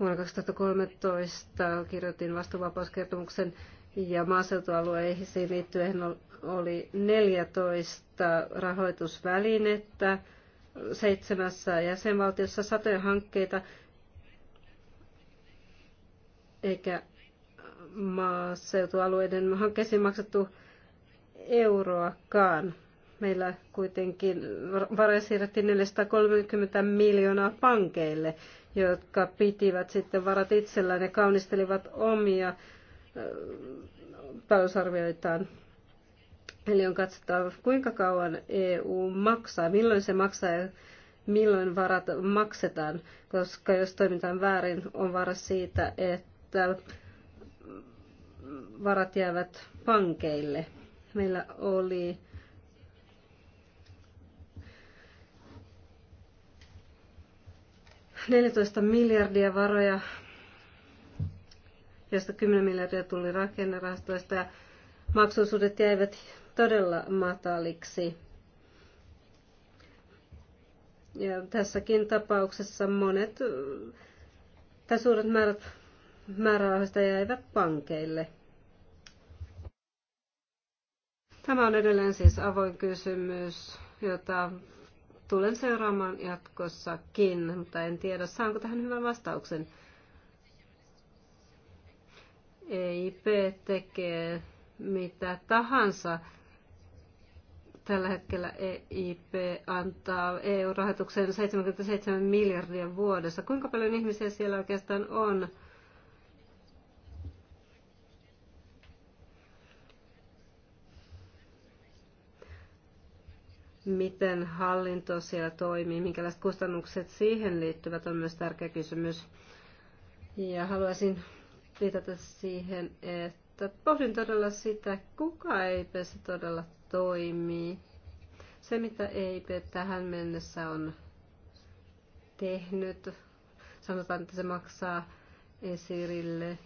Vuonna 2013 kirjoitin vastuuvapauskertomuksen ja maaseutualueisiin liittyen oli 14 rahoitusvälinettä seitsemässä jäsenvaltiossa satoja hankkeita, eikä maaseutualueiden hankkeisiin maksettu euroakaan. Meillä kuitenkin varoja siirrettiin 430 miljoonaa pankeille, jotka pitivät sitten varat itsellään ja kaunistelivat omia talousarvioitaan. Eli on katsottava, kuinka kauan EU maksaa, milloin se maksaa ja milloin varat maksetaan, koska jos toimitaan väärin, on vara siitä, että varat jäävät pankeille. Meillä oli neljätoista miljardia varoja josta 10 miljardia tuli rakennerahastoista ja maksuosuudet jäivät todella mataliksi. Ja tässäkin tapauksessa monet tai suuret määrät määrärahoista jäivät pankeille. Tämä on edelleen siis avoin kysymys, jota tulen seuraamaan jatkossakin, mutta en tiedä saanko tähän hyvän vastauksen. EIP tekee mitä tahansa. Tällä hetkellä EIP antaa eu rahoituksen 77 miljardia vuodessa. Kuinka paljon ihmisiä siellä oikeastaan on? miten hallinto siellä toimii, minkälaiset kustannukset siihen liittyvät on myös tärkeä kysymys. Ja haluaisin viitata siihen, että pohdin todella sitä, kuka EIPssä todella toimii. Se, mitä EIP tähän mennessä on tehnyt, sanotaan, että se maksaa esirille.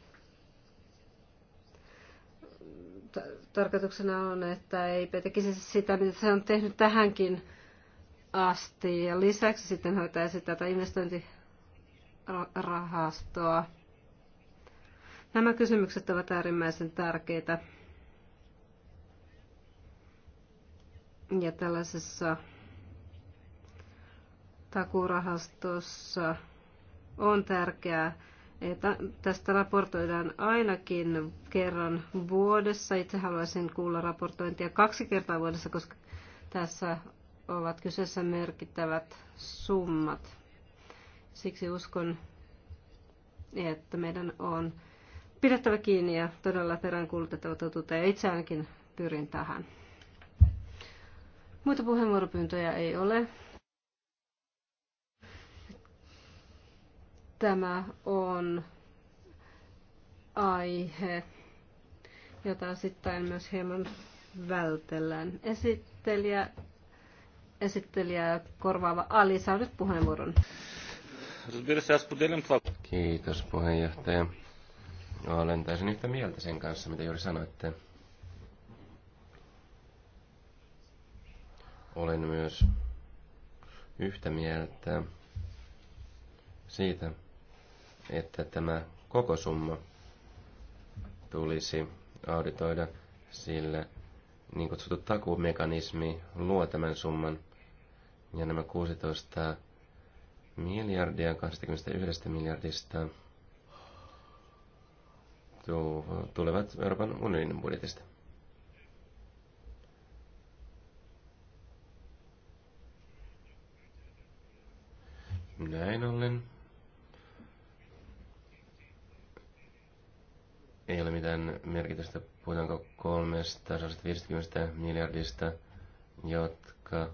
Tarkoituksena on, että EIP tekisi sitä, mitä se on tehnyt tähänkin asti. Ja lisäksi sitten hoitaisi tätä investointirahastoa Nämä kysymykset ovat äärimmäisen tärkeitä. Ja tällaisessa takurahastossa on tärkeää, että tästä raportoidaan ainakin kerran vuodessa. Itse haluaisin kuulla raportointia kaksi kertaa vuodessa, koska tässä ovat kyseessä merkittävät summat. Siksi uskon, että meidän on pidettävä kiinni ja todella peräänkuulutettava totuutta ja itse ainakin pyrin tähän. Muita puheenvuoropyyntöjä ei ole. Tämä on aihe, jota sitten myös hieman vältellään. Esittelijä, esittelijä korvaava Ali saa nyt puheenvuoron. Kiitos puheenjohtaja olen täysin yhtä mieltä sen kanssa, mitä juuri sanoitte. Olen myös yhtä mieltä siitä, että tämä koko summa tulisi auditoida, sillä niin kutsuttu takuumekanismi luo tämän summan. Ja nämä 16 miljardia 21 miljardista tulevat Euroopan unionin budjetista. Näin ollen. Ei ole mitään merkitystä, puhutaanko 350 miljardista, jotka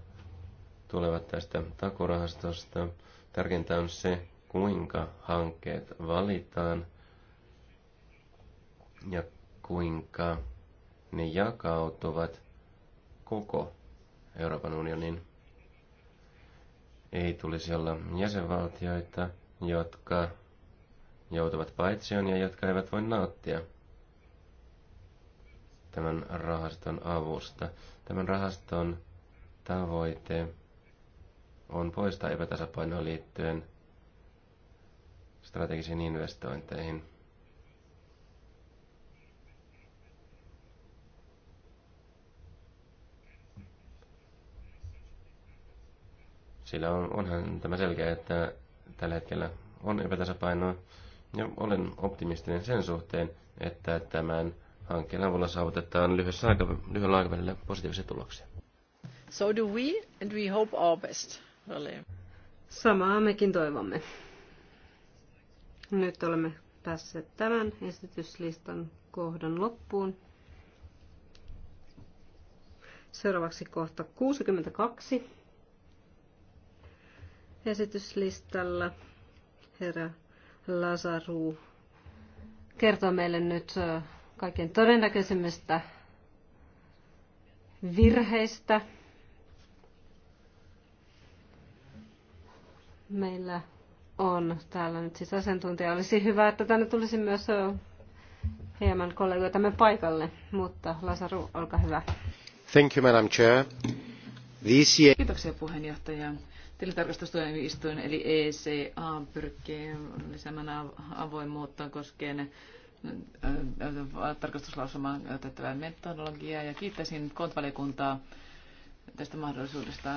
tulevat tästä takurahastosta. Tärkeintä on se, kuinka hankkeet valitaan ja kuinka ne jakautuvat koko Euroopan unionin. Ei tulisi olla jäsenvaltioita, jotka joutuvat paitsioon ja jotka eivät voi nauttia tämän rahaston avusta. Tämän rahaston tavoite on poistaa epätasapainoa liittyen strategisiin investointeihin – Sillä on, onhan tämä selkeä, että tällä hetkellä on epätasapainoa. Ja olen optimistinen sen suhteen, että tämän hankkeen avulla saavutetaan lyhyessä aika, lyhyellä aikavälillä positiivisia tuloksia. So do we, and we hope our best, really. Samaa mekin toivomme. Nyt olemme päässeet tämän esityslistan kohdan loppuun. Seuraavaksi kohta 62 esityslistalla. Herra Lazaru kertoo meille nyt kaiken todennäköisimmistä virheistä. Meillä on täällä nyt siis asiantuntija. Olisi hyvä, että tänne tulisi myös hieman kollegoitamme paikalle, mutta Lasaru, olkaa hyvä. Thank you, Madam Chair. This year... Kiitoksia puheenjohtaja. Tilintarkastustoimistuin eli ECA pyrkii lisäämään avoimuutta koskien äh, äh, tarkastuslausumaan otettavaa metodologiaa ja kiittäisin kontvalikuntaa tästä mahdollisuudesta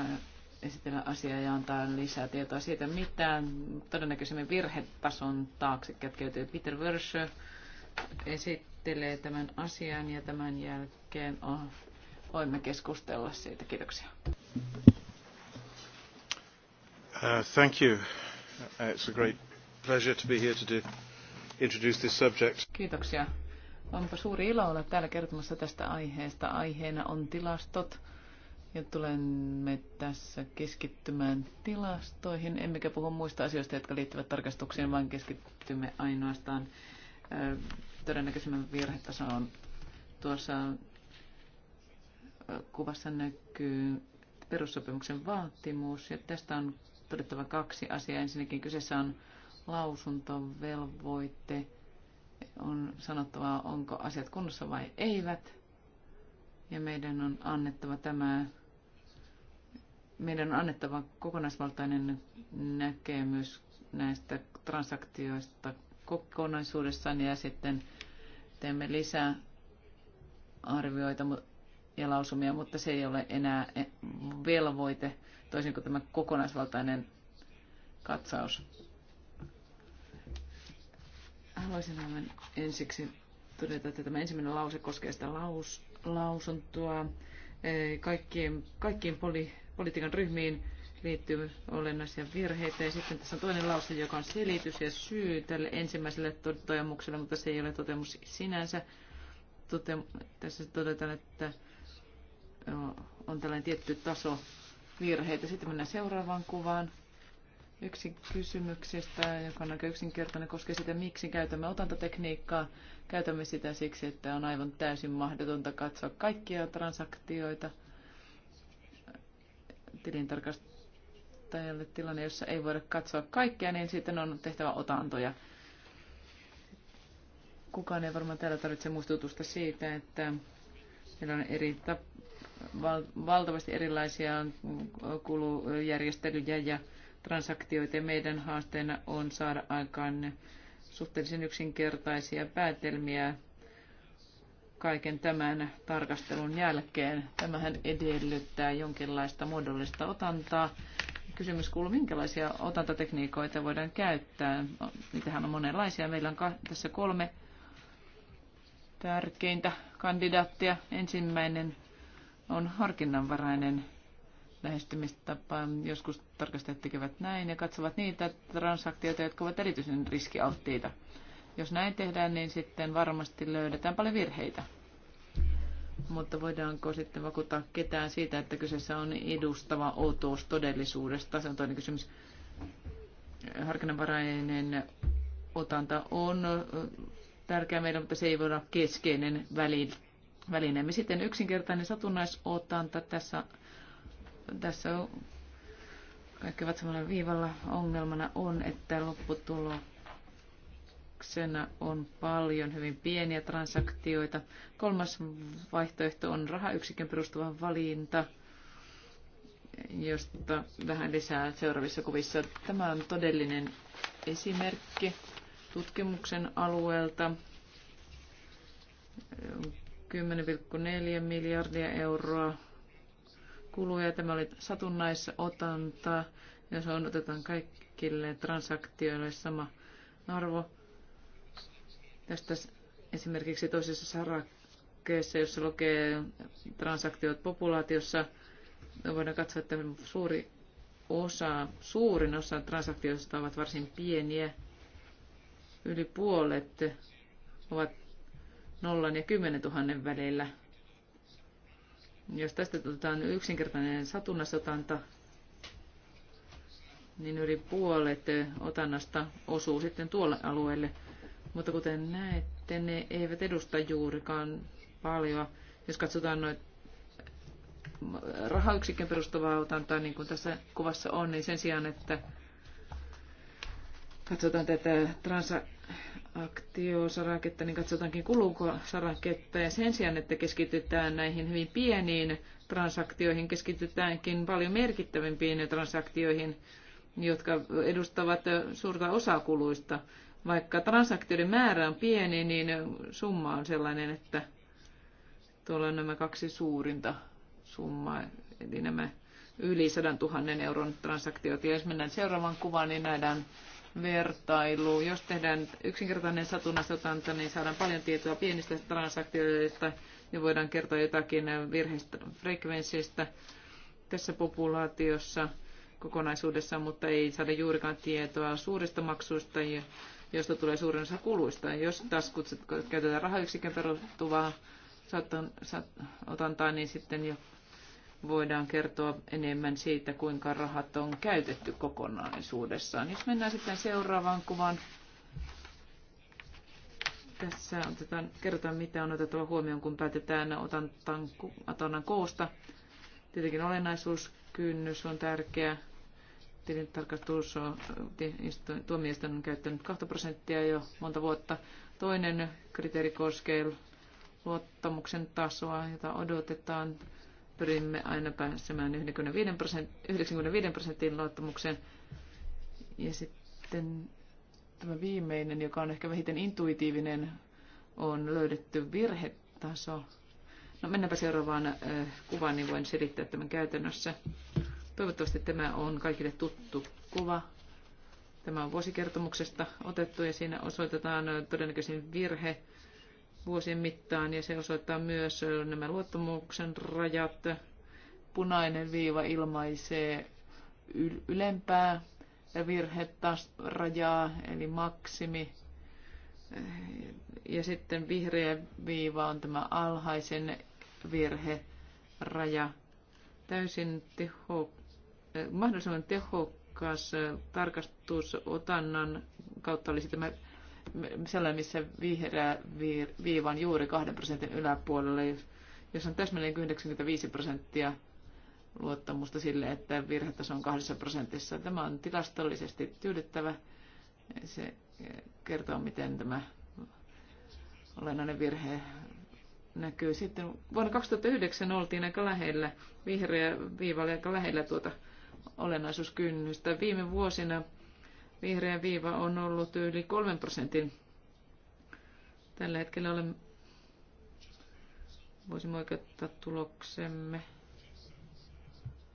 esitellä asiaa ja antaa lisää tietoa siitä, mitä todennäköisemmin virhetason taakse kätkeytyy. Peter Wörsö esittelee tämän asian ja tämän jälkeen on, voimme keskustella siitä. Kiitoksia. Uh, thank you. Uh, it's a great pleasure to be here to do, introduce this subject. Kiitoksia. Onpa suuri ilo olla täällä kertomassa tästä aiheesta. Aiheena on tilastot ja tulemme tässä keskittymään tilastoihin. Emmekä puhu muista asioista, jotka liittyvät tarkastuksiin, vaan keskittymme ainoastaan todennäköisimmän virhetasoon. Tuossa kuvassa näkyy perussopimuksen vaatimus ja tästä on todettava kaksi asiaa. Ensinnäkin kyseessä on lausuntovelvoite. On sanottava, onko asiat kunnossa vai eivät. Ja meidän on annettava tämä meidän on annettava kokonaisvaltainen näkemys näistä transaktioista kokonaisuudessaan ja sitten teemme lisää arvioita, ja lausumia, mutta se ei ole enää velvoite, toisin kuin tämä kokonaisvaltainen katsaus. Haluaisin aivan ensiksi todeta, että tämä ensimmäinen lause koskee sitä laus, lausuntoa. Kaikkiin, kaikkiin poli, politiikan ryhmiin liittyy olennaisia virheitä. Ja sitten tässä on toinen lause, joka on selitys ja syy tälle ensimmäiselle toteamukselle, mutta se ei ole toteamus sinänsä. Tote, tässä todetaan, että on tällainen tietty taso virheitä. Sitten mennään seuraavaan kuvaan. Yksi kysymyksestä, joka on aika yksinkertainen, koskee sitä, miksi käytämme otantatekniikkaa. Käytämme sitä siksi, että on aivan täysin mahdotonta katsoa kaikkia transaktioita tilintarkastajalle tilanne, jossa ei voida katsoa kaikkia, niin sitten on tehtävä otantoja. Kukaan ei varmaan täällä tarvitse muistutusta siitä, että meillä on eri val- valtavasti erilaisia kulujärjestelyjä ja transaktioita. Meidän haasteena on saada aikaan suhteellisen yksinkertaisia päätelmiä kaiken tämän tarkastelun jälkeen. Tämähän edellyttää jonkinlaista muodollista otantaa. Kysymys kuuluu, minkälaisia otantatekniikoita voidaan käyttää. Niitähän on monenlaisia. Meillä on tässä kolme tärkeintä kandidaattia. Ensimmäinen on harkinnanvarainen lähestymistapa. Joskus tarkastajat tekevät näin ja katsovat niitä transaktioita, jotka ovat erityisen riskialttiita. Jos näin tehdään, niin sitten varmasti löydetään paljon virheitä. Mutta voidaanko sitten vakuuttaa ketään siitä, että kyseessä on edustava outous todellisuudesta? Se on toinen kysymys. Harkinnanvarainen otanta on tärkeä meidän mutta se ei voi olla keskeinen väline välineemme. Sitten yksinkertainen satunnaisotanta tässä, tässä on, kaikki ovat samalla viivalla. Ongelmana on, että lopputuloksena on paljon hyvin pieniä transaktioita. Kolmas vaihtoehto on rahayksikön perustuva valinta josta vähän lisää seuraavissa kuvissa. Tämä on todellinen esimerkki tutkimuksen alueelta 10,4 miljardia euroa kuluja. Tämä oli ja se on, otetaan kaikille transaktioille sama arvo. Tästä esimerkiksi toisessa sarakkeessa, jossa lukee transaktiot populaatiossa, voidaan katsoa, että suuri osa, suurin osa transaktioista ovat varsin pieniä. Yli puolet ovat nollan ja 10 000 välillä. Jos tästä otetaan yksinkertainen satunnasotanta, niin yli puolet otannasta osuu sitten tuolle alueelle. Mutta kuten näette, ne eivät edusta juurikaan paljon. Jos katsotaan noita rahayksikön perustuvaa otantaa, niin kuin tässä kuvassa on, niin sen sijaan, että katsotaan tätä transa- aktiosaraketta, niin katsotaankin kulukosaraketta. Ja sen sijaan, että keskitytään näihin hyvin pieniin transaktioihin, keskitytäänkin paljon merkittävimpiin transaktioihin, jotka edustavat suurta osaa kuluista. Vaikka transaktioiden määrä on pieni, niin summa on sellainen, että tuolla on nämä kaksi suurinta summaa, eli nämä yli 100 000 euron transaktiot. Ja jos mennään seuraavaan kuvaan, niin nähdään vertailu. Jos tehdään yksinkertainen satunnaisotanta, niin saadaan paljon tietoa pienistä transaktioista ja voidaan kertoa jotakin virheistä frekvenssistä tässä populaatiossa kokonaisuudessaan, mutta ei saada juurikaan tietoa suurista maksuista, joista tulee suurin osa kuluista. Jos taas kutsut, käytetään rahayksikön perustuvaa otantaa, niin sitten jo voidaan kertoa enemmän siitä, kuinka rahat on käytetty kokonaisuudessaan. Jos mennään sitten seuraavaan kuvaan. Tässä otetaan, kerrotaan, mitä on otettava huomioon, kun päätetään otantan, otannan koosta. Tietenkin olennaisuuskynnys on tärkeä. Tilintarkastus on, tuomioistuin on käyttänyt 2 prosenttia jo monta vuotta. Toinen kriteeri koskee luottamuksen tasoa, jota odotetaan pyrimme aina pääsemään 95 prosentin, prosentin luottamukseen. Ja sitten tämä viimeinen, joka on ehkä vähiten intuitiivinen, on löydetty virhetaso. No mennäänpä seuraavaan kuvaan, niin voin selittää tämän käytännössä. Toivottavasti tämä on kaikille tuttu kuva. Tämä on vuosikertomuksesta otettu ja siinä osoitetaan todennäköisin virhe vuosien mittaan ja se osoittaa myös nämä luottamuksen rajat. Punainen viiva ilmaisee ylempää virhettä rajaa, eli maksimi. Ja sitten vihreä viiva on tämä alhaisen virhe raja. Täysin teho, mahdollisimman tehokas tarkastusotannan kautta olisi tämä sellainen, missä vihreä viiva on juuri 2 prosentin yläpuolella, jos on täsmälleen 95 prosenttia luottamusta sille, että virhetaso on 2 prosentissa. Tämä on tilastollisesti tyydyttävä. Se kertoo, miten tämä olennainen virhe näkyy. Sitten vuonna 2009 oltiin aika lähellä, vihreä viiva oli aika lähellä tuota olennaisuuskynnystä. Viime vuosina vihreä viiva on ollut yli 3 prosentin. Tällä hetkellä olemme, voisimme oikeuttaa tuloksemme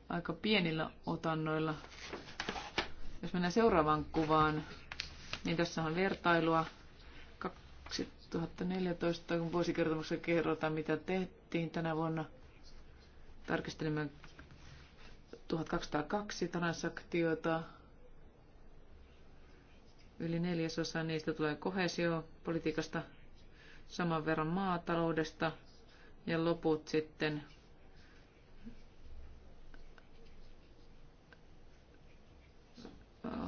aika pienillä otannoilla. Jos mennään seuraavaan kuvaan, niin tässä on vertailua. 2014 kun vuosikertomuksessa kerrotaan, mitä tehtiin tänä vuonna. Tarkistelimme 1202 transaktiota, Yli neljäsosa niistä tulee kohesiopolitiikasta, saman verran maataloudesta ja loput sitten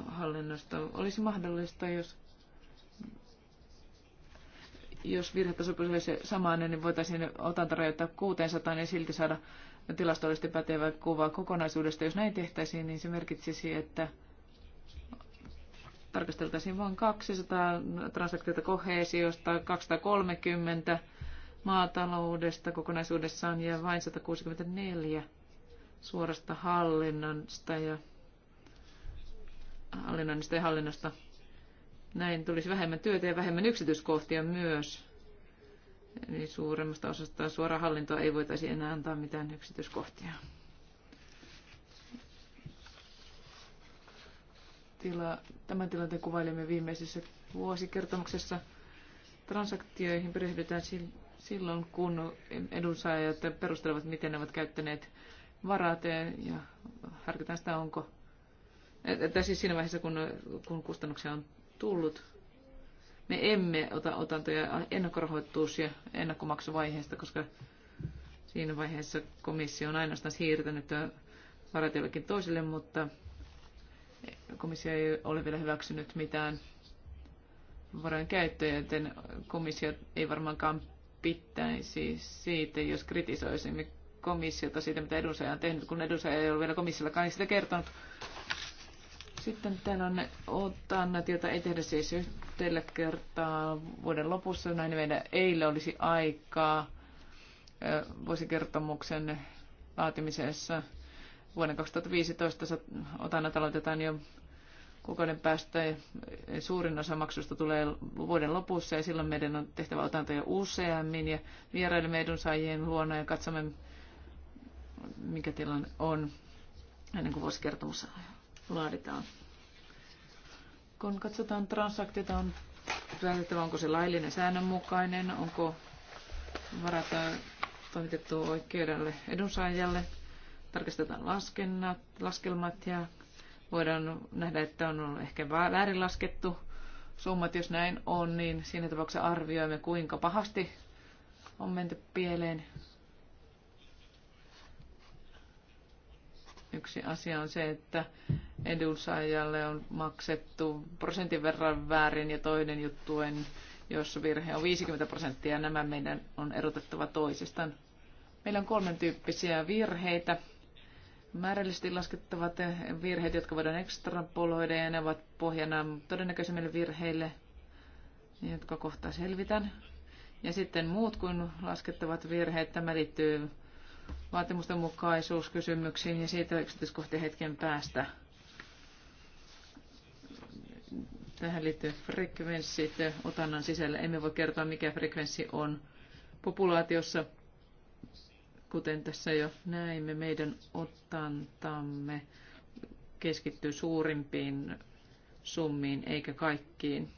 hallinnosta. Olisi mahdollista, jos jos virhetaso pysyisi samainen, niin voitaisiin otanta rajoittaa 600 ja silti saada tilastollisesti pätevä kuva kokonaisuudesta. Jos näin tehtäisiin, niin se merkitsisi, että tarkasteltaisiin vain 200 transaktiota kohesiosta, 230 maataloudesta kokonaisuudessaan ja vain 164 suorasta hallinnasta ja hallinnoinnista ja hallinnosta. Näin tulisi vähemmän työtä ja vähemmän yksityiskohtia myös. Eli suuremmasta osasta suora hallintoa ei voitaisi enää antaa mitään yksityiskohtia. tila, tämän tilanteen kuvailimme viimeisessä vuosikertomuksessa. Transaktioihin perehdytään silloin, kun edunsaajat perustelevat, miten ne ovat käyttäneet varat ja harkitaan sitä, onko, Että siis siinä vaiheessa, kun, kun kustannuksia on tullut. Me emme ota otantoja ennakkorahoitus- ja ennakkomaksuvaiheesta, koska siinä vaiheessa komissio on ainoastaan siirtänyt varat jollekin toiselle, mutta Komissio ei ole vielä hyväksynyt mitään varojen käyttöä, joten komissio ei varmaankaan pitäisi siitä, jos kritisoisimme komissiota siitä, mitä edustaja on tehnyt, kun edustaja ei ole vielä komissiollakaan sitä kertonut. Sitten täällä on otannat, jota ei tehdä siis yhdellä kertaa vuoden lopussa. Näin meidän eilen olisi aikaa vuosikertomuksen laatimisessa vuoden 2015 otannat aloitetaan jo kuukauden päästä. Suurin osa maksusta tulee vuoden lopussa ja silloin meidän on tehtävä otantoja useammin ja vierailemme edunsaajien luona ja katsomme, mikä tilanne on ennen kuin vuosikertomus laaditaan. Kun katsotaan transaktiota, on päätettävä, onko se laillinen säännönmukainen, onko varata toimitettu oikeudelle edunsaajalle – tarkistetaan laskennat, laskelmat ja voidaan nähdä, että on ehkä väärin laskettu summat, jos näin on, niin siinä tapauksessa arvioimme, kuinka pahasti on menty pieleen. Yksi asia on se, että edunsaajalle on maksettu prosentin verran väärin ja toinen juttu on, jos virhe on 50 prosenttia, nämä meidän on erotettava toisistaan. Meillä on kolmen tyyppisiä virheitä määrällisesti laskettavat virheet, jotka voidaan ekstrapoloida, ja ne ovat pohjana todennäköisemmille virheille, jotka kohta selvitän. Ja sitten muut kuin laskettavat virheet, tämä liittyy vaatimusten mukaisuuskysymyksiin ja siitä yksityiskohtia hetken päästä. Tähän liittyy frekvenssit otannan sisällä. Emme voi kertoa, mikä frekvenssi on populaatiossa – Kuten tässä jo näimme, meidän otantamme keskittyy suurimpiin summiin eikä kaikkiin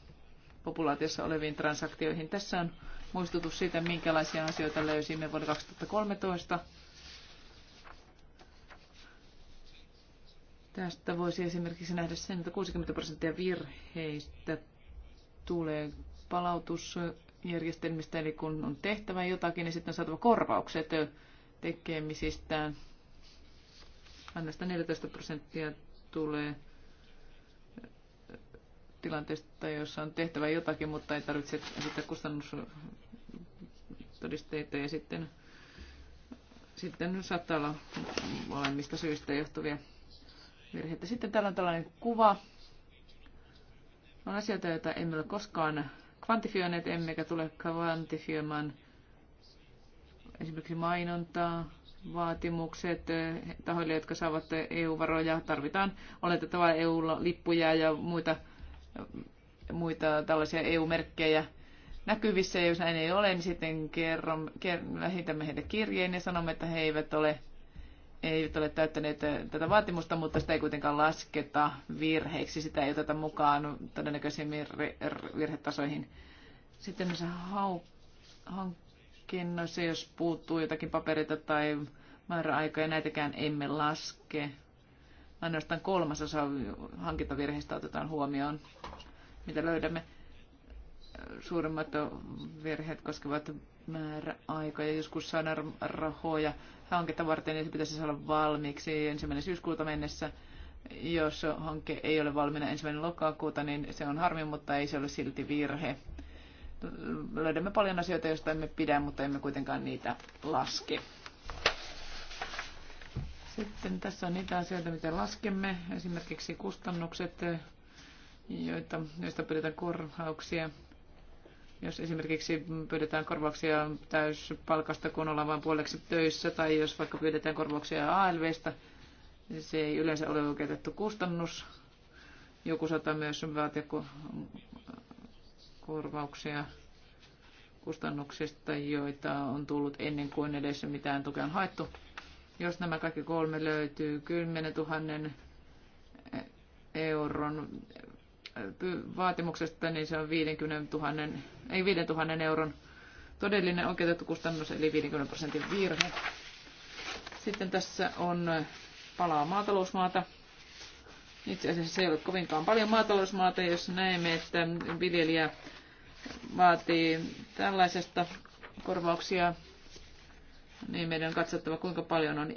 populaatiossa oleviin transaktioihin. Tässä on muistutus siitä, minkälaisia asioita löysimme vuonna 2013. Tästä voisi esimerkiksi nähdä sen, että 60 prosenttia virheistä tulee palautusjärjestelmistä, eli kun on tehtävä jotakin, niin sitten on saatava korvaukset tekemisistään. Annasta 14 prosenttia tulee tilanteesta, jossa on tehtävä jotakin, mutta ei tarvitse esittää kustannustodisteita ja sitten, sitten saattaa olla molemmista syistä johtuvia virheitä. Sitten täällä on tällainen kuva. On asioita, joita emme ole koskaan kvantifioineet, emmekä tule kvantifioimaan – Esimerkiksi mainontaa, vaatimukset eh, tahoille, jotka saavat EU-varoja. Tarvitaan oletettavaa EU-lippuja ja muita, muita tällaisia EU-merkkejä näkyvissä. Ja jos näin ei ole, niin sitten kerron, ker- lähetämme heille kirjeen ja sanomme, että he eivät ole, eivät ole täyttäneet eh, tätä vaatimusta, mutta sitä ei kuitenkaan lasketa virheiksi. Sitä ei oteta mukaan todennäköisiin virhetasoihin. Sitten hau hankkeen hankinnoissa, jos puuttuu jotakin paperita tai määräaikoja, näitäkään emme laske. Ainoastaan kolmasosa hankintavirheistä otetaan huomioon, mitä löydämme. Suurimmat virheet koskevat määräaikoja. Joskus saadaan rahoja hanketta varten, niin se pitäisi saada valmiiksi ensimmäinen syyskuuta mennessä. Jos hanke ei ole valmiina ensimmäinen lokakuuta, niin se on harmi, mutta ei se ole silti virhe löydämme paljon asioita, joista emme pidä, mutta emme kuitenkaan niitä laske. Sitten tässä on niitä asioita, mitä laskemme, esimerkiksi kustannukset, joita, joista pyydetään korvauksia. Jos esimerkiksi pyydetään korvauksia täyspalkasta, kun ollaan vain puoleksi töissä, tai jos vaikka pyydetään korvauksia ALVstä, niin se ei yleensä ole oikeutettu kustannus. Joku saattaa myös vaatia korvauksia kustannuksista, joita on tullut ennen kuin edes mitään tukea on haettu. Jos nämä kaikki kolme löytyy, 10 000 euron vaatimuksesta, niin se on 50 000, ei 5 000 euron todellinen oikeutettu kustannus, eli 50 prosentin virhe. Sitten tässä on palaa maatalousmaata. Itse asiassa se ei ole kovinkaan paljon maatalousmaata, jos näemme, että viljelijä vaatii tällaisesta korvauksia, niin meidän on katsottava, kuinka paljon on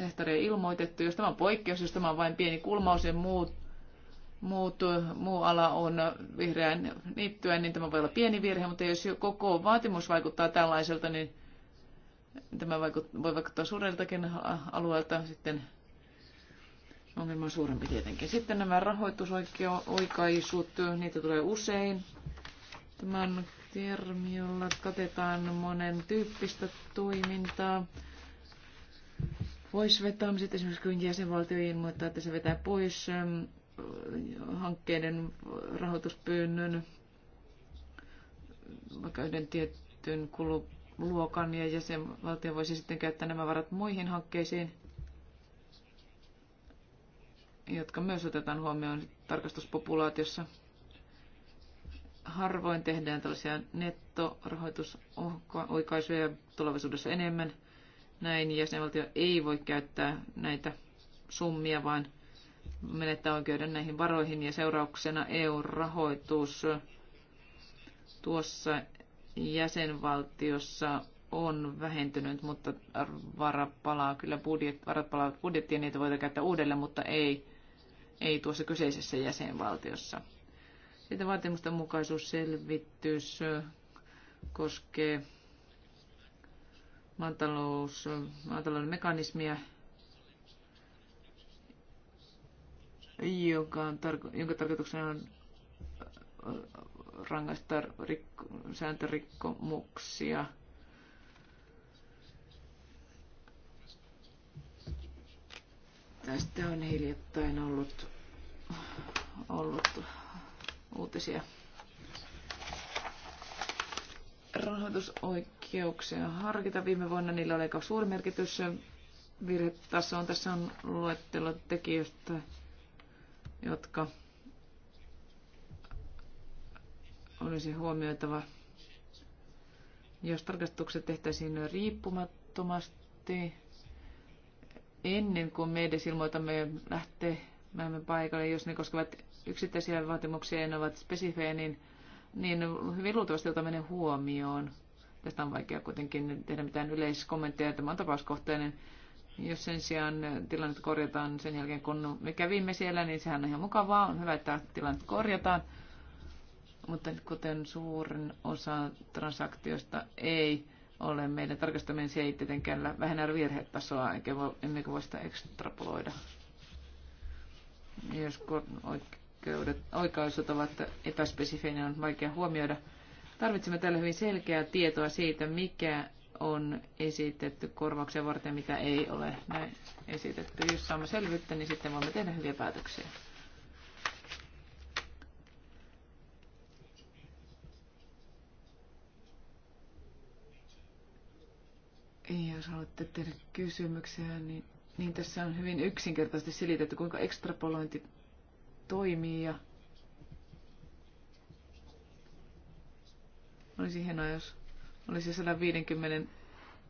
hehtaareja ilmoitettu. Jos tämä on poikkeus, jos tämä on vain pieni kulmaus ja muut, muut, muu ala on vihreän niittyä, niin tämä voi olla pieni virhe, mutta jos koko vaatimus vaikuttaa tällaiselta, niin tämä voi vaikuttaa suureltakin alueelta sitten ongelma on suurempi tietenkin. Sitten nämä rahoitusoikaisut, niitä tulee usein. Tämän jolla katetaan monen tyyppistä toimintaa pois vetämiset, esimerkiksi kun jäsenvaltio ilmoittaa, että se vetää pois ähm, hankkeiden rahoituspyynnön vaikka yhden tietyn kululuokan ja jäsenvaltio voisi sitten käyttää nämä varat muihin hankkeisiin, jotka myös otetaan huomioon tarkastuspopulaatiossa harvoin tehdään tällaisia nettorahoitusoikaisuja tulevaisuudessa enemmän. Näin jäsenvaltio ei voi käyttää näitä summia, vaan menettää oikeuden näihin varoihin ja seurauksena EU-rahoitus tuossa jäsenvaltiossa on vähentynyt, mutta varat palaa kyllä budjet, varat palaa budjettiin, niitä voidaan käyttää uudelleen, mutta ei, ei tuossa kyseisessä jäsenvaltiossa. Sitten mukaisuusselvitys koskee maatalous, maatalouden mekanismia, joka on tarko- jonka tarkoituksena on rangaista rikko- sääntörikkomuksia. Tästä on hiljattain ollut, ollut uutisia. Rahoitusoikeuksia harkita. Viime vuonna niillä oli aika suuri merkitys virhetasoon. Tässä on luettelo tekijöistä, jotka olisi huomioitava. Jos tarkastukset tehtäisiin riippumattomasti ennen kuin me edes ilmoitamme lähtemään paikalle, jos ne koskevat yksittäisiä vaatimuksia ja ovat spesifejä, niin, niin hyvin luultavasti otamme huomioon. Tästä on vaikea kuitenkin tehdä mitään yleiskommentteja. Tämä on tapauskohtainen. Jos sen sijaan tilannetta korjataan sen jälkeen, kun me kävimme siellä, niin sehän on ihan mukavaa. On hyvä, että tilannetta korjataan. Mutta kuten suurin osa transaktioista ei ole meidän tarkastaminen, se ei tietenkään vähennä virhetasoa, eikä voi, emmekä voi sitä ekstrapoloida jos oikeudet, oikaisut ovat epäspesifejä, on vaikea huomioida. Tarvitsemme tällä hyvin selkeää tietoa siitä, mikä on esitetty korvauksia varten, mitä ei ole näin esitetty. Jos saamme selvyyttä, niin sitten voimme tehdä hyviä päätöksiä. Jos haluatte tehdä kysymyksiä, niin, niin tässä on hyvin yksinkertaisesti selitetty, kuinka ekstrapolointi toimii ja olisi hienoa, jos olisi 150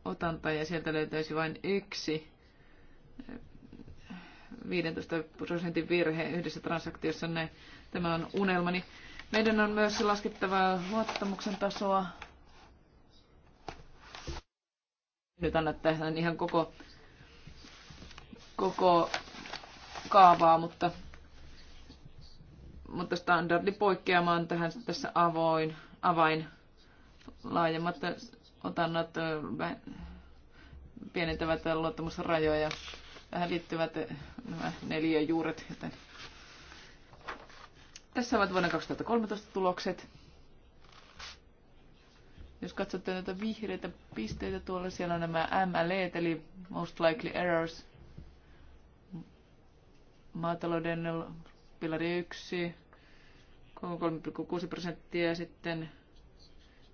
otanta ja sieltä löytäisi vain yksi 15 eh, prosentin virhe yhdessä transaktiossa. Näin. Tämä on unelmani. Meidän on myös laskettava luottamuksen tasoa. Nyt annat tähän ihan koko, koko kaavaa, mutta mutta standardi on tähän tässä avoin, avain. Laajemmat otannat pienentävät luottamusrajoja. Tähän liittyvät nämä neljä juuret. Joten tässä ovat vuoden 2013 tulokset. Jos katsotte näitä vihreitä pisteitä tuolla, siellä on nämä MLE, eli Most Likely Errors, maatalouden pilari 1, 3,6 prosenttia, sitten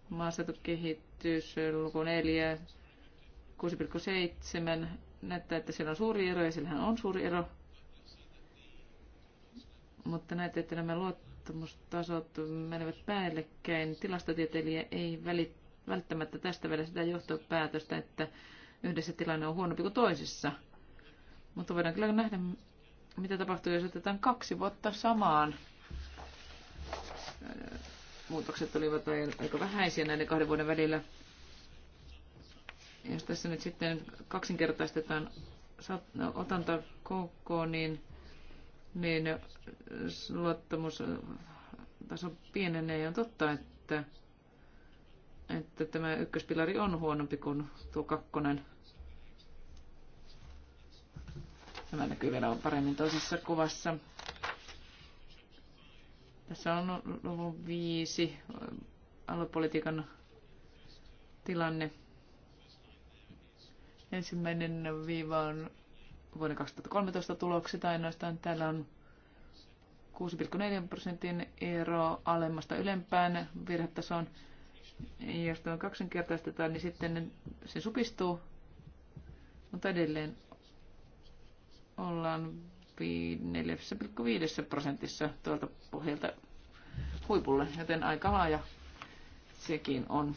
maaseutukehitys, luku 4, 6,7. Näyttää, että siellä on suuri ero ja sillähän on suuri ero. Mutta näette, että nämä luottamustasot menevät päällekkäin. Tilastotieteilijä ei välttämättä tästä vielä sitä johtopäätöstä, että yhdessä tilanne on huonompi kuin toisessa. Mutta voidaan kyllä nähdä mitä tapahtuu, jos otetaan kaksi vuotta samaan? Muutokset olivat aika vähäisiä näiden kahden vuoden välillä. Jos tässä nyt sitten kaksinkertaistetaan no, otanta kokoon, niin, niin luottamus taso pienenee. Ja on totta, että, että tämä ykköspilari on huonompi kuin tuo kakkonen. Tämä näkyy vielä paremmin toisessa kuvassa. Tässä on luvun viisi aluepolitiikan tilanne. Ensimmäinen viiva on vuoden 2013 tulokset ainoastaan. Täällä on 6,4 prosentin ero alemmasta ylempään virhetasoon. Jos tämä kaksinkertaistetaan, niin sitten se supistuu, mutta edelleen ollaan 4,5 prosentissa tuolta pohjalta huipulle, joten aika laaja sekin on.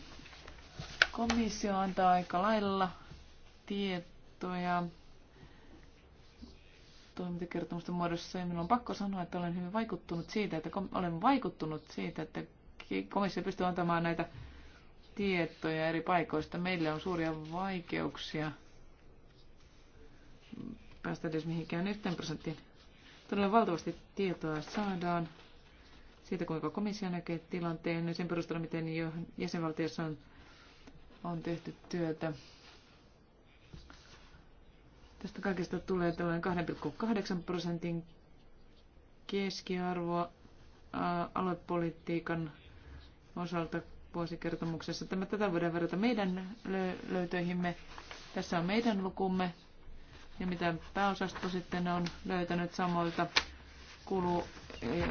Komissio antaa aika lailla tietoja toimintakertomusten muodossa ja minun on pakko sanoa, että olen hyvin vaikuttunut siitä, että olen vaikuttunut siitä, että komissio pystyy antamaan näitä tietoja eri paikoista. Meillä on suuria vaikeuksia päästä edes mihinkään yhteen prosenttiin. Todella valtavasti tietoa saadaan siitä, kuinka komissio näkee tilanteen ja sen perusteella, miten jo jäsenvaltiossa on, on tehty työtä. Tästä kaikesta tulee tällainen 2,8 prosentin keskiarvo aluepolitiikan osalta vuosikertomuksessa. Tämä, tätä voidaan verrata meidän löytöihimme. Tässä on meidän lukumme ja mitä pääosasto sitten on löytänyt samoilta kulu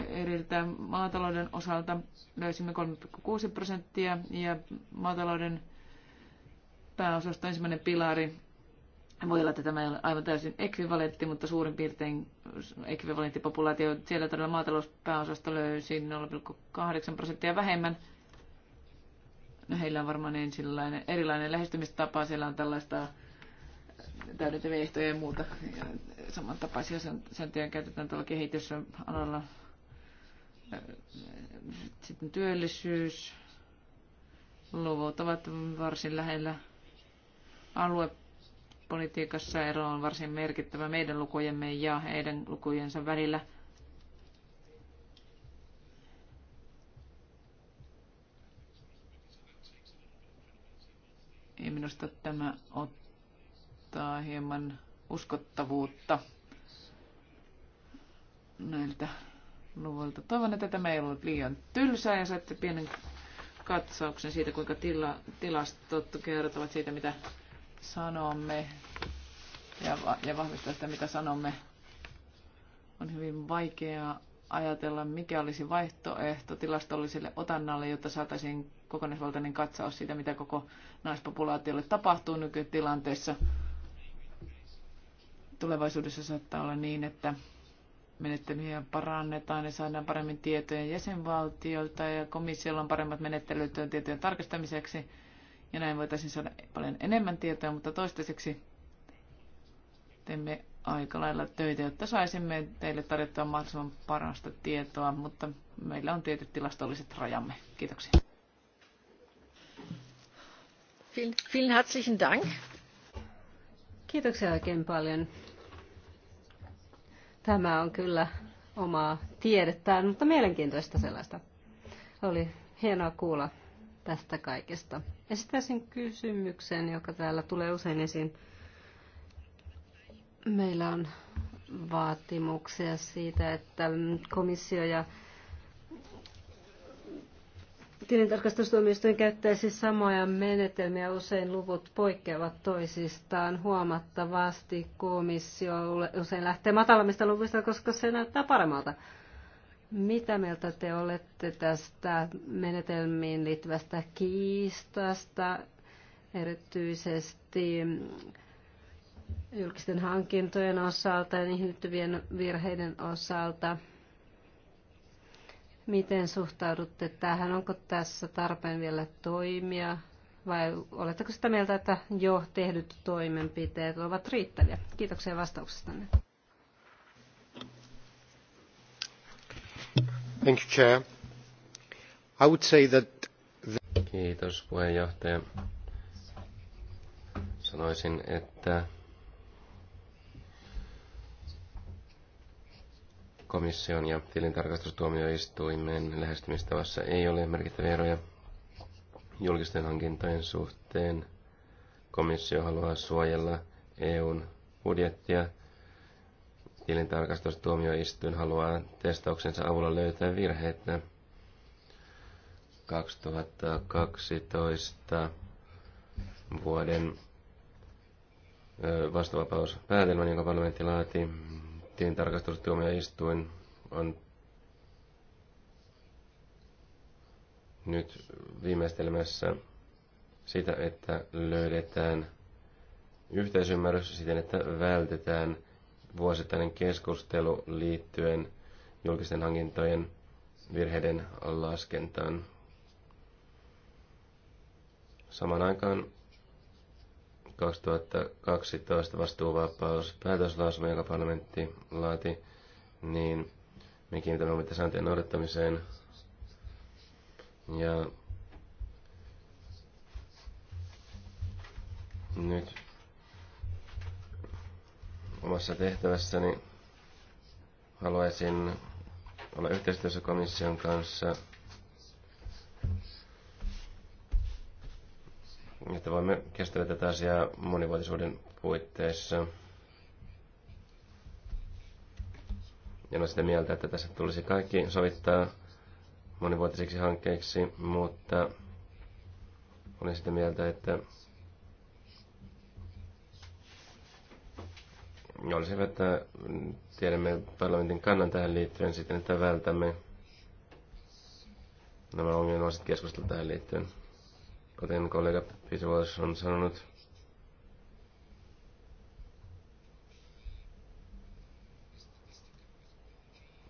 eriltä maatalouden osalta löysimme 3,6 prosenttia ja maatalouden pääosasto ensimmäinen pilari. Voi olla, että tämä ei ole aivan täysin ekvivalentti, mutta suurin piirtein ekvivalenttipopulaatio. Siellä todella maatalouspääosasta löysi 0,8 prosenttia vähemmän. No, heillä on varmaan ensilainen, erilainen lähestymistapa. Siellä on tällaista täydentäviä ehtoja ja muuta. Ja samantapaisia sääntöjä käytetään tuolla kehitysalalla. Sitten työllisyys. Luvut ovat varsin lähellä aluepolitiikassa. Ero on varsin merkittävä meidän lukujemme ja heidän lukujensa välillä. ei minusta tämä ole antaa hieman uskottavuutta näiltä luvulta. Toivon, että tämä ei ollut liian tylsää ja saitte pienen katsauksen siitä, kuinka tila, tilastot kertovat siitä, mitä sanomme ja, ja vahvistaa sitä, mitä sanomme. On hyvin vaikeaa ajatella, mikä olisi vaihtoehto tilastolliselle otannalle, jotta saataisiin kokonaisvaltainen katsaus siitä, mitä koko naispopulaatiolle tapahtuu nykytilanteessa tulevaisuudessa saattaa olla niin, että menettelyjä parannetaan ja saadaan paremmin tietoja jäsenvaltioilta ja komissiolla on paremmat menettelyt tietojen tarkastamiseksi ja näin voitaisiin saada paljon enemmän tietoa, mutta toistaiseksi teemme aika lailla töitä, jotta saisimme teille tarjottua mahdollisimman parasta tietoa, mutta meillä on tietyt tilastolliset rajamme. Kiitoksia. Vielen herzlichen Dank. Kiitoksia oikein paljon. Tämä on kyllä omaa tiedettään, mutta mielenkiintoista sellaista. Oli hienoa kuulla tästä kaikesta. Esittäisin kysymyksen, joka täällä tulee usein esiin. Meillä on vaatimuksia siitä, että komissio ja Tilintarkastustuomioistuin siis samoja menetelmiä, usein luvut poikkeavat toisistaan huomattavasti. Komissio usein lähtee matalammista luvuista, koska se näyttää paremmalta. Mitä mieltä te olette tästä menetelmiin liittyvästä kiistasta, erityisesti julkisten hankintojen osalta ja niihin liittyvien virheiden osalta? Miten suhtaudutte tähän? Onko tässä tarpeen vielä toimia? Vai oletteko sitä mieltä, että jo tehdyt toimenpiteet ovat riittäviä? Kiitoksia vastauksestanne. Thank you, Chair. I would say that the... Kiitos puheenjohtaja. Sanoisin, että komission ja tilintarkastustuomioistuimen lähestymistavassa ei ole merkittäviä eroja julkisten hankintojen suhteen. Komissio haluaa suojella EUn budjettia. Tilintarkastustuomioistuin haluaa testauksensa avulla löytää virheitä. 2012 vuoden vastavapauspäätelmän, jonka parlamentti laati, tarkastustuomioistuin on nyt viimeistelmässä sitä, että löydetään yhteisymmärrys siten, että vältetään vuosittainen keskustelu liittyen julkisten hankintojen virheiden laskentaan. Samaan aikaan 2012 vastuuvapaus päätöslausuma, joka parlamentti laati, niin me kiinnitämme huomiota sääntöjen noudattamiseen. Ja nyt omassa tehtävässäni haluaisin olla yhteistyössä komission kanssa – että voimme kestää tätä asiaa monivuotisuuden puitteissa. Ja olen sitä mieltä, että tässä tulisi kaikki sovittaa monivuotisiksi hankkeiksi, mutta olen sitä mieltä, että olisi hyvä, että tiedämme parlamentin kannan tähän liittyen siten, että vältämme nämä ongelmalliset keskustelut tähän liittyen. Kuten kollega Pisivuos on sanonut,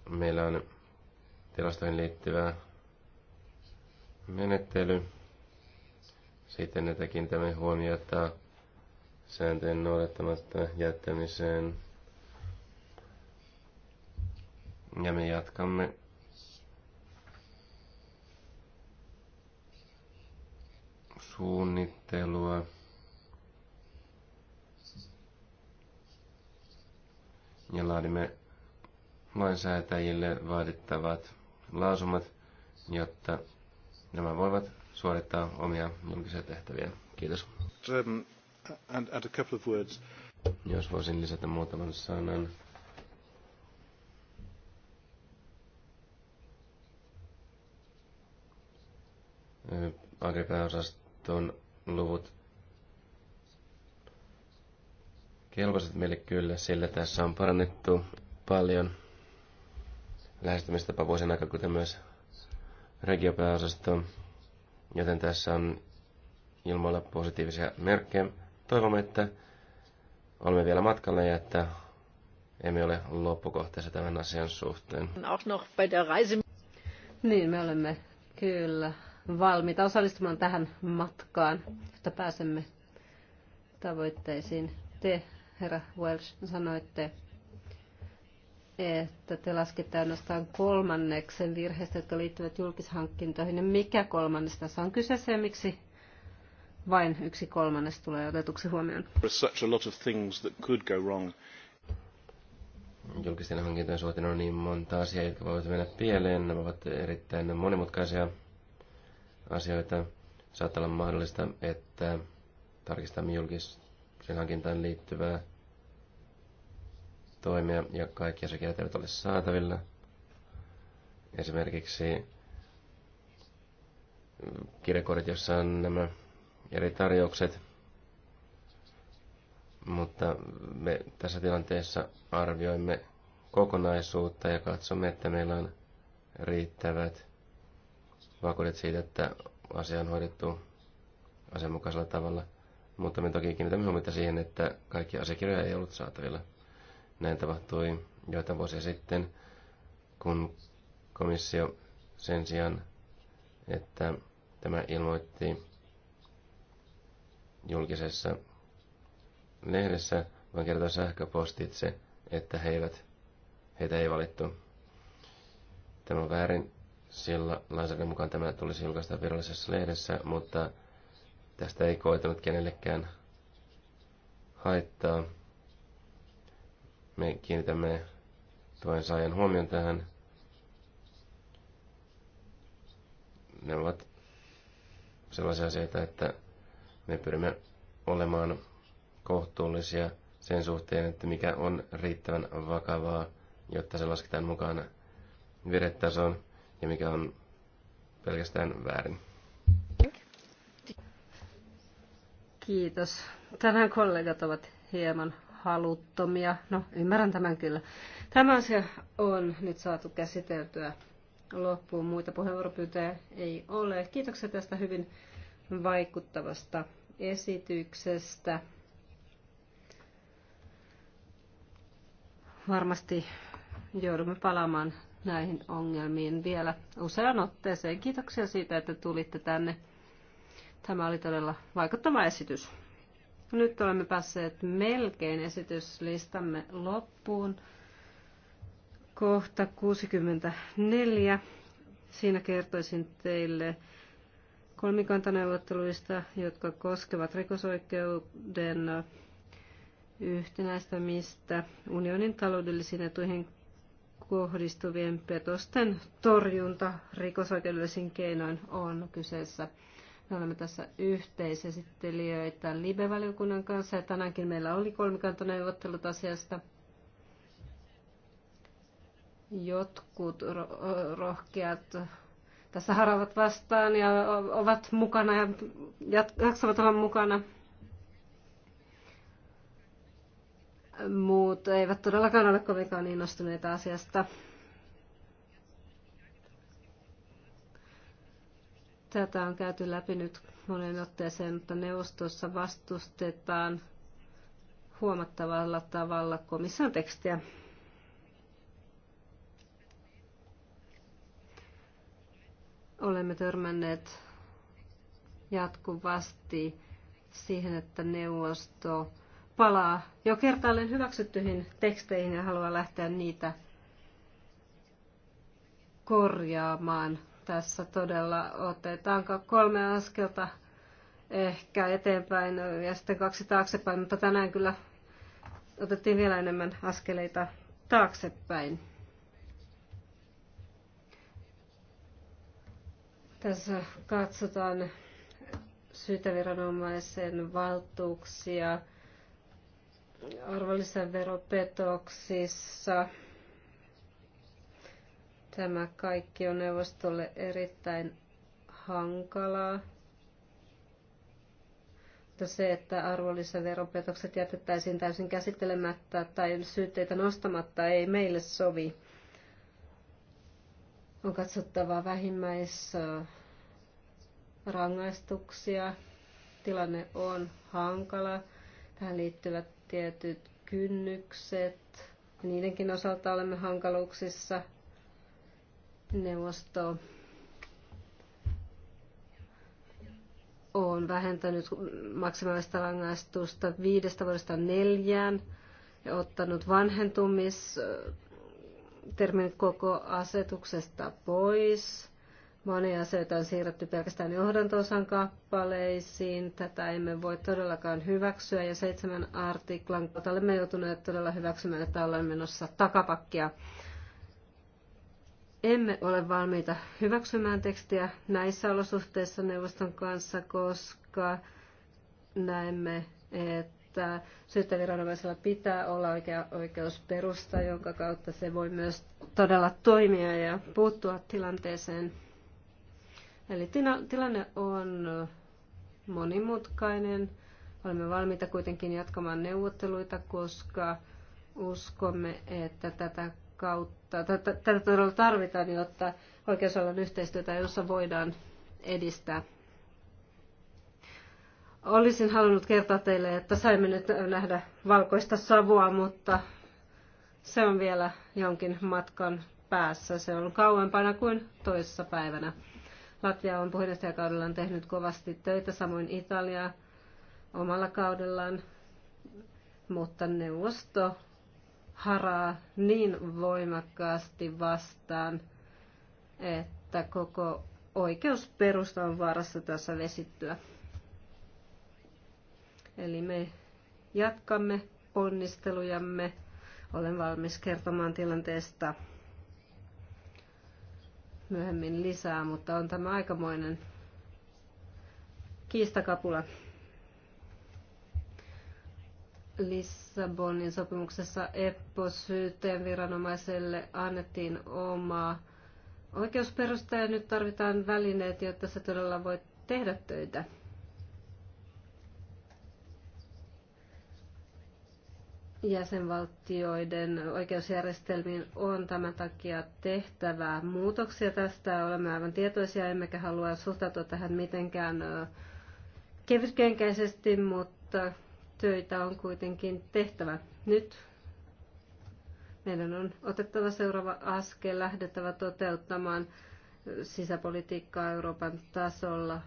meillä on tilastoihin liittyvä menettely. Sitten ne kiinnitämme huomiota sääntöjen noudattamatta jättämiseen. Ja me jatkamme suunnittelua. Ja laadimme lainsäätäjille vaadittavat lausumat, jotta nämä voivat suorittaa omia julkisia tehtäviä. Kiitos. Um, and, and a couple of words. Jos voisin lisätä muutaman sanan. Agripääosasta tuon luvut kelpasit meille kyllä, sillä tässä on parannettu paljon lähestymistapa vuosien aikaa, kuten myös regiopääosasto, joten tässä on ilmoilla positiivisia merkkejä. Toivomme, että olemme vielä matkalla ja että emme ole loppukohteessa tämän asian suhteen. Niin, me olemme kyllä valmiita osallistumaan tähän matkaan, jotta pääsemme tavoitteisiin. Te, herra Welsh, sanoitte, että te laskette ainoastaan kolmanneksen virheistä, jotka liittyvät julkishankintoihin. Ja mikä kolmannes tässä on kyseessä ja miksi vain yksi kolmannes tulee otetuksi huomioon? Julkisten hankintojen suhteen on niin monta asiaa, jotka voivat mennä pieleen. Nämä ovat erittäin monimutkaisia asioita. Saattaa olla mahdollista, että tarkistamme julkisen hankintaan liittyvää toimia ja kaikki asiakirjat eivät ole saatavilla. Esimerkiksi kirjakorit, jossa on nämä eri tarjoukset, mutta me tässä tilanteessa arvioimme kokonaisuutta ja katsomme, että meillä on riittävät vakuudet siitä, että asia on hoidettu asianmukaisella tavalla, mutta me toki kiinnitämme huomiota siihen, että kaikki asiakirjoja ei ollut saatavilla. Näin tapahtui joitain vuosia sitten, kun komissio sen sijaan, että tämä ilmoitti julkisessa lehdessä, vaan kertoi sähköpostitse, että he eivät, heitä ei valittu. Tämä on väärin sillä lainsäädännön mukaan tämä tulisi julkaista virallisessa lehdessä, mutta tästä ei koetunut kenellekään haittaa. Me kiinnitämme tuen saajan huomion tähän. Ne ovat sellaisia asioita, että me pyrimme olemaan kohtuullisia sen suhteen, että mikä on riittävän vakavaa, jotta se lasketaan mukaan viretasoon ja mikä on pelkästään väärin. Kiitos. Tänään kollegat ovat hieman haluttomia. No, ymmärrän tämän kyllä. Tämä asia on nyt saatu käsiteltyä loppuun. Muita puheenvuoropyyntöjä ei ole. Kiitoksia tästä hyvin vaikuttavasta esityksestä. Varmasti joudumme palaamaan näihin ongelmiin vielä usean otteeseen. Kiitoksia siitä, että tulitte tänne. Tämä oli todella vaikuttava esitys. Nyt olemme päässeet melkein esityslistamme loppuun. Kohta 64. Siinä kertoisin teille kolmikantaneuvotteluista, jotka koskevat rikosoikeuden yhtenäistämistä unionin taloudellisiin etuihin kohdistuvien petosten torjunta rikosoikeudellisin keinoin on kyseessä. Me olemme tässä yhteisesittelijöitä Libe-valiokunnan kanssa ja tänäänkin meillä oli kolmikantaneuvottelut asiasta. Jotkut rohkeat tässä haravat vastaan ja ovat mukana ja jaksavat olla mukana muut eivät todellakaan ole kovinkaan innostuneita asiasta. Tätä on käyty läpi nyt monen otteeseen, mutta neuvostossa vastustetaan huomattavalla tavalla komission tekstiä. Olemme törmänneet jatkuvasti siihen, että neuvosto palaa jo kertaalleen hyväksyttyihin teksteihin ja haluaa lähteä niitä korjaamaan. Tässä todella otetaan kolme askelta ehkä eteenpäin ja sitten kaksi taaksepäin, mutta tänään kyllä otettiin vielä enemmän askeleita taaksepäin. Tässä katsotaan syytäviranomaisen valtuuksia arvonlisäveropetoksissa. Tämä kaikki on neuvostolle erittäin hankalaa. Mutta se, että arvonlisäveropetokset jätettäisiin täysin käsittelemättä tai syytteitä nostamatta, ei meille sovi. On katsottava vähimmäisrangaistuksia. Tilanne on hankala. Tähän liittyvät tietyt kynnykset. Niidenkin osalta olemme hankaluuksissa. Neuvosto on vähentänyt maksimaalista rangaistusta viidestä vuodesta neljään ja ottanut vanhentumistermin koko asetuksesta pois. Monia asioita on siirretty pelkästään johdantosan kappaleisiin. Tätä emme voi todellakaan hyväksyä ja seitsemän artiklan kautta olemme joutuneet todella hyväksymään, että ollaan menossa takapakkia. Emme ole valmiita hyväksymään tekstiä näissä olosuhteissa neuvoston kanssa, koska näemme, että syyttäviranomaisella pitää olla oikea oikeusperusta, jonka kautta se voi myös todella toimia ja puuttua tilanteeseen. Eli tilanne on monimutkainen. Olemme valmiita kuitenkin jatkamaan neuvotteluita, koska uskomme, että tätä kautta, tätä, tätä todella tarvitaan, jotta oikeusalan yhteistyötä, jossa voidaan edistää. Olisin halunnut kertoa teille, että saimme nyt nähdä valkoista savua, mutta se on vielä jonkin matkan päässä. Se on kauempana kuin toisessa päivänä. Latvia on puheenjohtajakaudellaan tehnyt kovasti töitä, samoin Italia omalla kaudellaan, mutta neuvosto haraa niin voimakkaasti vastaan, että koko oikeusperusta on vaarassa tässä vesittyä. Eli me jatkamme ponnistelujamme. Olen valmis kertomaan tilanteesta myöhemmin lisää, mutta on tämä aikamoinen kiistakapula. Lissabonin sopimuksessa EPPO syyteen viranomaiselle annettiin oma oikeusperusta ja nyt tarvitaan välineet, jotta se todella voi tehdä töitä. jäsenvaltioiden oikeusjärjestelmiin on tämän takia tehtävä muutoksia. Tästä olemme aivan tietoisia, emmekä halua suhtautua tähän mitenkään kevytkenkäisesti, mutta töitä on kuitenkin tehtävä. Nyt meidän on otettava seuraava askel, lähdettävä toteuttamaan sisäpolitiikkaa Euroopan tasolla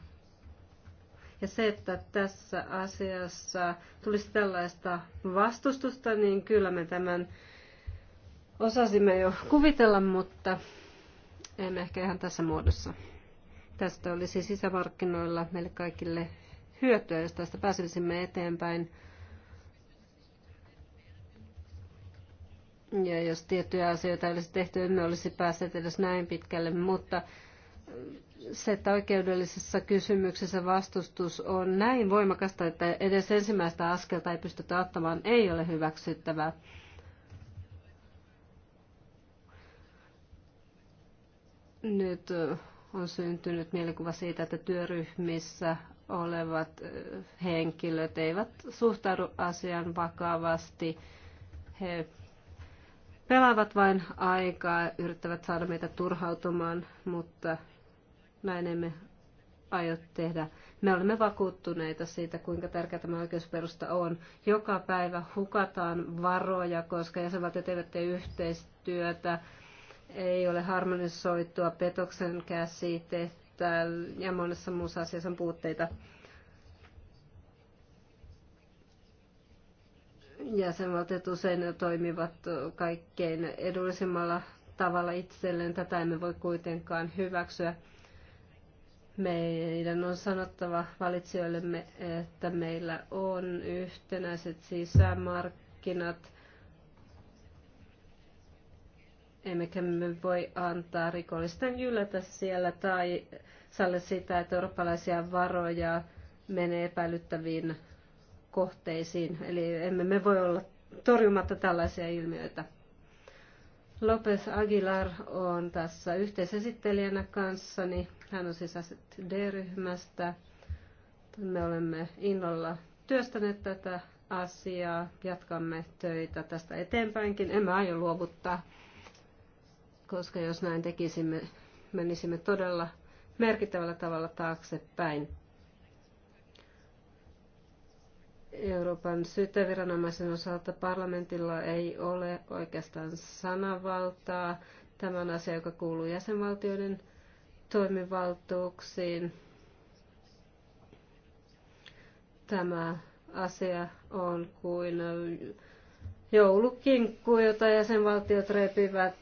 ja se, että tässä asiassa tulisi tällaista vastustusta, niin kyllä me tämän osasimme jo kuvitella, mutta en ehkä ihan tässä muodossa. Tästä olisi sisämarkkinoilla meille kaikille hyötyä, jos tästä pääsisimme eteenpäin. Ja jos tiettyjä asioita olisi tehty, emme olisi päässeet edes näin pitkälle, mutta se, että oikeudellisessa kysymyksessä vastustus on näin voimakasta, että edes ensimmäistä askelta ei pystytä ottamaan, ei ole hyväksyttävää. Nyt on syntynyt mielikuva siitä, että työryhmissä olevat henkilöt eivät suhtaudu asiaan vakavasti. He pelaavat vain aikaa, yrittävät saada meitä turhautumaan, mutta näin emme aio tehdä. Me olemme vakuuttuneita siitä, kuinka tärkeä tämä oikeusperusta on. Joka päivä hukataan varoja, koska jäsenvaltiot eivät tee yhteistyötä, ei ole harmonisoitua petoksen käsitettä ja monessa muussa asiassa on puutteita. Jäsenvaltiot usein toimivat kaikkein edullisimmalla tavalla itselleen. Tätä emme voi kuitenkaan hyväksyä meidän on sanottava valitsijoillemme, että meillä on yhtenäiset sisämarkkinat, emmekä me voi antaa rikollisten jylätä siellä tai salle sitä, että eurooppalaisia varoja menee epäilyttäviin kohteisiin. Eli emme me voi olla torjumatta tällaisia ilmiöitä. Lopez Aguilar on tässä yhteisesittelijänä kanssani. Hän on siis D-ryhmästä. Me olemme innolla työstäneet tätä asiaa. Jatkamme töitä tästä eteenpäinkin. Emme aio luovuttaa, koska jos näin tekisimme, menisimme todella merkittävällä tavalla taaksepäin. Euroopan syyttäviranomaisen osalta parlamentilla ei ole oikeastaan sanavaltaa. Tämä on asia, joka kuuluu jäsenvaltioiden toimivaltuuksiin. Tämä asia on kuin joulukinkku, jota jäsenvaltiot repivät.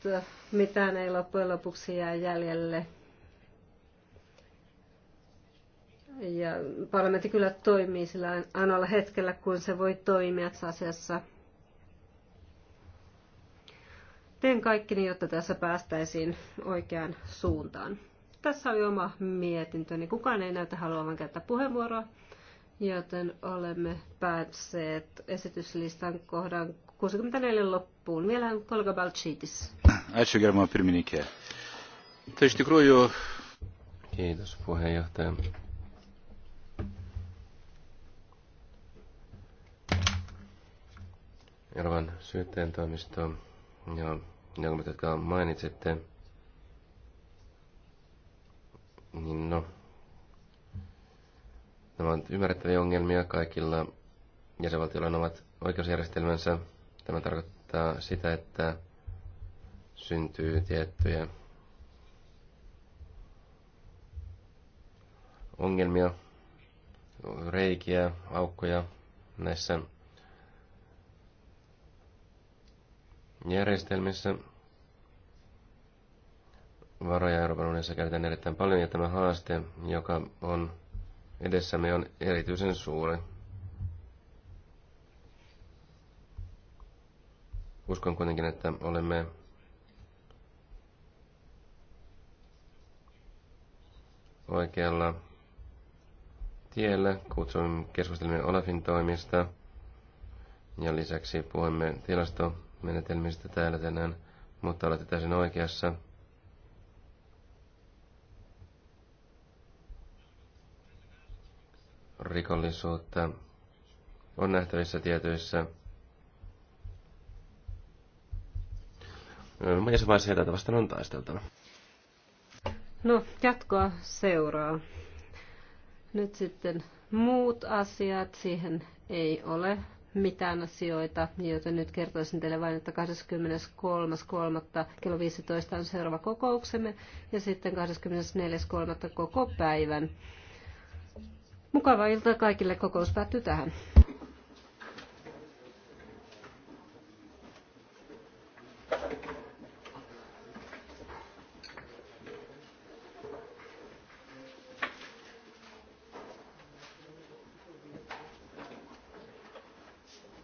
Mitään ei loppujen lopuksi jää jäljelle. Ja parlamentti kyllä toimii sillä ainoalla hetkellä, kun se voi toimia tässä asiassa. Teen kaikkini, jotta tässä päästäisiin oikeaan suuntaan. Tässä oli oma mietintöni. Kukaan ei näytä haluavan käyttää puheenvuoroa, joten olemme päässeet esityslistan kohdan 64 loppuun. Vielä on kollega Balchitis. Kiitos puheenjohtaja. Euroopan syyttäjän toimistoon. ja ne ongelmat, jotka mainitsitte, niin no, nämä ovat ymmärrettäviä ongelmia kaikilla jäsenvaltioilla on omat oikeusjärjestelmänsä. Tämä tarkoittaa sitä, että syntyy tiettyjä ongelmia, reikiä, aukkoja näissä järjestelmissä. Varoja Euroopan unionissa käytetään erittäin paljon ja tämä haaste, joka on edessämme, on erityisen suuri. Uskon kuitenkin, että olemme oikealla tiellä. Kutsuin keskustelimme Olafin toimista ja lisäksi puhumme tilasto menetelmistä täällä tänään, mutta olette täysin oikeassa. Rikollisuutta on nähtävissä tietyissä Monissa vaiheissa heitä vastaan on taisteltava. No, jatkoa seuraa. Nyt sitten muut asiat, siihen ei ole mitään asioita, joten nyt kertoisin teille vain, että 23.3. kello 15 on seuraava kokouksemme ja sitten 24.3. koko päivän. Mukava ilta kaikille, kokous päättyy tähän.